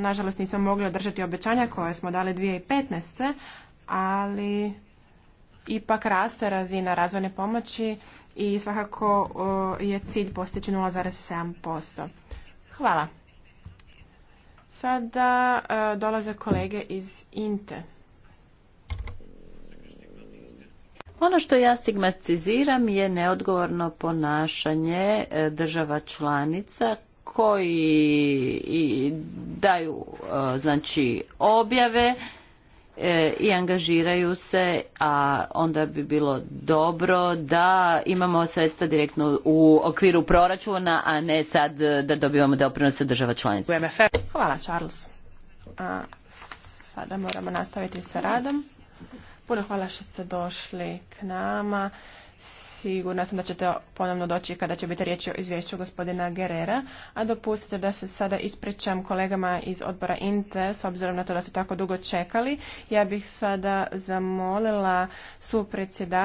nažalost nismo mogli održati obećanja koje smo dali 2015. ali ipak raste razina razvojne pomoći i svakako je cilj postići 0,7%. Hvala. Sada e, dolaze kolege iz INTE. Ono što ja stigmatiziram je neodgovorno ponašanje e, država članica koji i daju e, znači objave e, i angažiraju se, a onda bi bilo dobro da imamo sredstva direktno u okviru proračuna, a ne sad e, da dobivamo doprinose država članica. Hvala Charles. A, sada moramo nastaviti sa radom. Puno hvala što ste došli k nama Sigurna sam da ćete ponovno doći kada će biti riječ o izvješću gospodina Gerera, a dopustite da se sada ispričam kolegama iz odbora INTE, s obzirom na to da su tako dugo čekali. Ja bih sada zamolila su